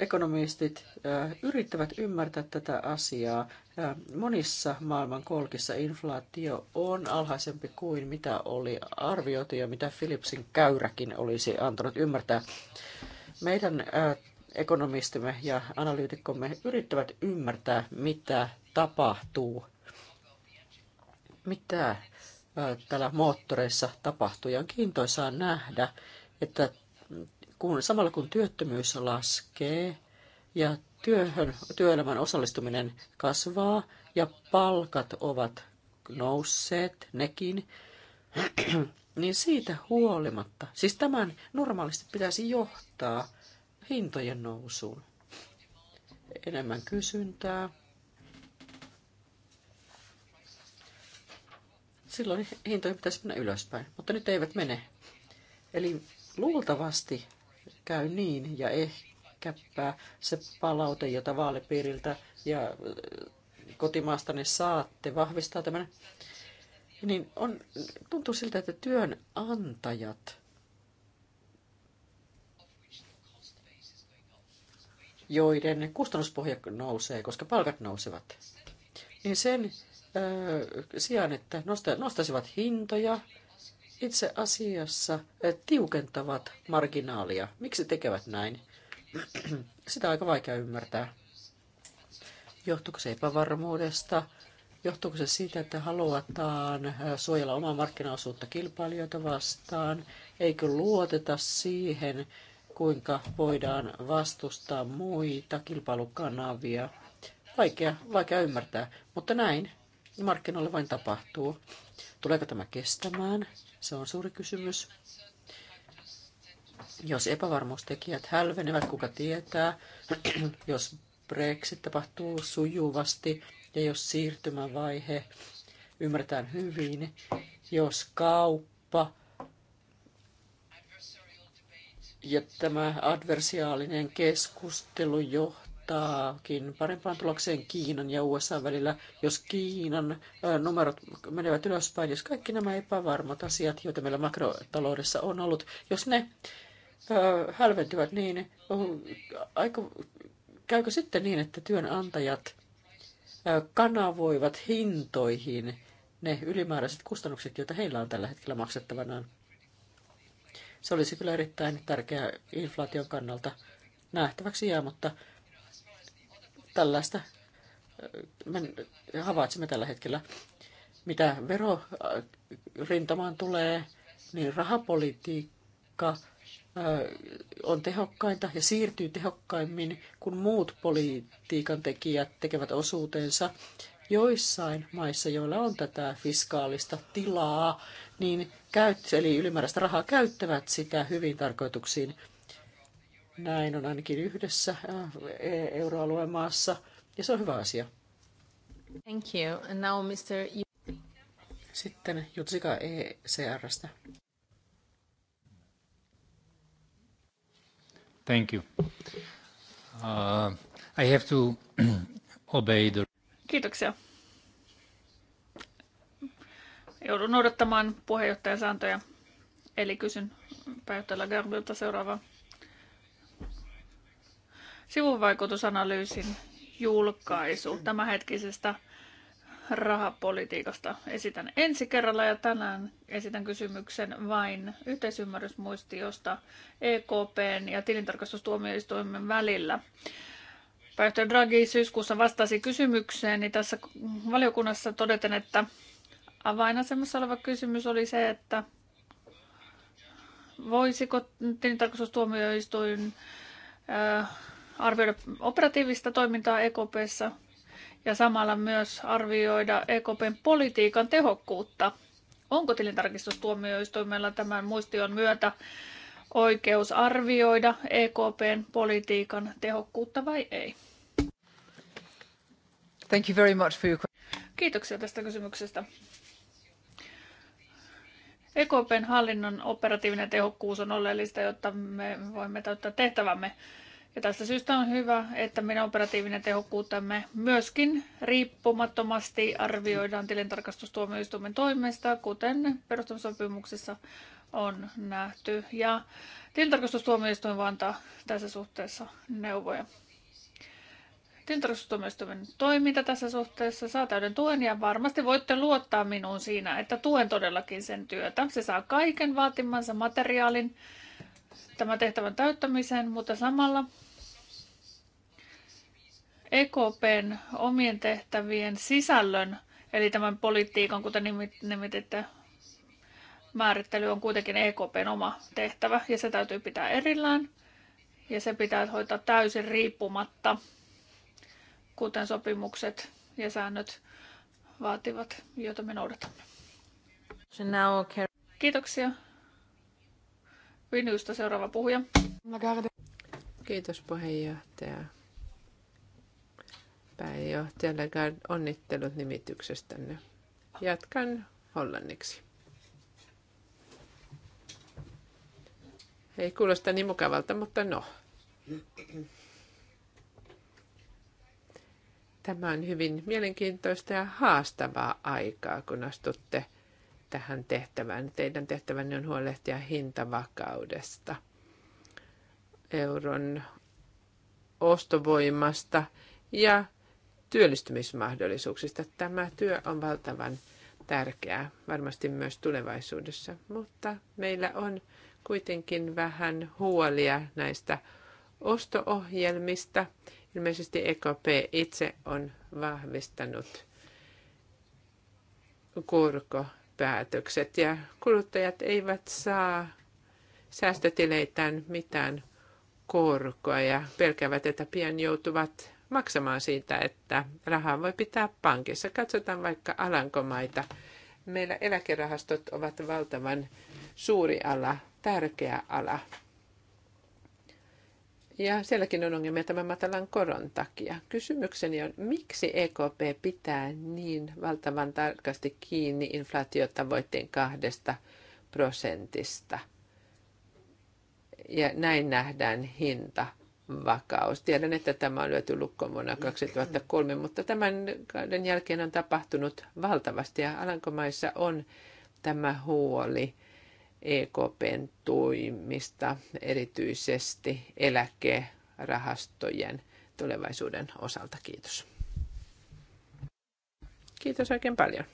ekonomistit eh, yrittävät ymmärtää tätä asiaa. Eh, monissa maailman kolkissa inflaatio on alhaisempi kuin mitä oli arvioitu ja mitä Philipsin käyräkin olisi antanut ymmärtää. Meidän ekonomistimme ja analyytikkomme yrittävät ymmärtää, mitä tapahtuu, mitä täällä moottoreissa tapahtuu. Ja on kiintoisaa nähdä, että kun, samalla kun työttömyys laskee ja työhön, työelämän osallistuminen kasvaa ja palkat ovat nousseet nekin, niin siitä huolimatta, siis tämän normaalisti pitäisi johtaa hintojen nousuun. Enemmän kysyntää. Silloin hintoja pitäisi mennä ylöspäin, mutta nyt eivät mene. Eli luultavasti käy niin ja ehkäpä se palaute, jota vaalipiiriltä ja äh, ne saatte, vahvistaa tämän. Niin on, tuntuu siltä, että työnantajat joiden kustannuspohja nousee, koska palkat nousevat, niin sen ö, äh, sijaan, että nosta, nostaisivat hintoja, itse asiassa eh, tiukentavat marginaalia. Miksi tekevät näin? Sitä on aika vaikea ymmärtää. Johtuuko se epävarmuudesta? Johtuuko se siitä, että haluataan eh, suojella omaa markkinaosuutta kilpailijoita vastaan? Eikö luoteta siihen, kuinka voidaan vastustaa muita kilpailukanavia? Vaikea, vaikea ymmärtää, mutta näin markkinoille vain tapahtuu. Tuleeko tämä kestämään? Se on suuri kysymys. Jos epävarmuustekijät hälvenevät, kuka tietää, jos Brexit tapahtuu sujuvasti ja jos siirtymävaihe ymmärretään hyvin, jos kauppa ja tämä adversiaalinen keskustelu johtaa, johtaakin parempaan tulokseen Kiinan ja USA välillä, jos Kiinan numerot menevät ylöspäin, jos kaikki nämä epävarmat asiat, joita meillä makrotaloudessa on ollut, jos ne hälventyvät, niin aiko, käykö sitten niin, että työnantajat kanavoivat hintoihin ne ylimääräiset kustannukset, joita heillä on tällä hetkellä maksettavanaan? Se olisi kyllä erittäin tärkeää inflaation kannalta nähtäväksi jää, mutta Tällaista havaitsemme tällä hetkellä. Mitä verorintamaan tulee, niin rahapolitiikka on tehokkainta ja siirtyy tehokkaimmin, kun muut politiikan tekijät tekevät osuutensa. Joissain maissa, joilla on tätä fiskaalista tilaa, niin käyt, eli ylimääräistä rahaa käyttävät sitä hyvin tarkoituksiin – näin on ainakin yhdessä e- euroalueen maassa, ja se on hyvä asia. Thank you. And now Mr. Sitten Jutsika ECRstä. Thank you. Uh, I have to obey the... Kiitoksia. Joudun noudattamaan puheenjohtajan sääntöjä. Eli kysyn pääjohtaja Garbilta seuraavaa sivuvaikutusanalyysin julkaisu tämänhetkisestä rahapolitiikasta esitän ensi kerralla ja tänään esitän kysymyksen vain yhteisymmärrysmuistiosta EKPn ja tilintarkastustuomioistuimen välillä. Pääjohtaja Draghi syyskuussa vastasi kysymykseen, niin tässä valiokunnassa todeten, että avainasemassa oleva kysymys oli se, että voisiko tilintarkastustuomioistuin äh, arvioida operatiivista toimintaa EKPssä ja samalla myös arvioida EKPn politiikan tehokkuutta. Onko tilintarkistustuomioistuimella tämän muistion myötä oikeus arvioida EKPn politiikan tehokkuutta vai ei? Thank you very much for your... Kiitoksia tästä kysymyksestä. EKPn hallinnon operatiivinen tehokkuus on oleellista, jotta me voimme täyttää tehtävämme. Ja tästä syystä on hyvä, että meidän operatiivinen tehokkuutemme myöskin riippumattomasti arvioidaan tilintarkastustuomioistuimen toimesta, kuten perustamisopimuksessa on nähty. Ja tilintarkastustuomioistuin voi antaa tässä suhteessa neuvoja. Tilintarkastustuomioistuimen toiminta tässä suhteessa saa täyden tuen ja varmasti voitte luottaa minuun siinä, että tuen todellakin sen työtä. Se saa kaiken vaatimansa materiaalin tämän tehtävän täyttämiseen, mutta samalla EKPn omien tehtävien sisällön, eli tämän politiikan, kuten nimititte, määrittely on kuitenkin EKPn oma tehtävä ja se täytyy pitää erillään ja se pitää hoitaa täysin riippumatta, kuten sopimukset ja säännöt vaativat, joita me noudatamme. Kiitoksia. Vinyystä seuraava puhuja. Kiitos puheenjohtaja pääjohtaja Lagarde, onnittelut nimityksestänne. Jatkan hollanniksi. Ei kuulosta niin mukavalta, mutta no. Tämä on hyvin mielenkiintoista ja haastavaa aikaa, kun astutte tähän tehtävään. Teidän tehtävänne on huolehtia hintavakaudesta, euron ostovoimasta ja työllistymismahdollisuuksista. Tämä työ on valtavan tärkeää, varmasti myös tulevaisuudessa, mutta meillä on kuitenkin vähän huolia näistä osto-ohjelmista. Ilmeisesti EKP itse on vahvistanut kurkopäätökset ja kuluttajat eivät saa säästötileitään mitään korkoa ja pelkävät, että pian joutuvat maksamaan siitä, että rahaa voi pitää pankissa. Katsotaan vaikka Alankomaita. Meillä eläkerahastot ovat valtavan suuri ala, tärkeä ala. Ja sielläkin on ongelmia tämän matalan koron takia. Kysymykseni on, miksi EKP pitää niin valtavan tarkasti kiinni inflaatiotavoitteen kahdesta prosentista? Ja näin nähdään hinta vakaus. Tiedän, että tämä on lyöty lukkoon vuonna 2003, mutta tämän jälkeen on tapahtunut valtavasti ja Alankomaissa on tämä huoli EKPn toimista, erityisesti eläkerahastojen tulevaisuuden osalta. Kiitos. Kiitos oikein paljon.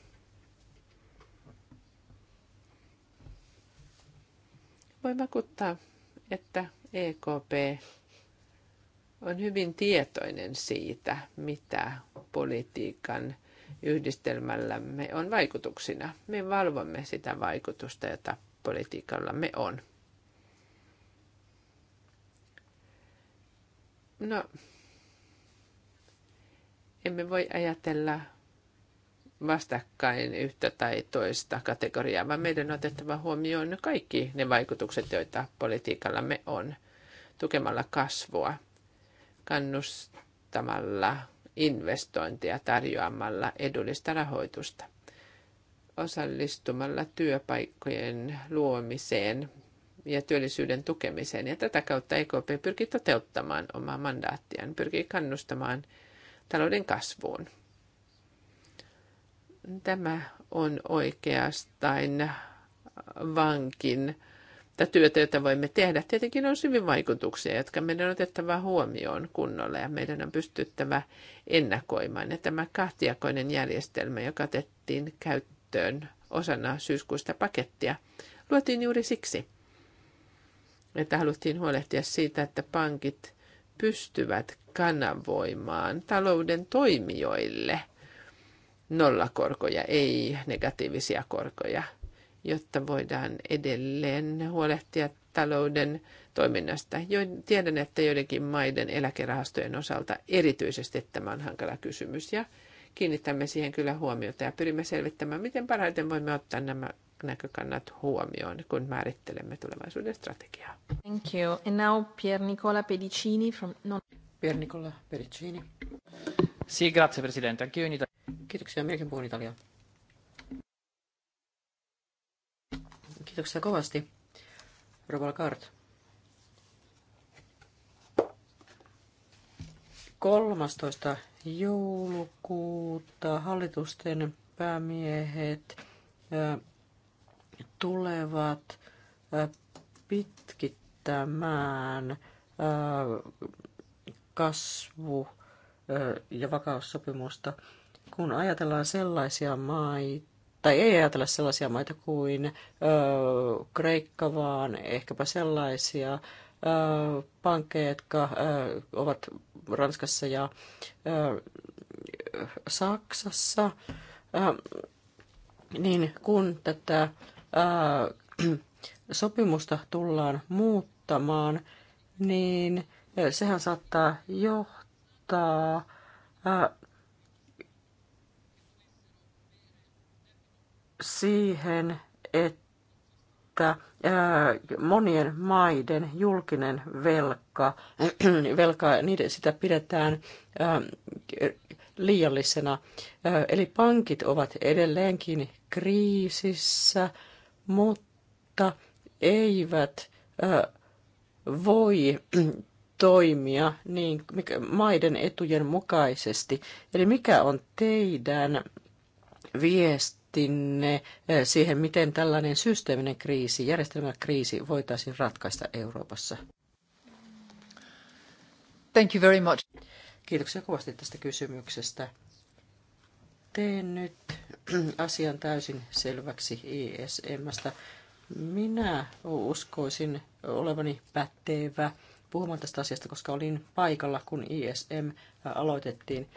Voin vakuuttaa, että EKP on hyvin tietoinen siitä, mitä politiikan yhdistelmällämme on vaikutuksina. Me valvomme sitä vaikutusta, jota politiikallamme on. No, emme voi ajatella vastakkain yhtä tai toista kategoriaa, vaan meidän on otettava huomioon kaikki ne vaikutukset, joita politiikallamme on tukemalla kasvua – kannustamalla investointia tarjoamalla edullista rahoitusta. Osallistumalla työpaikkojen luomiseen ja työllisyyden tukemiseen. Ja tätä kautta EKP pyrkii toteuttamaan omaa mandaattiaan, pyrkii kannustamaan talouden kasvuun. Tämä on oikeastaan vankin että työtä, jota voimme tehdä, tietenkin on syvin vaikutuksia, jotka meidän on otettava huomioon kunnolla ja meidän on pystyttävä ennakoimaan. Ja tämä kahtiakoinen järjestelmä, joka otettiin käyttöön osana syyskuista pakettia, luotiin juuri siksi, että haluttiin huolehtia siitä, että pankit pystyvät kanavoimaan talouden toimijoille nollakorkoja, ei negatiivisia korkoja – jotta voidaan edelleen huolehtia talouden toiminnasta. Tiedän, että joidenkin maiden eläkerahastojen osalta erityisesti tämä on hankala kysymys ja kiinnitämme siihen kyllä huomiota ja pyrimme selvittämään, miten parhaiten voimme ottaa nämä näkökannat huomioon, kun määrittelemme tulevaisuuden strategiaa. Thank you. And now Pier Nicola Pedicini from... non. Pier Nicola Pedicini. Sì, grazie Presidente. Anch'io in Italia. Kiitoksia. Minäkin puhun Italiaa. Kiitoksia kovasti, Robal Kart. Kolmastoista joulukuuta hallitusten päämiehet tulevat pitkittämään kasvu- ja vakaussopimusta. Kun ajatellaan sellaisia maita, tai ei ajatella sellaisia maita kuin ö, Kreikka, vaan ehkäpä sellaisia ö, pankkeja, jotka ö, ovat Ranskassa ja ö, Saksassa. Ö, niin kun tätä ö, sopimusta tullaan muuttamaan, niin sehän saattaa johtaa siihen, että monien maiden julkinen velka, velka niiden sitä pidetään liiallisena. Eli pankit ovat edelleenkin kriisissä, mutta eivät voi toimia niin maiden etujen mukaisesti. Eli mikä on teidän viesti? kommenttinne eh, siihen, miten tällainen systeeminen kriisi, järjestelmäkriisi voitaisiin ratkaista Euroopassa? Thank you very much. Kiitoksia kovasti tästä kysymyksestä. Teen nyt asian täysin selväksi ISMstä. Minä uskoisin olevani pätevä puhumaan tästä asiasta, koska olin paikalla, kun ISM aloitettiin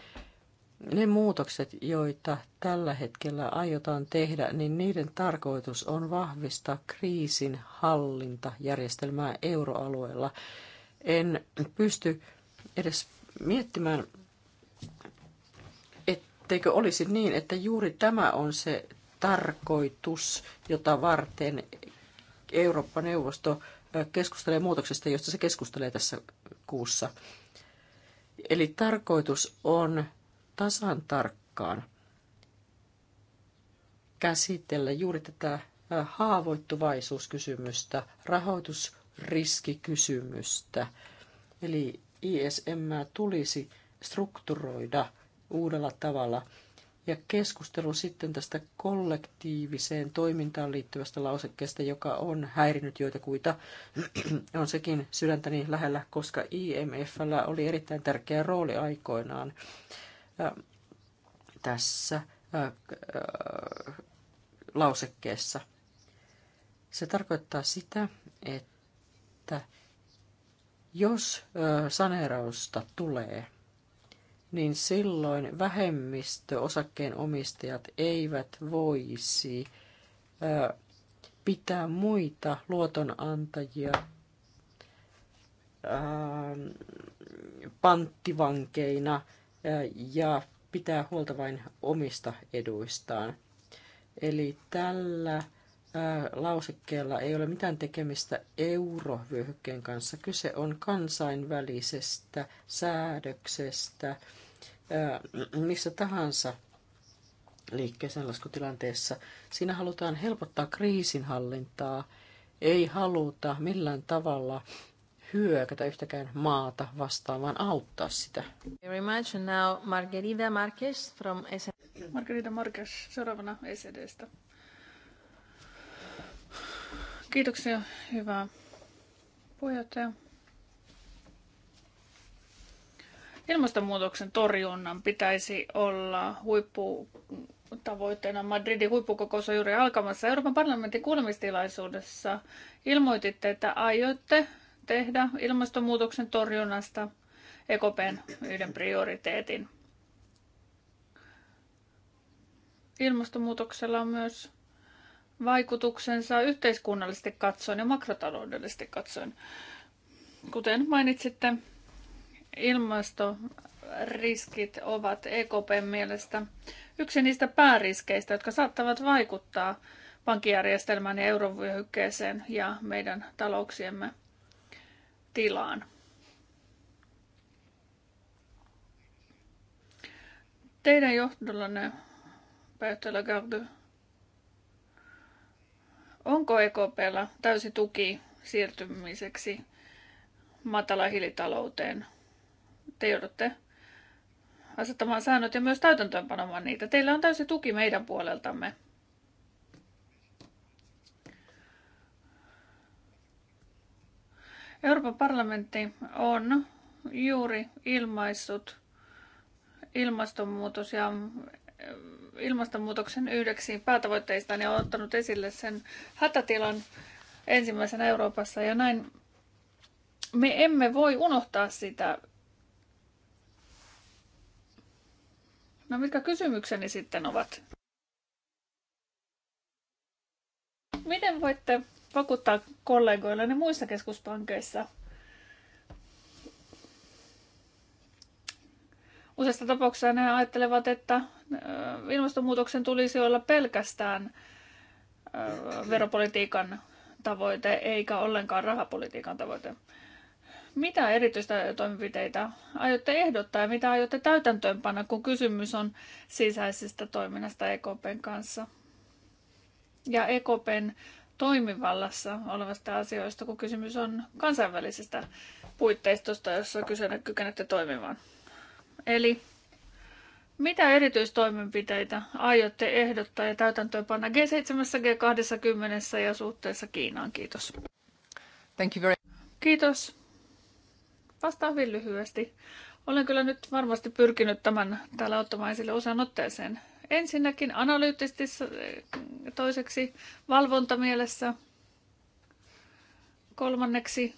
ne muutokset, joita tällä hetkellä aiotaan tehdä, niin niiden tarkoitus on vahvistaa kriisin hallintajärjestelmää euroalueella. En pysty edes miettimään, etteikö olisi niin, että juuri tämä on se tarkoitus, jota varten Eurooppa-neuvosto keskustelee muutoksesta, josta se keskustelee tässä kuussa. Eli tarkoitus on tasan tarkkaan käsitellä juuri tätä haavoittuvaisuuskysymystä, rahoitusriskikysymystä. Eli ISM tulisi strukturoida uudella tavalla. Ja keskustelu sitten tästä kollektiiviseen toimintaan liittyvästä lausekkeesta, joka on häirinyt joitakuita, on sekin sydäntäni lähellä, koska IMFllä oli erittäin tärkeä rooli aikoinaan tässä lausekkeessa. Se tarkoittaa sitä, että jos saneerausta tulee, niin silloin vähemmistöosakkeen omistajat eivät voisi pitää muita luotonantajia panttivankeina – ja pitää huolta vain omista eduistaan. Eli tällä lausekkeella ei ole mitään tekemistä eurovyöhykkeen kanssa. Kyse on kansainvälisestä säädöksestä missä tahansa liikkeeseen laskutilanteessa. Siinä halutaan helpottaa kriisinhallintaa, ei haluta millään tavalla hyökätä yhtäkään maata vastaan, vaan auttaa sitä. Very much. Now Margarida Marquez from SD. Margarida Marquez, seuraavana SEDstä. Kiitoksia, hyvä puheenjohtaja. Ilmastonmuutoksen torjunnan pitäisi olla huippu tavoitteena. Madridin huippukokous on juuri alkamassa. Euroopan parlamentin kuulemistilaisuudessa ilmoititte, että aiotte tehdä ilmastonmuutoksen torjunnasta EKPn yhden prioriteetin. Ilmastonmuutoksella on myös vaikutuksensa yhteiskunnallisesti katsoen ja makrotaloudellisesti katsoen. Kuten mainitsitte, ilmastoriskit ovat EKPn mielestä yksi niistä pääriskeistä, jotka saattavat vaikuttaa pankkijärjestelmään ja eurovyöhykkeeseen ja meidän talouksiemme tilaan. Teidän johdollanne, Päyttö Lagarde, onko EKPlla täysi tuki siirtymiseksi matalahiilitalouteen? Te joudutte asettamaan säännöt ja myös täytäntöönpanomaan niitä. Teillä on täysi tuki meidän puoleltamme. Euroopan parlamentti on juuri ilmaissut ilmastonmuutos ja eh, ilmastonmuutoksen yhdeksi päätavoitteistaan ja on ottanut esille sen hätätilan ensimmäisenä Euroopassa. Ja näin me emme voi unohtaa sitä. No mitkä kysymykseni sitten ovat? Miten voitte vakuuttaa niin muissa keskuspankeissa. Useissa tapauksissa ne ajattelevat, että ilmastonmuutoksen tulisi olla pelkästään veropolitiikan tavoite eikä ollenkaan rahapolitiikan tavoite. Mitä erityistä toimenpiteitä aiotte ehdottaa ja mitä aiotte täytäntöönpanna, kun kysymys on sisäisestä toiminnasta EKPn kanssa? Ja EKPn toimivallassa olevista asioista, kun kysymys on kansainvälisestä puitteistosta, jossa kyseinen kykenette toimimaan. Eli mitä erityistoimenpiteitä aiotte ehdottaa ja täytäntöönpanna G7, G20 ja suhteessa Kiinaan? Kiitos. Thank you very... Kiitos. Vastaan hyvin lyhyesti. Olen kyllä nyt varmasti pyrkinyt tämän täällä ottamaan esille usean otteeseen Ensinnäkin analyyttisesti, toiseksi valvontamielessä, kolmanneksi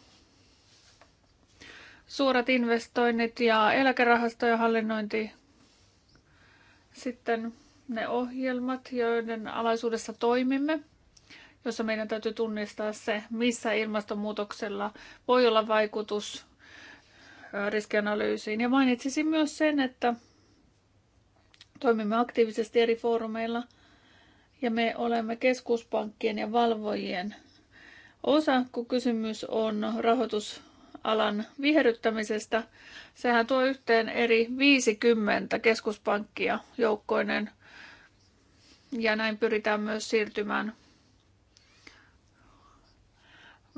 suorat investoinnit ja eläkerahastojen hallinnointi. Sitten ne ohjelmat, joiden alaisuudessa toimimme, jossa meidän täytyy tunnistaa se, missä ilmastonmuutoksella voi olla vaikutus riskianalyysiin. Ja mainitsisin myös sen, että Toimimme aktiivisesti eri foorumeilla ja me olemme keskuspankkien ja valvojien osa, kun kysymys on rahoitusalan viherryttämisestä. Sehän tuo yhteen eri 50 keskuspankkia joukkoinen ja näin pyritään myös siirtymään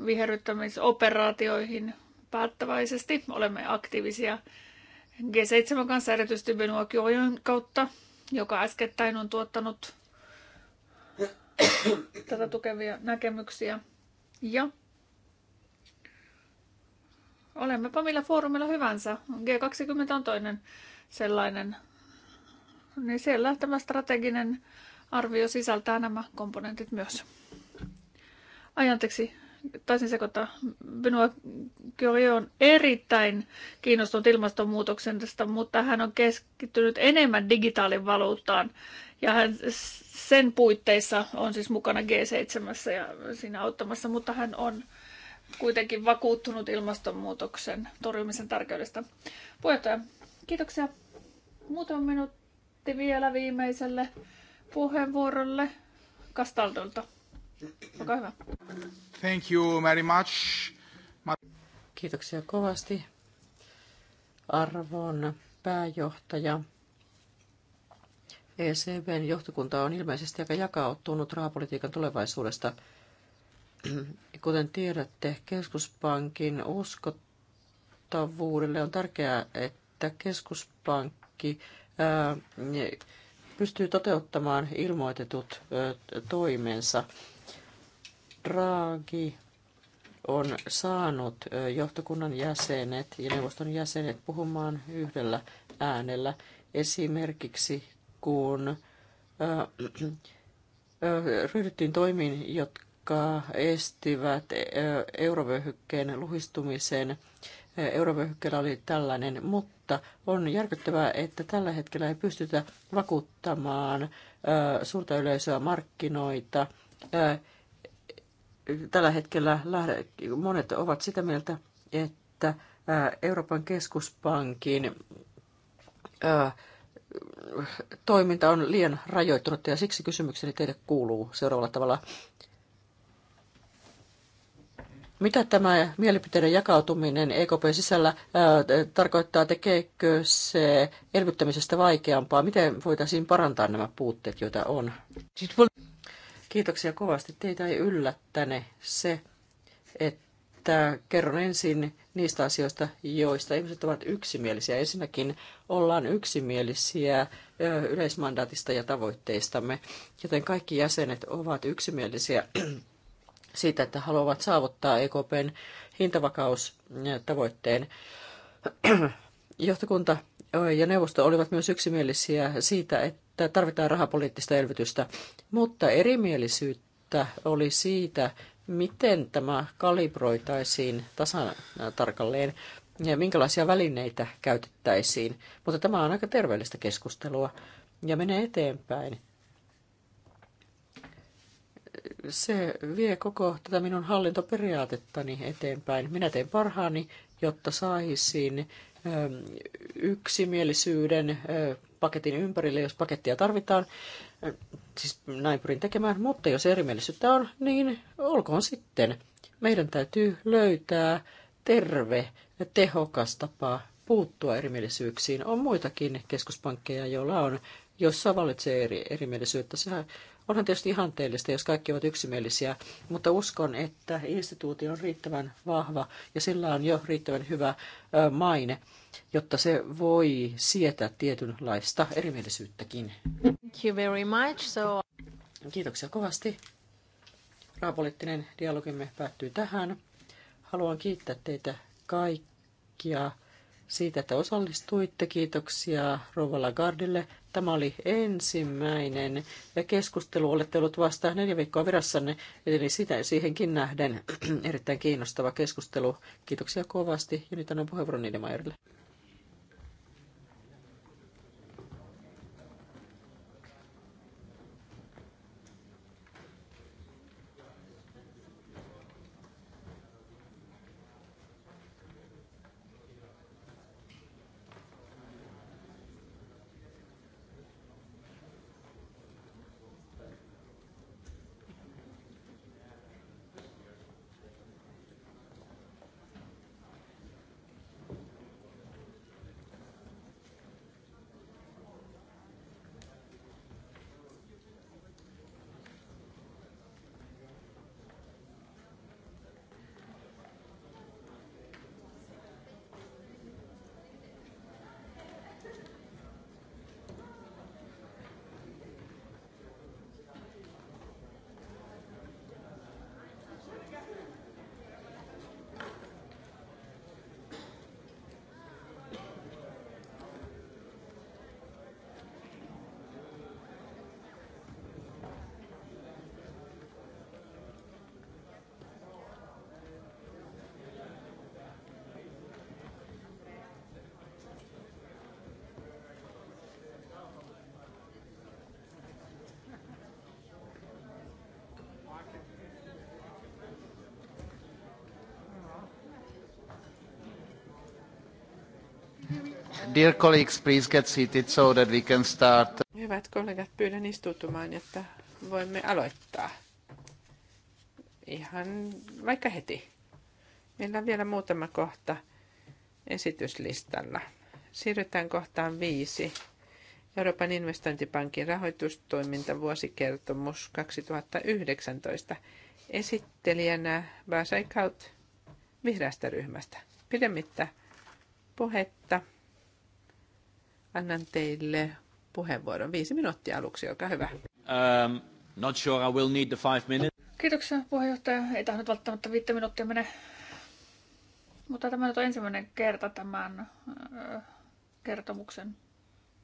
viherryttämisoperaatioihin päättäväisesti. Olemme aktiivisia G7 kanssa erityisesti Benoit kautta, joka äskettäin on tuottanut tätä tukevia näkemyksiä. Ja olemmepa millä foorumilla hyvänsä. G20 on toinen sellainen. Niin siellä tämä strateginen arvio sisältää nämä komponentit myös. Ajanteksi taisin sekoittaa, Benoit Curie on erittäin kiinnostunut ilmastonmuutoksesta, mutta hän on keskittynyt enemmän digitaalin valuuttaan ja hän sen puitteissa on siis mukana G7 ja siinä auttamassa, mutta hän on kuitenkin vakuuttunut ilmastonmuutoksen torjumisen tärkeydestä. Puheenjohtaja, kiitoksia. Muutama minuutti vielä viimeiselle puheenvuorolle Kastaldolta. Olkaa hyvä. Thank you very much. Kiitoksia kovasti, arvon pääjohtaja. ECBn johtokunta on ilmeisesti aika jakautunut rahapolitiikan tulevaisuudesta. Kuten tiedätte, keskuspankin uskottavuudelle on tärkeää, että keskuspankki pystyy toteuttamaan ilmoitetut toimensa. Draghi on saanut johtokunnan jäsenet ja neuvoston jäsenet puhumaan yhdellä äänellä. Esimerkiksi kun ryhdyttiin toimiin, jotka estivät eurovyöhykkeen luhistumisen. Eurovyöhykkeellä oli tällainen, mutta on järkyttävää, että tällä hetkellä ei pystytä vakuuttamaan suurta yleisöä markkinoita tällä hetkellä monet ovat sitä mieltä, että Euroopan keskuspankin toiminta on liian rajoittunutta ja siksi kysymykseni teille kuuluu seuraavalla tavalla. Mitä tämä mielipiteiden jakautuminen EKP sisällä ää, tarkoittaa? Tekeekö se elvyttämisestä vaikeampaa? Miten voitaisiin parantaa nämä puutteet, joita on? Kiitoksia kovasti. Teitä ei yllättäne se, että kerron ensin niistä asioista, joista ihmiset ovat yksimielisiä. Ensinnäkin ollaan yksimielisiä yleismandaatista ja tavoitteistamme, joten kaikki jäsenet ovat yksimielisiä siitä, että haluavat saavuttaa EKPn hintavakaustavoitteen. Johtokunta ja neuvosto olivat myös yksimielisiä siitä, että tarvitaan rahapoliittista elvytystä, mutta erimielisyyttä oli siitä, miten tämä kalibroitaisiin tasan tarkalleen ja minkälaisia välineitä käytettäisiin. Mutta tämä on aika terveellistä keskustelua ja menee eteenpäin. Se vie koko tätä minun hallintoperiaatettani eteenpäin. Minä teen parhaani, jotta saisin yksimielisyyden paketin ympärille, jos pakettia tarvitaan. Eh, siis näin pyrin tekemään, mutta jos erimielisyyttä on, niin olkoon sitten. Meidän täytyy löytää terve ja tehokas tapa puuttua erimielisyyksiin. On muitakin keskuspankkeja, joilla on, jossa valitsee eri, erimielisyyttä. Sehän Onhan tietysti ihanteellista, jos kaikki ovat yksimielisiä, mutta uskon, että instituutio on riittävän vahva ja sillä on jo riittävän hyvä maine, jotta se voi sietää tietynlaista erimielisyyttäkin. Thank you very much. So... Kiitoksia kovasti. Raapoliittinen dialogimme päättyy tähän. Haluan kiittää teitä kaikkia siitä, että osallistuitte. Kiitoksia Rova Lagardille. Tämä oli ensimmäinen ja keskustelu. Olette ollut vasta neljä viikkoa virassanne, eli sitä siihenkin nähden erittäin kiinnostava keskustelu. Kiitoksia kovasti ja nyt annan puheenvuoron Niidemajerille. Dear colleagues, please get seated so that we can start. Hyvät kollegat, pyydän istutumaan, jotta voimme aloittaa. Ihan vaikka heti. Meillä on vielä muutama kohta esityslistalla. Siirrytään kohtaan viisi. Euroopan investointipankin rahoitustoiminta vuosikertomus 2019. Esittelijänä Basai Kaut vihreästä ryhmästä. Pidemmittä puhetta annan teille puheenvuoron. Viisi minuuttia aluksi, olkaa hyvä. Um, not sure I will need the five minutes. Kiitoksia puheenjohtaja. Ei tähän nyt välttämättä viittä minuuttia mene. Mutta tämä nyt on ensimmäinen kerta tämän äh, kertomuksen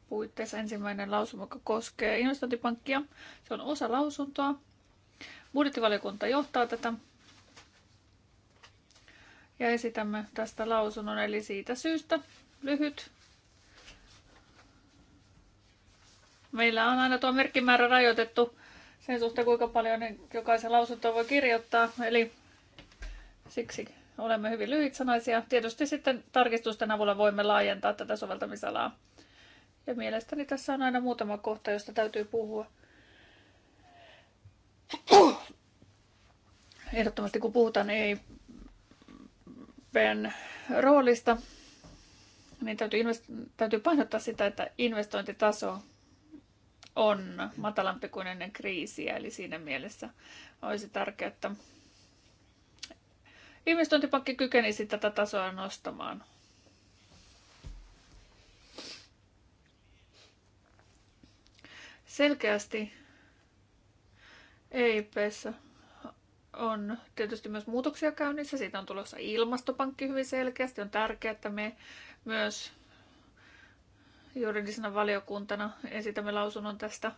puitteissa. Ensimmäinen lausuma, joka koskee investointipankkia. Se on osa lausuntoa. Budjettivaliokunta johtaa tätä. Ja esitämme tästä lausunnon, eli siitä syystä lyhyt Meillä on aina tuo merkkimäärä rajoitettu sen suhteen, kuinka paljon jokaisen lausuntoa voi kirjoittaa. Eli siksi olemme hyvin lyhytsanaisia. Tietysti sitten tarkistusten avulla voimme laajentaa tätä soveltamisalaa. Ja mielestäni tässä on aina muutama kohta, josta täytyy puhua. Ehdottomasti kun puhutaan EIPn roolista, niin täytyy, täytyy painottaa sitä, että investointitaso on matalampi kuin ennen kriisiä, eli siinä mielessä olisi tärkeää, että investointipankki kykenisi tätä tasoa nostamaan. Selkeästi EIPssä on tietysti myös muutoksia käynnissä. Siitä on tulossa ilmastopankki hyvin selkeästi. On tärkeää, että me myös juridisena valiokuntana esitämme lausunnon tästä.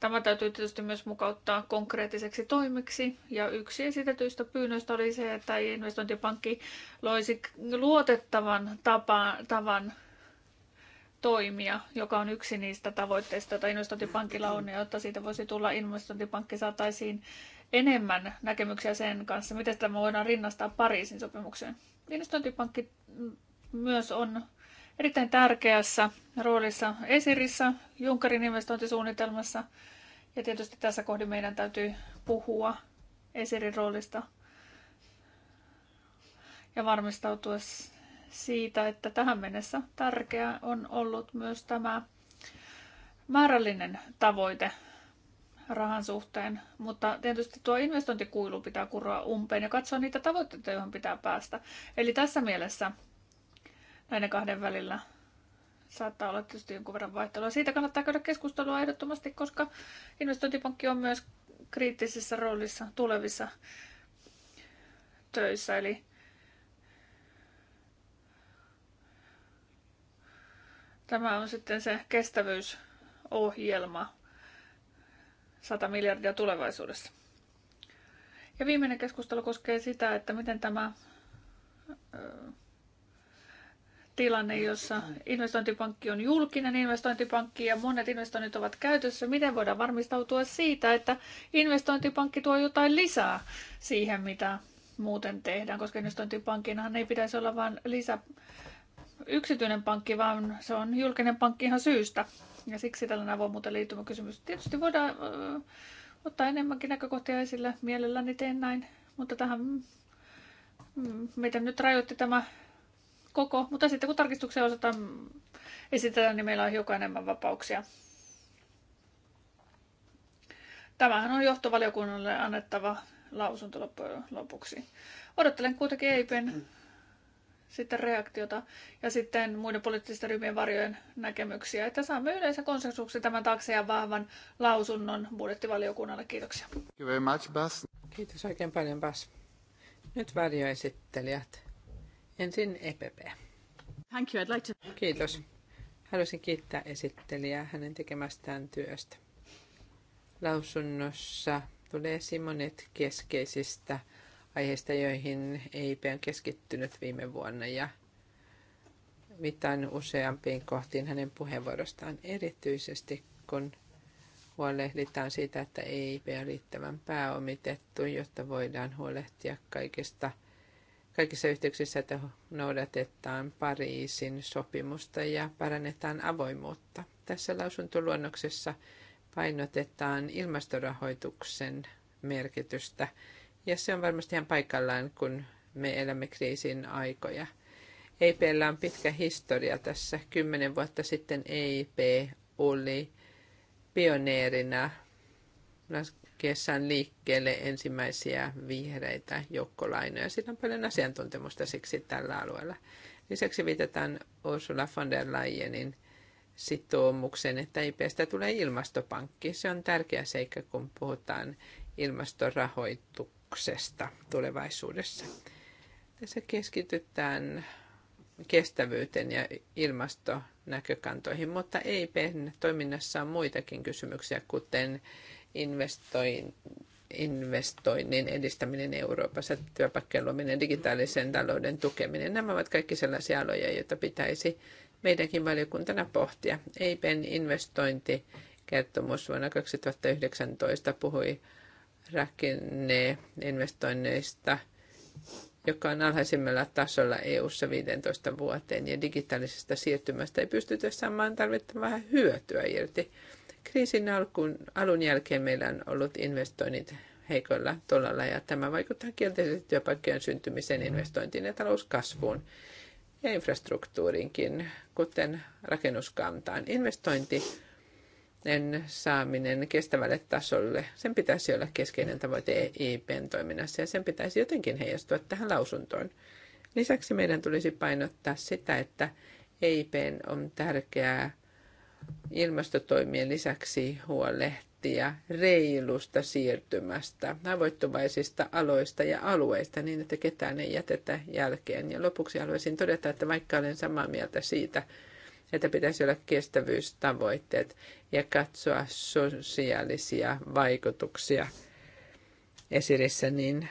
Tämä täytyy tietysti myös mukauttaa konkreettiseksi toimiksi. Ja yksi esitetyistä pyynnöistä oli se, että investointipankki loisi luotettavan tapa, tavan toimia, joka on yksi niistä tavoitteista, joita investointipankilla on, ja jotta siitä voisi tulla investointipankki saataisiin enemmän näkemyksiä sen kanssa, miten tämä voidaan rinnastaa Pariisin sopimukseen. Investointipankki myös on erittäin tärkeässä roolissa Esirissä, Junkerin investointisuunnitelmassa. Ja tietysti tässä kohdin meidän täytyy puhua Esirin roolista ja varmistautua siitä, että tähän mennessä tärkeää on ollut myös tämä määrällinen tavoite rahan suhteen, mutta tietysti tuo investointikuilu pitää kuroa umpeen ja katsoa niitä tavoitteita, joihin pitää päästä. Eli tässä mielessä näiden kahden välillä saattaa olla tietysti jonkun verran vaihtelua. Siitä kannattaa käydä keskustelua ehdottomasti, koska investointipankki on myös kriittisessä roolissa tulevissa töissä. Eli tämä on sitten se kestävyysohjelma 100 miljardia tulevaisuudessa. Ja viimeinen keskustelu koskee sitä, että miten tämä tilanne, jossa investointipankki on julkinen investointipankki ja monet investoinnit ovat käytössä. Miten voidaan varmistautua siitä, että investointipankki tuo jotain lisää siihen, mitä muuten tehdään, koska investointipankinhan ei pitäisi olla vain lisä yksityinen pankki, vaan se on julkinen pankki ihan syystä. Ja siksi tällainen avoimuuteen liittyvä kysymys. Tietysti voidaan ö, ottaa enemmänkin näkökohtia esille. Mielelläni teen näin, mutta tähän miten mm, nyt rajoitti tämä koko, mutta sitten kun tarkistuksia osataan esitetään, niin meillä on hiukan enemmän vapauksia. Tämähän on johtovaliokunnalle annettava lausunto loppujen lopuksi. Odottelen kuitenkin EIPen sitten reaktiota ja sitten muiden poliittisten ryhmien varjojen näkemyksiä, että saamme yleensä konsensuksen tämän taakse ja vahvan lausunnon budjettivaliokunnalle. Kiitoksia. Kiitos oikein paljon, Bas. Nyt varjoesittelijät. Ensin EPP. Thank you. I'd like to... Kiitos. Haluaisin kiittää esittelijää hänen tekemästään työstä. Lausunnossa tulee esiin monet keskeisistä aiheista, joihin EIP on keskittynyt viime vuonna ja mitään useampiin kohtiin hänen puheenvuorostaan erityisesti, kun huolehditaan siitä, että EIP on riittävän pääomitettu, jotta voidaan huolehtia kaikista – kaikissa yhteyksissä, että noudatetaan Pariisin sopimusta ja parannetaan avoimuutta. Tässä lausuntoluonnoksessa painotetaan ilmastorahoituksen merkitystä ja se on varmasti ihan paikallaan, kun me elämme kriisin aikoja. EIPllä on pitkä historia tässä. Kymmenen vuotta sitten EIP oli pioneerina kesän liikkeelle ensimmäisiä vihreitä joukkolainoja. Sillä on paljon asiantuntemusta siksi tällä alueella. Lisäksi viitataan Ursula von der Leyenin sitoumuksen, että IPstä tulee ilmastopankki. Se on tärkeä seikka, kun puhutaan ilmastorahoituksesta tulevaisuudessa. Tässä keskitytään kestävyyteen ja ilmastonäkökantoihin, mutta EIPn toiminnassa on muitakin kysymyksiä, kuten investoin, investoinnin edistäminen Euroopassa, työpaikkojen luominen, digitaalisen talouden tukeminen. Nämä ovat kaikki sellaisia aloja, joita pitäisi meidänkin valiokuntana pohtia. EIPen investointikertomus vuonna 2019 puhui rakenne investoinneista, joka on alhaisimmalla tasolla EU-ssa 15 vuoteen, ja digitaalisesta siirtymästä ei pystytä saamaan tarvittavaa hyötyä irti. Kriisin alkuun, alun jälkeen meillä on ollut investoinnit heikolla tolalla ja tämä vaikuttaa kielteisesti työpaikkojen syntymiseen, investointiin ja talouskasvuun ja infrastruktuurinkin kuten rakennuskantaan. Investointi saaminen kestävälle tasolle, sen pitäisi olla keskeinen tavoite EIPn toiminnassa ja sen pitäisi jotenkin heijastua tähän lausuntoon. Lisäksi meidän tulisi painottaa sitä, että EIPn on tärkeää ilmastotoimien lisäksi huolehtia reilusta siirtymästä, avoittuvaisista aloista ja alueista niin, että ketään ei jätetä jälkeen. Ja lopuksi haluaisin todeta, että vaikka olen samaa mieltä siitä, että pitäisi olla kestävyystavoitteet ja katsoa sosiaalisia vaikutuksia esirissä, niin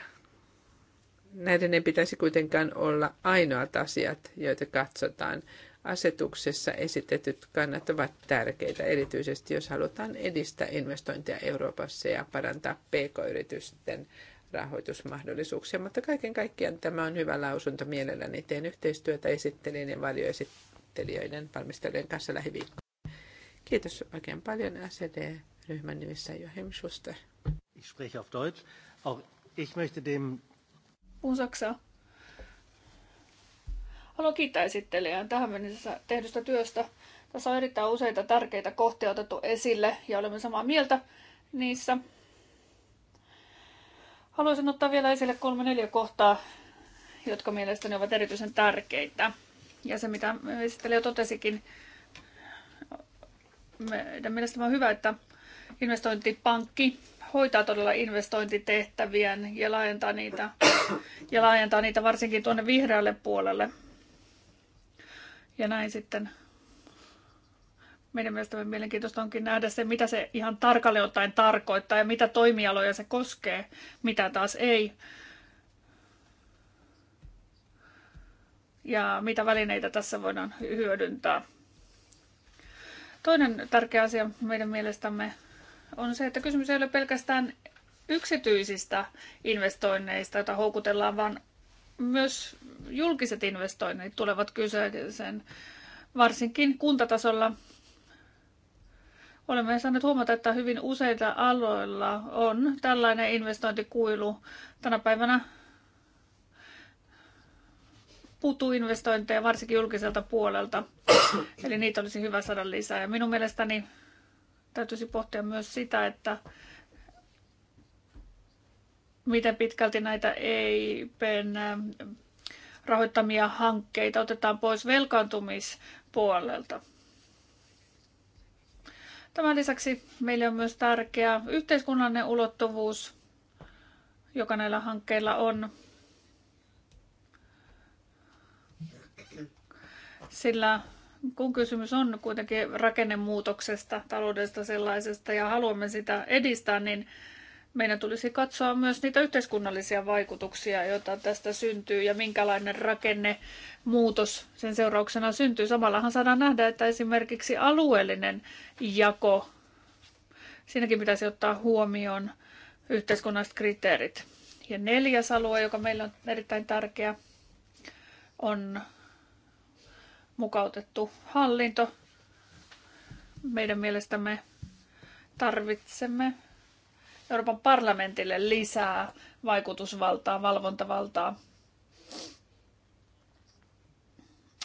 näiden ei pitäisi kuitenkaan olla ainoat asiat, joita katsotaan asetuksessa esitetyt kannat ovat tärkeitä, erityisesti jos halutaan edistää investointeja Euroopassa ja parantaa pk-yritysten rahoitusmahdollisuuksia. Mutta kaiken kaikkiaan tämä on hyvä lausunto mielelläni. Teen yhteistyötä esittelijän ja varjoesittelijöiden valmistelujen kanssa lähiviikkoina. Kiitos oikein paljon SED-ryhmän nimissä Joachim Schuster. Ich spreche auf Deutsch. Auch ich möchte dem... Puhun Saksaa. Haluan kiittää esittelijää tähän mennessä tehdystä työstä. Tässä on erittäin useita tärkeitä kohtia otettu esille ja olemme samaa mieltä niissä. Haluaisin ottaa vielä esille kolme neljä kohtaa, jotka mielestäni ovat erityisen tärkeitä. Ja se, mitä esittelijä totesikin, meidän mielestämme on hyvä, että investointipankki hoitaa todella investointitehtäviä ja laajentaa niitä, ja laajentaa niitä varsinkin tuonne vihreälle puolelle. Ja näin sitten meidän mielestämme mielenkiintoista onkin nähdä se, mitä se ihan tarkalleen ottaen tarkoittaa ja mitä toimialoja se koskee, mitä taas ei. Ja mitä välineitä tässä voidaan hyödyntää. Toinen tärkeä asia meidän mielestämme on se, että kysymys ei ole pelkästään yksityisistä investoinneista, joita houkutellaan, vaan myös julkiset investoinnit tulevat kyseeseen, varsinkin kuntatasolla. Olemme saaneet huomata, että hyvin useilla aloilla on tällainen investointikuilu. Tänä päivänä puuttuu investointeja, varsinkin julkiselta puolelta. Eli niitä olisi hyvä saada lisää. Ja minun mielestäni täytyisi pohtia myös sitä, että miten pitkälti näitä EIPn rahoittamia hankkeita otetaan pois velkaantumispuolelta. Tämän lisäksi meille on myös tärkeä yhteiskunnallinen ulottuvuus, joka näillä hankkeilla on. Sillä kun kysymys on kuitenkin rakennemuutoksesta, taloudesta sellaisesta, ja haluamme sitä edistää, niin meidän tulisi katsoa myös niitä yhteiskunnallisia vaikutuksia, joita tästä syntyy ja minkälainen rakenne muutos sen seurauksena syntyy. Samallahan saadaan nähdä, että esimerkiksi alueellinen jako, siinäkin pitäisi ottaa huomioon yhteiskunnalliset kriteerit. Ja neljäs alue, joka meillä on erittäin tärkeä, on mukautettu hallinto. Meidän mielestämme tarvitsemme Euroopan parlamentille lisää vaikutusvaltaa, valvontavaltaa.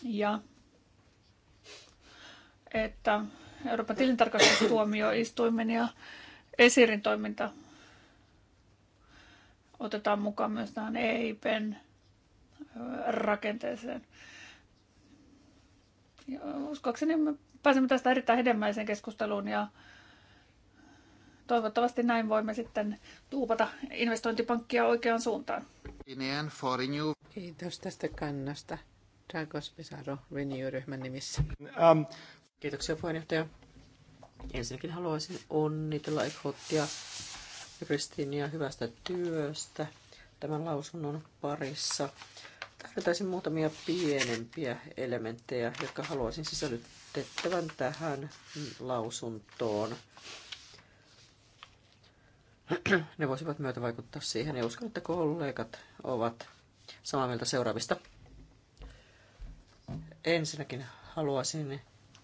Ja että Euroopan tilintarkastustuomioistuimen ja esirin toiminta otetaan mukaan myös tähän EIPn rakenteeseen. Ja uskoakseni me pääsemme tästä erittäin hedelmäiseen keskusteluun ja toivottavasti näin voimme sitten tuupata investointipankkia oikeaan suuntaan. Kiitos tästä kannasta. Dragos Pisaro Renew-ryhmän nimissä. Um. Kiitoksia puheenjohtaja. Ensinnäkin haluaisin onnitella Ekhottia ja Kristiinia hyvästä työstä tämän lausunnon parissa. Tarvitaisin muutamia pienempiä elementtejä, jotka haluaisin sisällytettävän tähän lausuntoon. ne voisivat myötä vaikuttaa siihen. Ja uskon, että kollegat ovat samaa mieltä seuraavista. Ensinnäkin haluaisin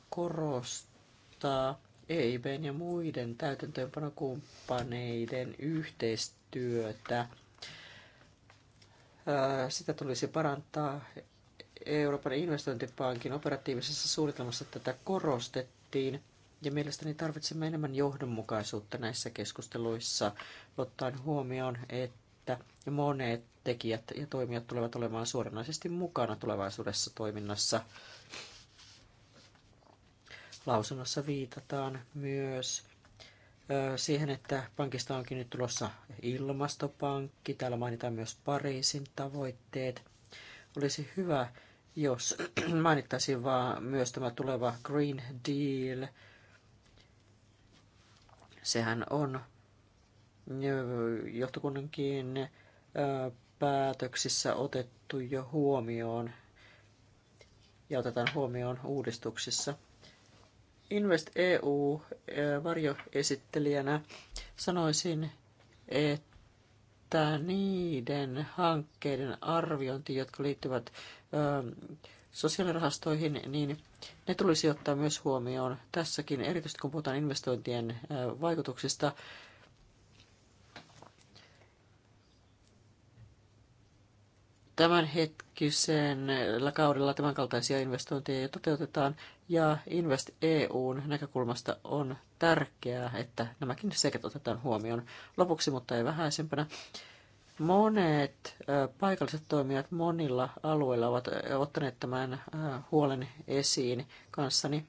korostaa EIBn ja muiden täytäntöönpanokumppaneiden yhteistyötä. Sitä tulisi parantaa Euroopan investointipankin operatiivisessa suunnitelmassa tätä korostettiin. Ja mielestäni tarvitsemme enemmän johdonmukaisuutta näissä keskusteluissa, ottaen huomioon, että monet tekijät ja toimijat tulevat olemaan suoranaisesti mukana tulevaisuudessa toiminnassa. Lausunnossa viitataan myös siihen, että pankista onkin nyt tulossa ilmastopankki. Täällä mainitaan myös Pariisin tavoitteet. Olisi hyvä, jos mainittaisiin vaan myös tämä tuleva Green Deal – Sehän on johtokunnankin päätöksissä otettu jo huomioon ja otetaan huomioon uudistuksissa. Invest EU varjoesittelijänä sanoisin, että niiden hankkeiden arviointi, jotka liittyvät sosiaalirahastoihin, niin ne tulisi ottaa myös huomioon tässäkin, erityisesti kun puhutaan investointien vaikutuksista. Tämänhetkisen kaudella tämänkaltaisia investointeja jo toteutetaan, ja Invest EUn näkökulmasta on tärkeää, että nämäkin sekä otetaan huomioon. Lopuksi, mutta ei vähäisempänä, Monet paikalliset toimijat monilla alueilla ovat ottaneet tämän huolen esiin kanssani.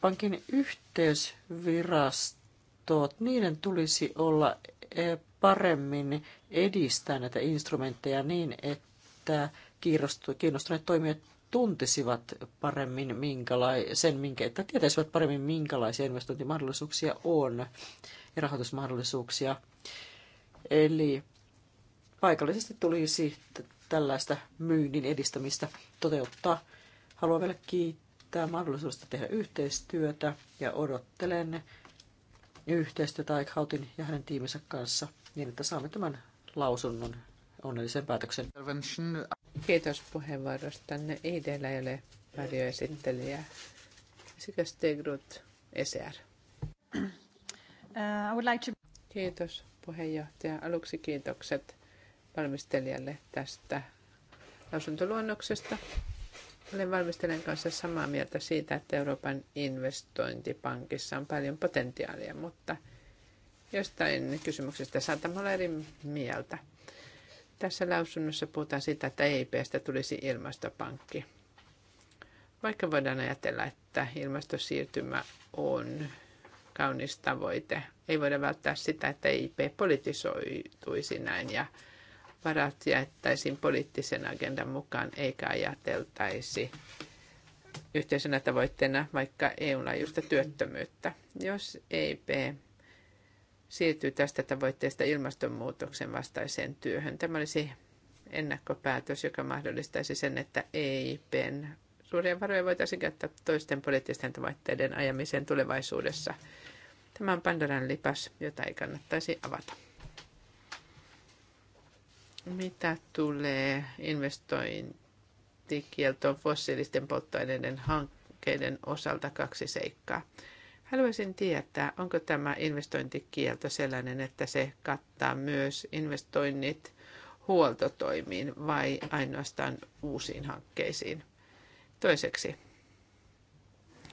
Pankin yhteysvirastot, niiden tulisi olla paremmin edistää näitä instrumentteja niin, että kiinnostuneet toimijat tuntisivat paremmin minkälai, sen, minkä, että tietäisivät paremmin minkälaisia investointimahdollisuuksia on ja rahoitusmahdollisuuksia. Eli paikallisesti tulisi tällaista myynnin edistämistä toteuttaa. Haluan vielä kiittää mahdollisuudesta tehdä yhteistyötä ja odottelen yhteistyötä Eichhautin ja hänen tiiminsä kanssa niin, että saamme tämän lausunnon onnellisen päätöksen. Kiitos puheenvuorostanne. IDllä ei ole varjoesittelijää. Sekä Stegrut ECR. Uh, Kiitos puheenjohtaja. Aluksi kiitokset valmistelijalle tästä lausuntoluonnoksesta. Olen valmistelijan kanssa samaa mieltä siitä, että Euroopan investointipankissa on paljon potentiaalia, mutta jostain kysymyksestä saatamme olla eri mieltä. Tässä lausunnossa puhutaan siitä, että EIPstä tulisi ilmastopankki. Vaikka voidaan ajatella, että ilmastosiirtymä on kaunis tavoite. Ei voida välttää sitä, että e IP politisoituisi näin ja varat jaettaisiin poliittisen agendan mukaan eikä ajateltaisi yhteisenä tavoitteena vaikka EU-laajuista työttömyyttä. Jos EIP siirtyy tästä tavoitteesta ilmastonmuutoksen vastaiseen työhön, tämä olisi ennakkopäätös, joka mahdollistaisi sen, että EIPn suuria varoja voitaisiin käyttää toisten poliittisten tavoitteiden ajamiseen tulevaisuudessa. Tämä on Pandoran lipas, jota ei kannattaisi avata. Mitä tulee investointikieltoon fossiilisten polttoaineiden hankkeiden osalta kaksi seikkaa? Haluaisin tietää, onko tämä investointikielto sellainen, että se kattaa myös investoinnit huoltotoimiin vai ainoastaan uusiin hankkeisiin. Toiseksi,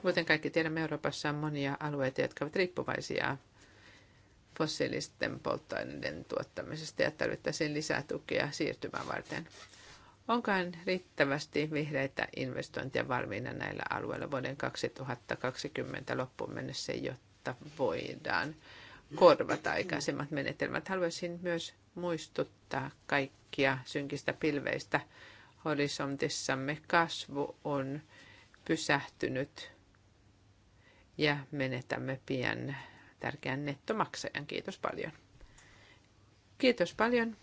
kuten kaikki tiedämme, Euroopassa on monia alueita, jotka ovat riippuvaisia fossiilisten polttoaineiden tuottamisesta ja tarvittaisiin lisää tukea siirtymään varten. Onkaan riittävästi vihreitä investointeja valmiina näillä alueilla vuoden 2020 loppuun mennessä, jotta voidaan korvata aikaisemmat menetelmät. Haluaisin myös muistuttaa kaikkia synkistä pilveistä – horisontissamme kasvu on pysähtynyt ja menetämme pian tärkeän nettomaksajan. Kiitos paljon. Kiitos paljon.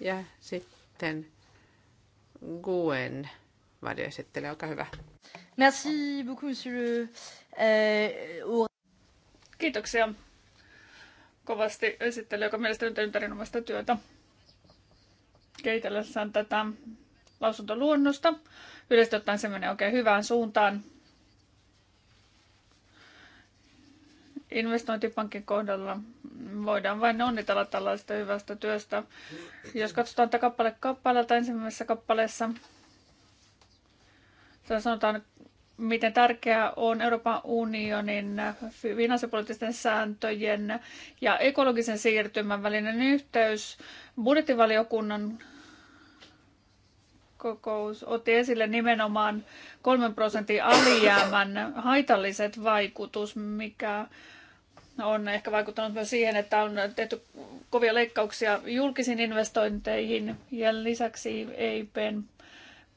Ja sitten Guen varjoesittelijä, olkaa hyvä. Merci beaucoup, monsieur le... Euh, Kiitoksia kovasti esittely, joka mielestäni on erinomaista työtä keitellessään tätä lausuntoluonnosta. Yleisesti ottaen se menee oikein hyvään suuntaan. Investointipankin kohdalla voidaan vain onnitella tällaista hyvästä työstä. Jos katsotaan tätä kappale kappaleelta ensimmäisessä kappaleessa, sanotaan, miten tärkeää on Euroopan unionin finanssipoliittisten sääntöjen ja ekologisen siirtymän välinen yhteys. Budjettivaliokunnan kokous otti esille nimenomaan kolmen prosentin alijäämän haitalliset vaikutus, mikä on ehkä vaikuttanut myös siihen, että on tehty kovia leikkauksia julkisiin investointeihin ja lisäksi EIPn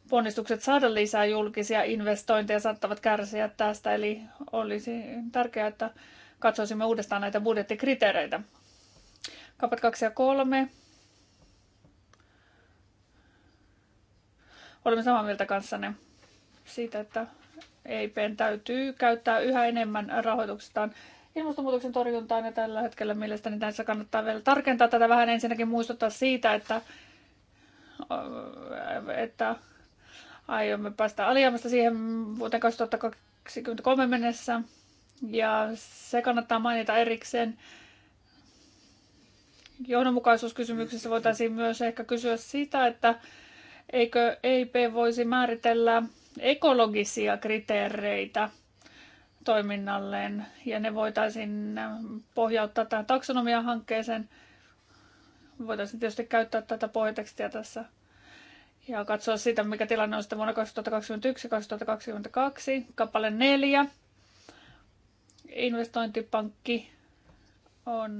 ponnistukset saada lisää julkisia investointeja saattavat kärsiä tästä, eli olisi tärkeää, että katsoisimme uudestaan näitä budjettikriteereitä. Kapat 2 ja 3 Olemme samaa mieltä kanssanne siitä, että EIPn täytyy käyttää yhä enemmän rahoituksestaan ilmastonmuutoksen torjuntaan ja tällä hetkellä mielestäni tässä kannattaa vielä tarkentaa tätä vähän ensinnäkin muistuttaa siitä, että, että aiomme päästä alijäämästä siihen vuoteen 2023 mennessä ja se kannattaa mainita erikseen. Johdonmukaisuuskysymyksessä voitaisiin myös ehkä kysyä sitä, että Eikö EIP voisi määritellä ekologisia kriteereitä toiminnalleen ja ne voitaisiin pohjauttaa tähän taksonomiahankkeeseen. Voitaisiin tietysti käyttää tätä pohjatekstiä tässä ja katsoa sitä, mikä tilanne on sitten vuonna 2021-2022. Kappale 4. Investointipankki on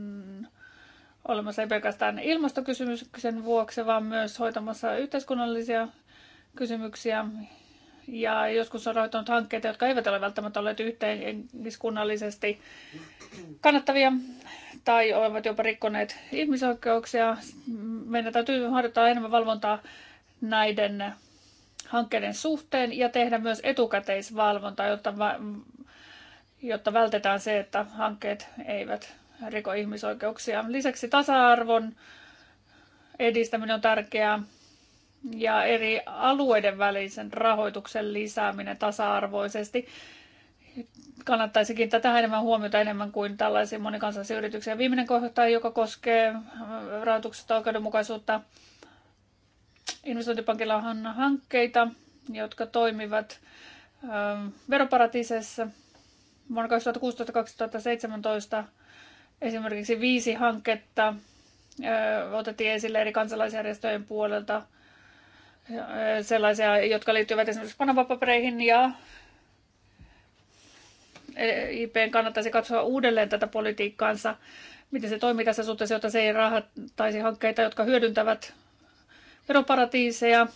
olemassa ei pelkästään ilmastokysymyksen vuoksi, vaan myös hoitamassa yhteiskunnallisia kysymyksiä. Ja joskus on rahoittanut hankkeita, jotka eivät ole välttämättä olleet yhteiskunnallisesti kannattavia tai ovat jopa rikkoneet ihmisoikeuksia. Meidän täytyy harjoittaa enemmän valvontaa näiden hankkeiden suhteen ja tehdä myös etukäteisvalvontaa, jotta, jotta vältetään se, että hankkeet eivät riko ihmisoikeuksia. Lisäksi tasa-arvon edistäminen on tärkeää ja eri alueiden välisen rahoituksen lisääminen tasa-arvoisesti. Kannattaisi kiinnittää tähän enemmän huomiota enemmän kuin tällaisiin monikansallisiin yrityksiin. Viimeinen kohta, joka koskee äh, rahoituksesta oikeudenmukaisuutta. Investointipankilla on hankkeita, jotka toimivat ähm, veroparatiiseissa vuonna 2016-2017 Esimerkiksi viisi hanketta otettiin esille eri kansalaisjärjestöjen puolelta, sellaisia, jotka liittyvät esimerkiksi panavapapereihin ja IPn kannattaisi katsoa uudelleen tätä politiikkaansa, miten se toimii tässä suhteessa, jotta se ei rahattaisi hankkeita, jotka hyödyntävät veroparatiiseja.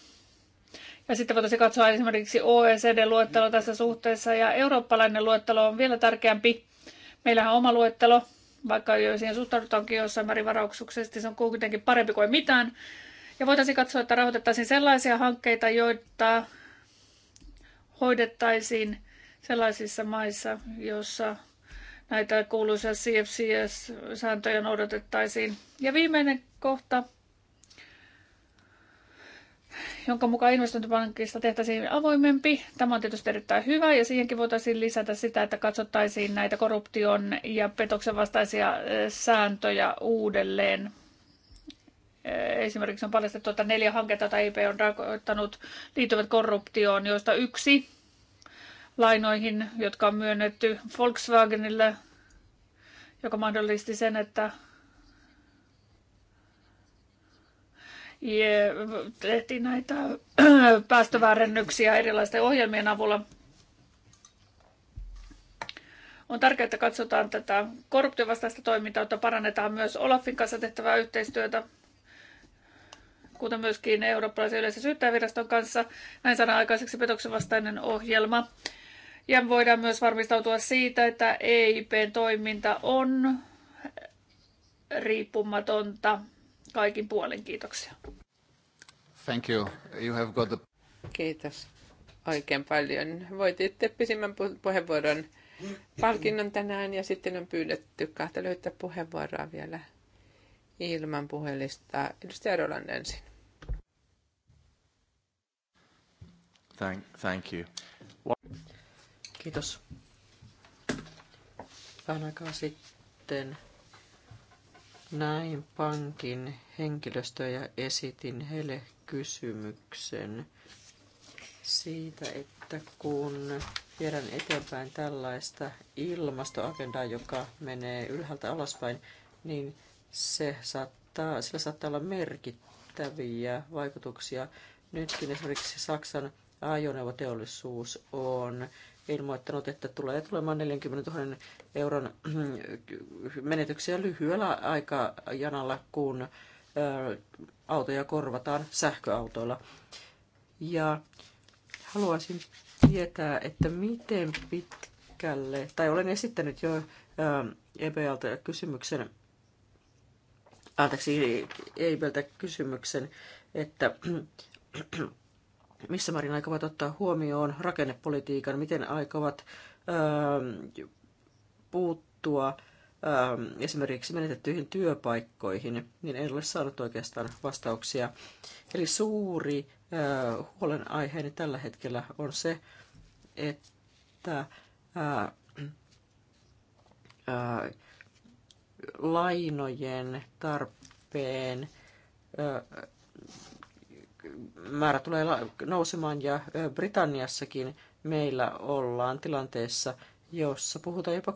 Ja sitten voitaisiin katsoa esimerkiksi OECD-luettelo tässä suhteessa ja eurooppalainen luettelo on vielä tärkeämpi. Meillähän on oma luettelo, vaikka jo siihen suhtaudutaankin jossain määrin varauksuksesti, se on kuitenkin parempi kuin mitään. Ja voitaisiin katsoa, että rahoitettaisiin sellaisia hankkeita, joita hoidettaisiin sellaisissa maissa, joissa näitä kuuluisia CFCS-sääntöjä noudatettaisiin. Ja viimeinen kohta jonka mukaan investointipankista tehtäisiin avoimempi. Tämä on tietysti erittäin hyvä ja siihenkin voitaisiin lisätä sitä, että katsottaisiin näitä korruption ja petoksen vastaisia sääntöjä uudelleen. Esimerkiksi on paljastettu, että neljä hanketta, joita IP on rakoittanut, liittyvät korruptioon, joista yksi lainoihin, jotka on myönnetty Volkswagenille, joka mahdollisti sen, että tehtiin näitä päästöväärennyksiä erilaisten ohjelmien avulla. On tärkeää, että katsotaan tätä korruptiovastaista toimintaa, että parannetaan myös Olafin kanssa tehtävää yhteistyötä, kuten myöskin eurooppalaisen yleisen syyttäjäviraston kanssa. Näin saadaan aikaiseksi petoksen vastainen ohjelma. Ja voidaan myös varmistautua siitä, että EIPn toiminta on riippumatonta kaikin puolin. Kiitoksia. Thank you. You have got the... Kiitos oikein paljon. Voititte pisimmän puheenvuoron palkinnon tänään ja sitten on pyydetty kahta löytää puheenvuoroa vielä ilman puhelista. Edustaja Roland ensin. Thank, thank you. Kiitos. Vähän aikaa sitten näin pankin henkilöstöä ja esitin heille kysymyksen siitä, että kun viedään eteenpäin tällaista ilmastoagendaa, joka menee ylhäältä alaspäin, niin se saattaa, sillä saattaa olla merkittäviä vaikutuksia. Nytkin esimerkiksi Saksan ajoneuvoteollisuus on ilmoittanut, että tulee tulemaan 40 000 euron mm, menetyksiä lyhyellä aikajanalla, kun autoja korvataan sähköautoilla. Ja haluaisin tietää, että miten pitkälle, tai olen esittänyt jo EBLtä kysymyksen, anteeksi, EBLtä kysymyksen, että missä määrin aikovat ottaa huomioon rakennepolitiikan, miten aikovat öö, puuttua öö, esimerkiksi menetettyihin työpaikkoihin, niin en ole saanut oikeastaan vastauksia. Eli suuri öö, huolenaiheeni tällä hetkellä on se, että öö, öö, lainojen tarpeen öö, määrä tulee nousemaan ja Britanniassakin meillä ollaan tilanteessa, jossa puhutaan jopa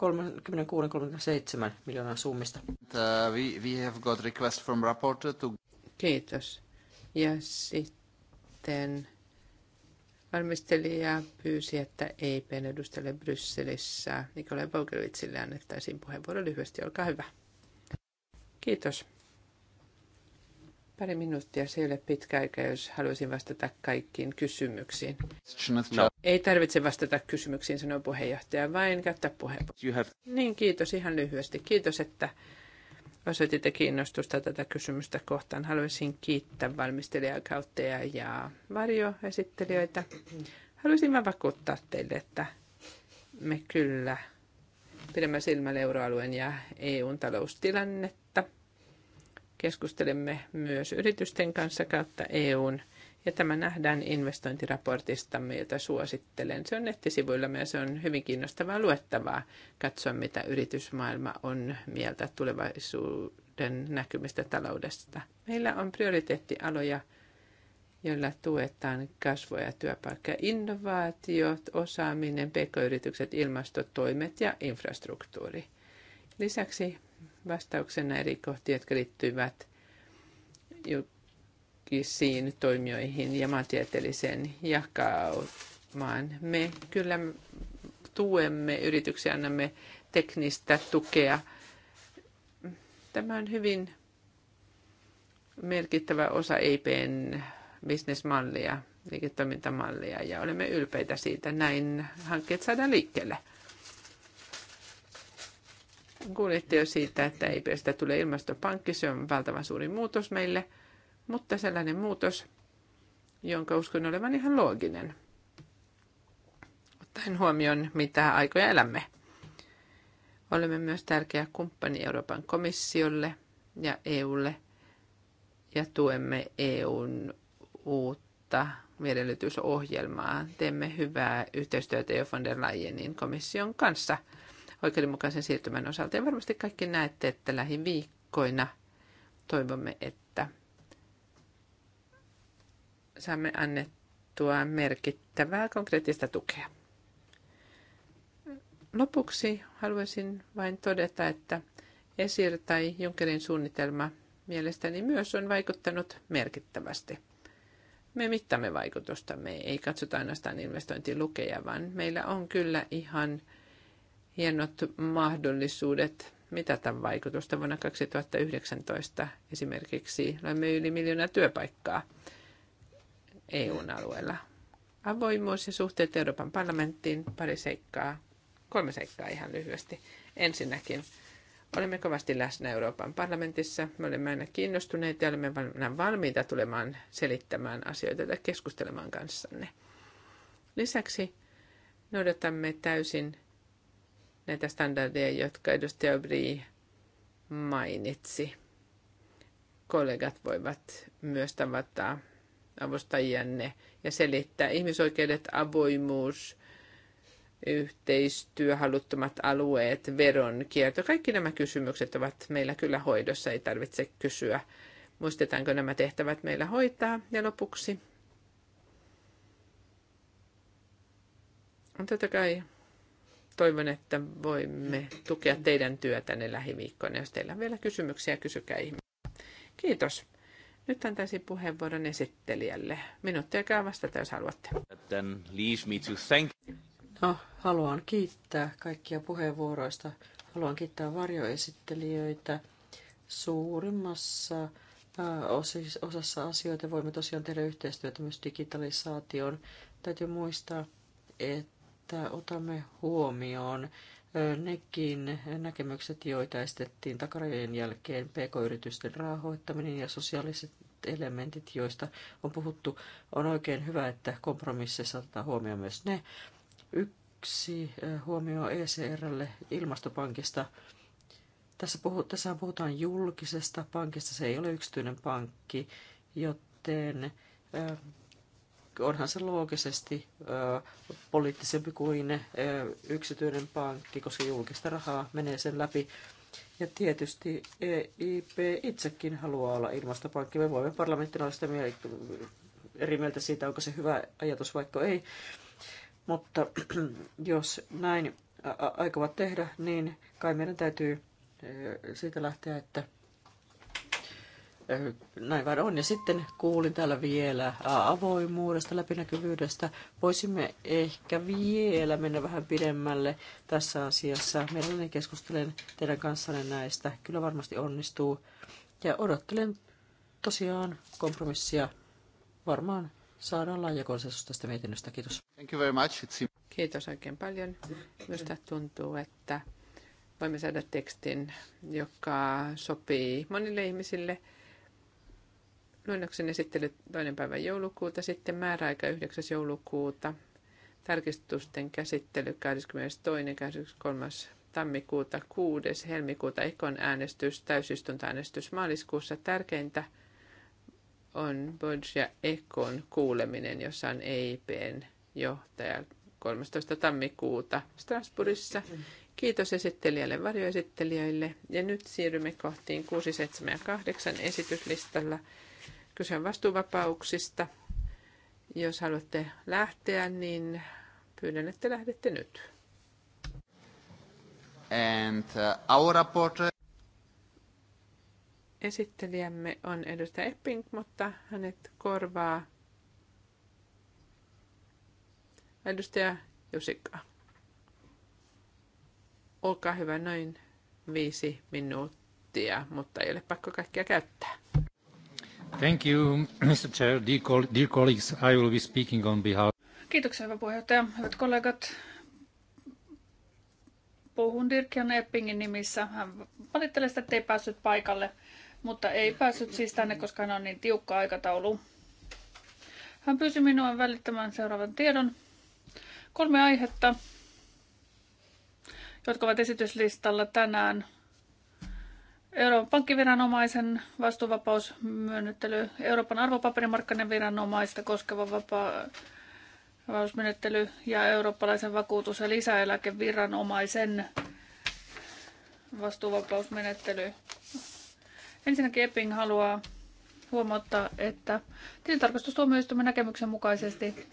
36-37 miljoonan summista. Uh, we, have got request from rapporteur to... Kiitos. Ja sitten valmistelija pyysi, että EIPn edustajalle Brysselissä Nikolai Bogelvitsille annettaisiin puheenvuoro lyhyesti. Olkaa hyvä. Kiitos. Pari minuuttia, se ei ole pitkä aika, jos haluaisin vastata kaikkiin kysymyksiin. No. Ei tarvitse vastata kysymyksiin, sanoo puheenjohtaja, vain käyttää puheenvuoron. Have... Niin, kiitos ihan lyhyesti. Kiitos, että osoititte kiinnostusta tätä kysymystä kohtaan. Haluaisin kiittää valmistelijakautteja kautteja ja varjoesittelijöitä. Haluaisin vain vakuuttaa teille, että me kyllä pidämme silmällä euroalueen ja EUn taloustilannetta – Keskustelemme myös yritysten kanssa kautta EUn ja tämä nähdään investointiraportistamme, jota suosittelen. Se on nettisivuillamme ja se on hyvin kiinnostavaa luettavaa katsoa, mitä yritysmaailma on mieltä tulevaisuuden näkymistä taloudesta. Meillä on prioriteettialoja, joilla tuetaan kasvua ja työpaikkoja, innovaatiot, osaaminen, pk-yritykset, ilmastotoimet ja infrastruktuuri. Lisäksi vastauksena eri kohtia, jotka liittyvät julkisiin toimijoihin ja maantieteelliseen jakaumaan. Me kyllä tuemme yrityksiä, annamme teknistä tukea. Tämä on hyvin merkittävä osa EIPn bisnesmallia, liiketoimintamallia ja olemme ylpeitä siitä. Näin hankkeet saadaan liikkeelle. Kuulitte jo siitä, että EIPstä tulee ilmastopankki, se on valtavan suuri muutos meille, mutta sellainen muutos, jonka uskon olevan ihan looginen, ottaen huomioon, mitä aikoja elämme. Olemme myös tärkeä kumppani Euroopan komissiolle ja EUlle ja tuemme EUn uutta mielelytysohjelmaa. Teemme hyvää yhteistyötä jo von der Leyenin komission kanssa – oikeudenmukaisen siirtymän osalta. Ja varmasti kaikki näette, että lähiviikkoina toivomme, että saamme annettua merkittävää konkreettista tukea. Lopuksi haluaisin vain todeta, että Esir tai Junckerin suunnitelma mielestäni myös on vaikuttanut merkittävästi. Me mittamme vaikutusta, me ei katsota ainoastaan investointilukeja, vaan meillä on kyllä ihan – hienot mahdollisuudet mitata vaikutusta. Vuonna 2019 esimerkiksi olemme yli miljoonaa työpaikkaa EUn alueella. Avoimuus ja suhteet Euroopan parlamenttiin, pari seikkaa, kolme seikkaa ihan lyhyesti. Ensinnäkin olemme kovasti läsnä Euroopan parlamentissa. Me olemme aina kiinnostuneita ja olemme valmiita tulemaan selittämään asioita ja keskustelemaan kanssanne. Lisäksi noudatamme täysin näitä standardeja, jotka edustaja Bri mainitsi. Kollegat voivat myös tavata avustajienne ja selittää ihmisoikeudet, avoimuus, yhteistyö, haluttomat alueet, veronkierto. Kaikki nämä kysymykset ovat meillä kyllä hoidossa, ei tarvitse kysyä, muistetaanko nämä tehtävät meillä hoitaa. Ja lopuksi, totta kai toivon, että voimme tukea teidän työtänne lähiviikkoina. Jos teillä on vielä kysymyksiä, kysykää ihmeessä. Kiitos. Nyt antaisin puheenvuoron esittelijälle. Minuuttia käy vastata, jos haluatte. No, haluan kiittää kaikkia puheenvuoroista. Haluan kiittää varjoesittelijöitä. Suurimmassa osassa asioita voimme tosiaan tehdä yhteistyötä myös digitalisaation. Täytyy muistaa, että että otamme huomioon nekin näkemykset, joita esitettiin takarajojen jälkeen, pk-yritysten rahoittaminen ja sosiaaliset elementit, joista on puhuttu. On oikein hyvä, että kompromisseissa otetaan huomioon myös ne. Yksi huomio ECRlle ilmastopankista. Tässä, puhu, tässä puhutaan julkisesta pankista, se ei ole yksityinen pankki, joten onhan se loogisesti poliittisempi kuin yksityinen pankki, koska julkista rahaa menee sen läpi. Ja tietysti EIP itsekin haluaa olla ilmastopankki. Me voimme parlamenttina olla sitä mieltä, eri mieltä siitä, onko se hyvä ajatus vaikka ei. Mutta jos näin aikovat tehdä, niin kai meidän täytyy siitä lähteä, että näin vaan on. Ja sitten kuulin täällä vielä avoimuudesta, läpinäkyvyydestä. Voisimme ehkä vielä mennä vähän pidemmälle tässä asiassa. Mielelläni keskustelen teidän kanssanne näistä. Kyllä varmasti onnistuu. Ja odottelen tosiaan kompromissia. Varmaan saadaan laaja konsensus tästä mietinnöstä. Kiitos. Thank you very much. It's... Kiitos oikein paljon. Minusta tuntuu, että voimme saada tekstin, joka sopii monille ihmisille – Luennoksen esittely toinen päivä joulukuuta, sitten määräaika 9. joulukuuta, tarkistusten käsittely 22. 23. tammikuuta, 6. helmikuuta, ekon äänestys, täysistuntoäänestys maaliskuussa. Tärkeintä on Bodge ja Ekon kuuleminen, jossa on EIPn johtaja 13. tammikuuta Strasbourgissa. Kiitos esittelijälle varjoesittelijöille. Ja nyt siirrymme kohtiin 6, 7 ja 8 esityslistalla. Kyse on vastuuvapauksista. Jos haluatte lähteä, niin pyydän, että lähdette nyt. And uh, our reporter... Esittelijämme on edustaja Epping, mutta hänet korvaa edustaja Jusikka. Olkaa hyvä, noin viisi minuuttia, mutta ei ole pakko kaikkia käyttää. Thank you, Mr. Chair. Dear colleagues, I will be speaking on behalf... Kiitoksia, hyvä puheenjohtaja. Hyvät kollegat, puhun Dirkian Eppingin nimissä. Hän valittelee sitä, että ei päässyt paikalle, mutta ei päässyt siis tänne, koska hän on niin tiukka aikataulu. Hän pyysi minua välittämään seuraavan tiedon. Kolme aihetta, jotka ovat esityslistalla tänään – Euroopan pankkiviranomaisen vastuuvapausmyönnyttely, Euroopan arvopaperimarkkinen viranomaista koskeva vapausmenettely ja eurooppalaisen vakuutus- ja lisäeläkeviranomaisen vastuuvapausmenettely. Ensinnäkin Epping haluaa huomauttaa, että tilintarkastustuomioistuimen näkemyksen mukaisesti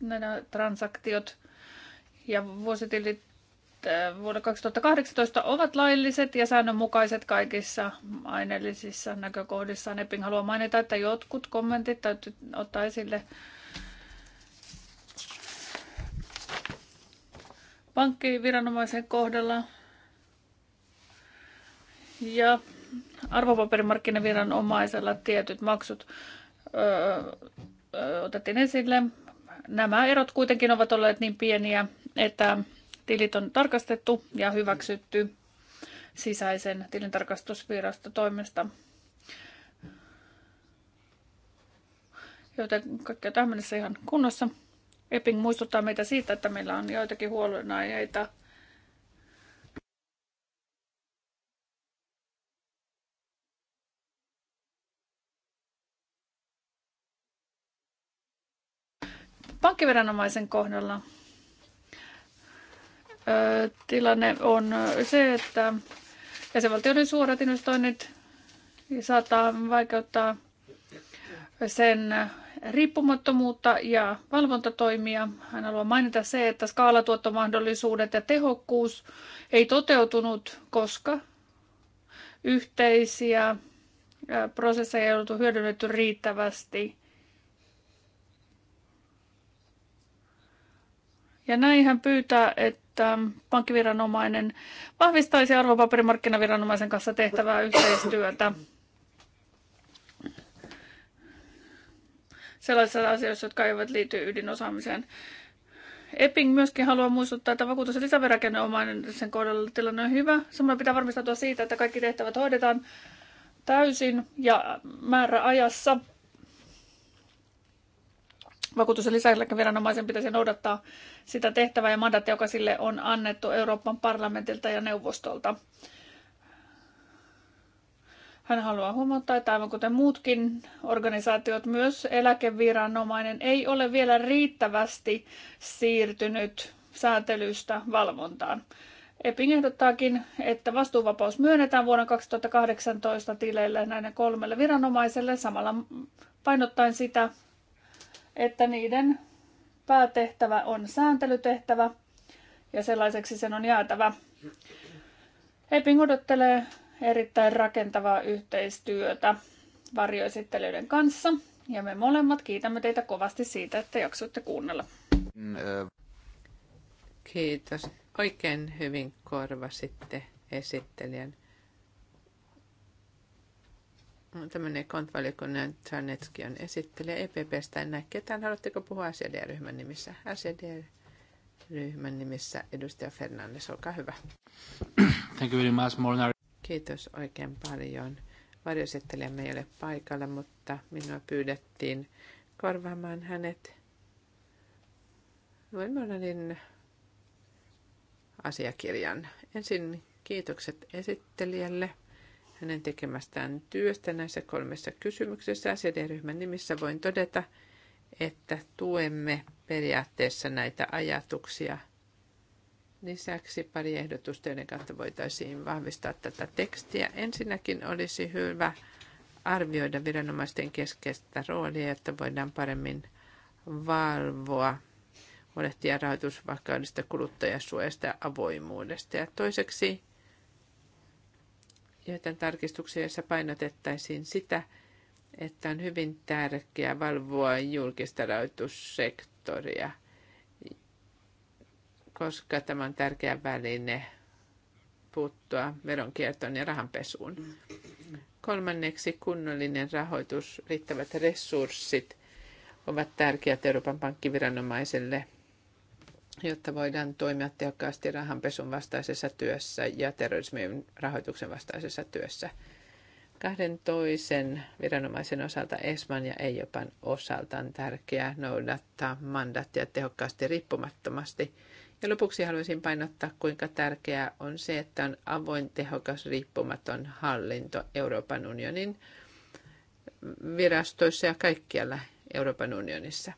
nämä transaktiot ja vuositilit vuonna 2018 ovat lailliset ja säännönmukaiset kaikissa aineellisissa näkökohdissa. Nepin haluaa mainita, että jotkut kommentit täytyy ottaa esille pankkiviranomaisen kohdalla ja arvopaperimarkkinaviranomaisella tietyt maksut öö, otettiin esille. Nämä erot kuitenkin ovat olleet niin pieniä, että Tilit on tarkastettu ja hyväksytty sisäisen tilintarkastusviraston toimesta. Joten on tähän mennessä ihan kunnossa. Epping muistuttaa meitä siitä, että meillä on joitakin huolenaiheita. Pankkiviranomaisen kohdalla tilanne on se, että jäsenvaltioiden suorat investoinnit saattaa vaikeuttaa sen riippumattomuutta ja valvontatoimia. Hän haluaa mainita se, että skaalatuottomahdollisuudet ja tehokkuus ei toteutunut, koska yhteisiä prosesseja ei ollut hyödynnetty riittävästi. Ja näin hän pyytää, että että pankkiviranomainen vahvistaisi arvopaperimarkkinaviranomaisen kanssa tehtävää yhteistyötä sellaisissa asioissa, jotka eivät liity ydinosaamiseen. Epping myöskin haluaa muistuttaa, että vakuutus- ja lisäveräkenneomainen sen kohdalla tilanne on hyvä. Samoin pitää varmistautua siitä, että kaikki tehtävät hoidetaan täysin ja määräajassa. Vakuutus- ja lisäeläkeviranomaisen pitäisi noudattaa sitä tehtävää ja mandaattia, joka sille on annettu Euroopan parlamentilta ja neuvostolta. Hän haluaa huomauttaa, että aivan kuten muutkin organisaatiot, myös eläkeviranomainen ei ole vielä riittävästi siirtynyt säätelystä valvontaan. EPIN ehdottaakin, että vastuuvapaus myönnetään vuonna 2018 tileille näille kolmelle viranomaiselle samalla painottaen sitä, että niiden päätehtävä on sääntelytehtävä ja sellaiseksi sen on jäätävä. Epping odottelee erittäin rakentavaa yhteistyötä varjoesittelyiden kanssa ja me molemmat kiitämme teitä kovasti siitä, että jaksoitte kuunnella. Kiitos. Oikein hyvin korvasitte esittelijän tämmöinen kontvalikunnan Tarnetski on esittelijä EPPstä. En näe ketään. Haluatteko puhua SED-ryhmän nimissä? SED-ryhmän nimissä edustaja Fernandes, olkaa hyvä. Thank you very much, Molnar. Kiitos oikein paljon. Varjosettelemme ei ole paikalla, mutta minua pyydettiin korvaamaan hänet. Luen Molnarin asiakirjan. Ensin kiitokset esittelijälle hänen tekemästään työstä näissä kolmessa kysymyksessä. CD-ryhmän nimissä voin todeta, että tuemme periaatteessa näitä ajatuksia. Lisäksi pari ehdotusta, joiden kautta voitaisiin vahvistaa tätä tekstiä. Ensinnäkin olisi hyvä arvioida viranomaisten keskeistä roolia, että voidaan paremmin valvoa, huolehtia rahoitusvakaudesta, kuluttajasuojasta ja avoimuudesta. Ja toiseksi joitain tarkistuksia, joissa painotettaisiin sitä, että on hyvin tärkeää valvoa julkista rahoitussektoria, koska tämä on tärkeä väline puuttua veronkiertoon ja rahanpesuun. Kolmanneksi kunnollinen rahoitus, riittävät resurssit ovat tärkeät Euroopan pankkiviranomaiselle – jotta voidaan toimia tehokkaasti rahanpesun vastaisessa työssä ja terrorismin rahoituksen vastaisessa työssä. Kahden toisen viranomaisen osalta ESMAN ja EIOPAN osalta on tärkeää noudattaa mandaattia tehokkaasti riippumattomasti. Ja lopuksi haluaisin painottaa, kuinka tärkeää on se, että on avoin, tehokas, riippumaton hallinto Euroopan unionin virastoissa ja kaikkialla Euroopan unionissa.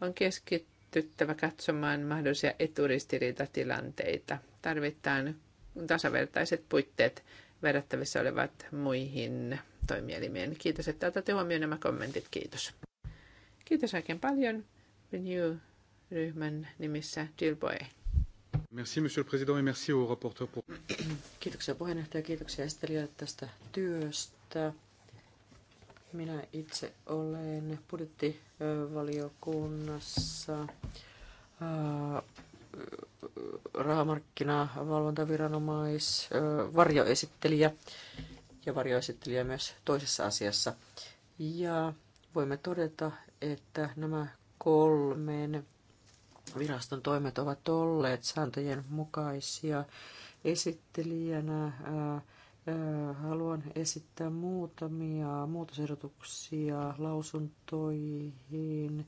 On keskittynyt keskityttävä katsomaan mahdollisia eturistiriitatilanteita. Tarvitaan tasavertaiset puitteet verrattavissa olevat muihin toimielimiin Kiitos, että otatte huomioon nämä kommentit. Kiitos. Kiitos oikein paljon Renew-ryhmän nimissä Jill Boy. Merci, monsieur le président, et merci au rapporteur pour... Kiitoksia puheenjohtaja, kiitoksia esittelijöille tästä työstä. Minä itse olen budjettivaliokunnassa rahamarkkinavalvontaviranomais, varjoesittelijä ja varjoesittelijä myös toisessa asiassa. Ja voimme todeta, että nämä kolmen viraston toimet ovat olleet sääntöjen mukaisia. Esittelijänä ää, Äh, haluan esittää muutamia muutosehdotuksia lausuntoihin,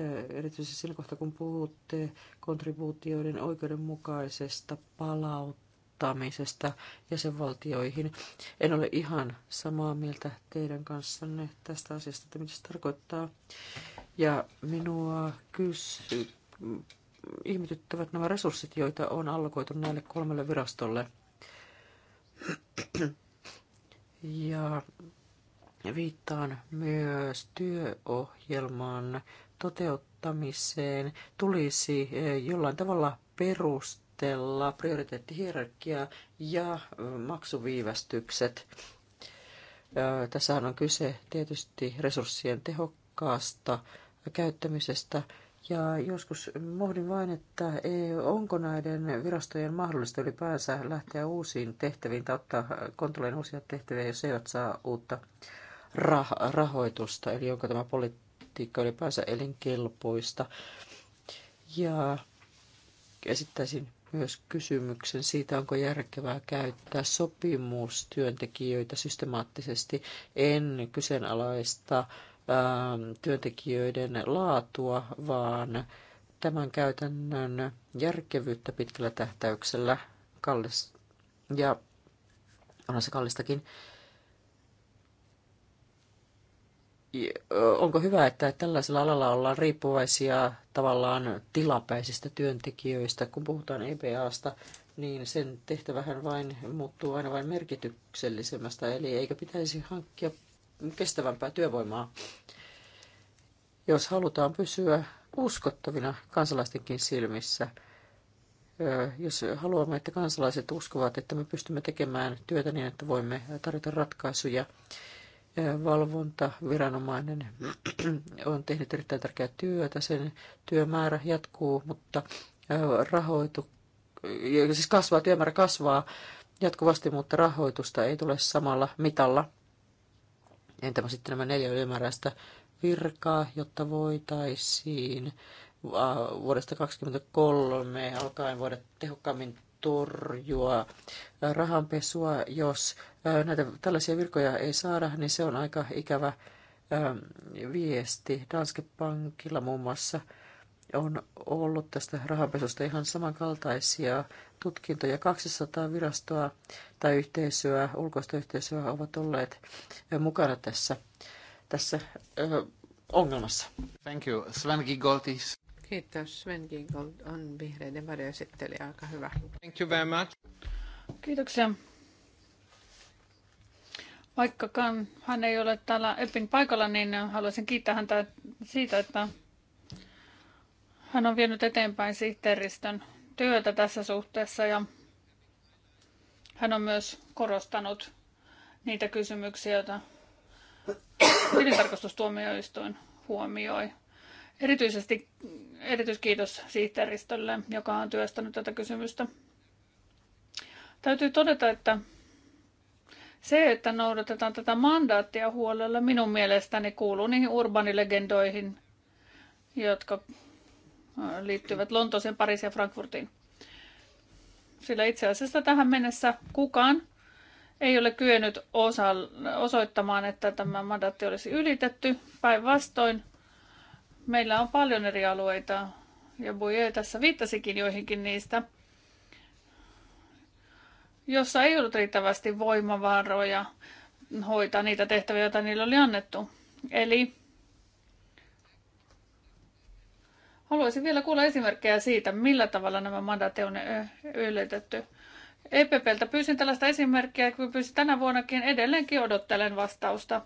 äh, erityisesti siinä kohtaa, kun puhutte kontribuutioiden oikeudenmukaisesta palauttamisesta jäsenvaltioihin. En ole ihan samaa mieltä teidän kanssanne tästä asiasta, että mitä se tarkoittaa. Ja minua kysy, ihmetyttävät nämä resurssit, joita on allokoitu näille kolmelle virastolle – ja viittaan myös työohjelman toteuttamiseen. Tulisi eh, jollain tavalla perustella prioriteettihierarkia ja eh, maksuviivästykset. Tässä on kyse tietysti resurssien tehokkaasta käyttämisestä, ja joskus mohdin vain, että e onko näiden virastojen mahdollista ylipäänsä lähteä uusiin tehtäviin tai ottaa äh, kontrolleen uusia tehtäviä, jos eivät saa uutta rah- rahoitusta, eli onko tämä politiikka ylipäänsä elinkelpoista. Ja esittäisin myös kysymyksen siitä, onko järkevää käyttää sopimustyöntekijöitä systemaattisesti. En kyseenalaista äh, Ähm, työntekijöiden laatua, vaan tämän käytännön järkevyyttä pitkällä tähtäyksellä kallis, ja onhan se kallistakin. Onko hyvä, että tällaisella alalla ollaan riippuvaisia tavallaan tilapäisistä työntekijöistä? Kun puhutaan EBAsta, niin sen tehtävähän vain muuttuu aina vain merkityksellisemmästä, eli eikö pitäisi hankkia kestävämpää työvoimaa. Jos halutaan pysyä uskottavina kansalaistenkin silmissä, jos haluamme, että kansalaiset uskovat, että me pystymme tekemään työtä niin, että voimme tarjota ratkaisuja, valvonta viranomainen on tehnyt erittäin tärkeää työtä, sen työmäärä jatkuu, mutta rahoitu, siis kasvaa, työmäärä kasvaa jatkuvasti, mutta rahoitusta ei tule samalla mitalla. Entäpä sitten nämä neljä ylimääräistä virkaa, jotta voitaisiin vuodesta 2023 alkaen voida tehokkaammin torjua rahanpesua. Jos näitä tällaisia virkoja ei saada, niin se on aika ikävä viesti. Danske Bankilla muun muassa on ollut tästä rahanpesusta ihan samankaltaisia tutkintoja. 200 virastoa tai yhteisöä, ulkoista yhteisöä ovat olleet mukana tässä, tässä ongelmassa. Thank you. Sven Gigoltis. Kiitos. Sven Gigolt on vihreiden varjoesittelijä. Aika hyvä. Thank you very much. Kiitoksia. Vaikkakaan hän ei ole täällä EPin paikalla, niin haluaisin kiittää häntä siitä, että hän on vienyt eteenpäin sihteeristön työtä tässä suhteessa ja hän on myös korostanut niitä kysymyksiä, joita tilintarkastustuomioistuin huomioi. Erityisesti erityiskiitos sihteeristölle, joka on työstänyt tätä kysymystä. Täytyy todeta, että se, että noudatetaan tätä mandaattia huolella, minun mielestäni kuuluu niihin urbanilegendoihin, jotka liittyvät Lontooseen, Pariisiin ja Frankfurtiin. Sillä itse asiassa tähän mennessä kukaan ei ole kyennyt osoittamaan, että tämä mandaatti olisi ylitetty. Päinvastoin meillä on paljon eri alueita, ja Bouillet tässä viittasikin joihinkin niistä, jossa ei ollut riittävästi voimavaroja hoitaa niitä tehtäviä, joita niille oli annettu. Eli Haluaisin vielä kuulla esimerkkejä siitä, millä tavalla nämä mandaatit on yllätetty. EPPltä pyysin tällaista esimerkkiä, kun pyysin tänä vuonnakin, edelleenkin odottelen vastausta.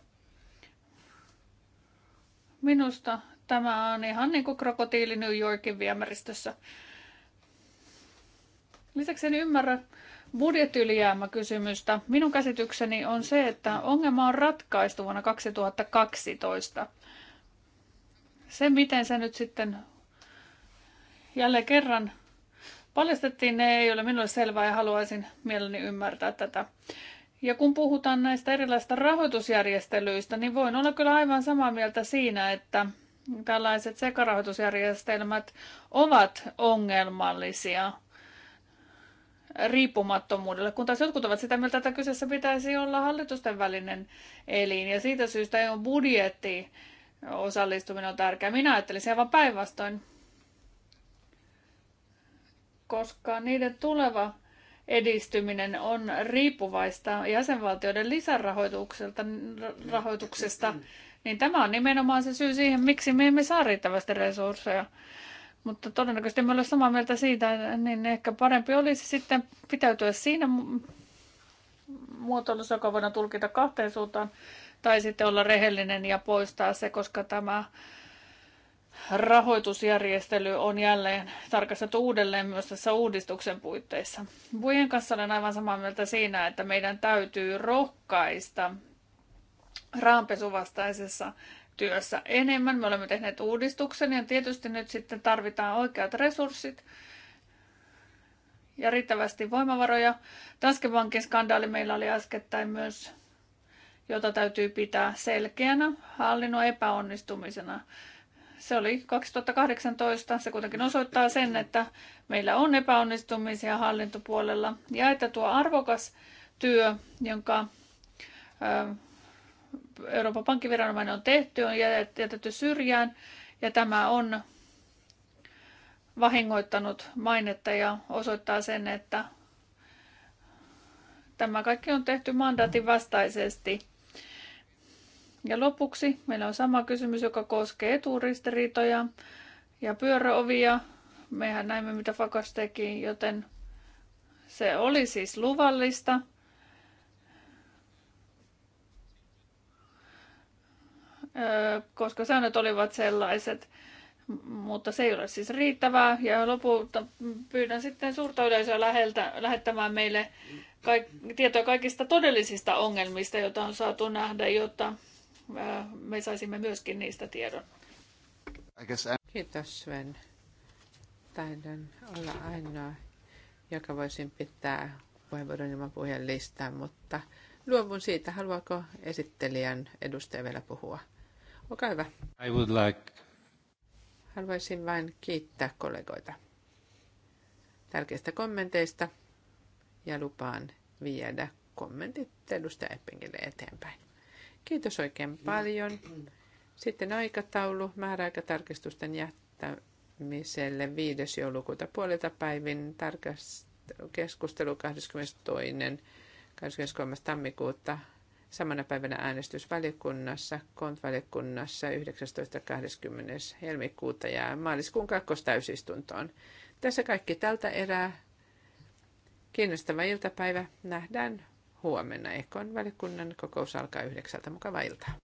Minusta tämä on ihan niin kuin krokotiili New Yorkin viemäristössä. Lisäksi en ymmärrä budjettiylijäämäkysymystä. Minun käsitykseni on se, että ongelma on ratkaistu vuonna 2012. Se, miten se nyt sitten jälleen kerran paljastettiin, ne ei ole minulle selvää ja haluaisin mielelläni ymmärtää tätä. Ja kun puhutaan näistä erilaisista rahoitusjärjestelyistä, niin voin olla kyllä aivan samaa mieltä siinä, että tällaiset sekarahoitusjärjestelmät ovat ongelmallisia riippumattomuudelle, kun taas jotkut ovat sitä mieltä, että kyseessä pitäisi olla hallitusten välinen elin, ja siitä syystä ole budjetti osallistuminen on tärkeää. Minä ajattelin aivan päinvastoin koska niiden tuleva edistyminen on riippuvaista jäsenvaltioiden lisärahoituksesta, niin tämä on nimenomaan se syy siihen, miksi me emme saa riittävästi resursseja. Mutta todennäköisesti me ollaan samaa mieltä siitä, niin ehkä parempi olisi sitten pitäytyä siinä muotoilussa, joka voidaan tulkita kahteen suuntaan, tai sitten olla rehellinen ja poistaa se, koska tämä rahoitusjärjestely on jälleen tarkastettu uudelleen myös tässä uudistuksen puitteissa. Vujen kanssa olen aivan samaa mieltä siinä, että meidän täytyy rohkaista rahanpesuvastaisessa työssä enemmän. Me olemme tehneet uudistuksen ja tietysti nyt sitten tarvitaan oikeat resurssit ja riittävästi voimavaroja. Danske Bankin skandaali meillä oli äskettäin myös, jota täytyy pitää selkeänä hallinnon epäonnistumisena se oli 2018. Se kuitenkin osoittaa sen, että meillä on epäonnistumisia hallintopuolella ja että tuo arvokas työ, jonka Euroopan pankkiviranomainen on tehty, on jätetty syrjään ja tämä on vahingoittanut mainetta ja osoittaa sen, että tämä kaikki on tehty mandaatin vastaisesti ja lopuksi meillä on sama kysymys, joka koskee eturistiriitoja ja pyöröovia. Mehän näimme, mitä Fakas teki, joten se oli siis luvallista. koska säännöt olivat sellaiset, mutta se ei ole siis riittävää. Ja lopulta pyydän sitten suurta yleisöä läheltä, lähettämään meille kaik- tietoa kaikista todellisista ongelmista, joita on saatu nähdä, jotta Äh, me saisimme myöskin niistä tiedon. Kiitos Sven. Taidan olla ainoa, joka voisin pitää puheenvuoron ilman puheen listaa, mutta luovun siitä. Haluaako esittelijän edustaja vielä puhua? Olkaa hyvä. I would like... Haluaisin vain kiittää kollegoita tärkeistä kommenteista ja lupaan viedä kommentit edustaja Eppingille eteenpäin. Kiitos oikein paljon. Sitten aikataulu määräaikatarkistusten jättämiselle 5. joulukuuta puolilta päivin keskustelu 22. 23. tammikuuta samana päivänä äänestysvaliokunnassa, kontvaliokunnassa 19.20. helmikuuta ja maaliskuun kakkostäysistuntoon. Tässä kaikki tältä erää. Kiinnostava iltapäivä. Nähdään huomenna. Ekon välikunnan kokous alkaa yhdeksältä. Mukavaa iltaa.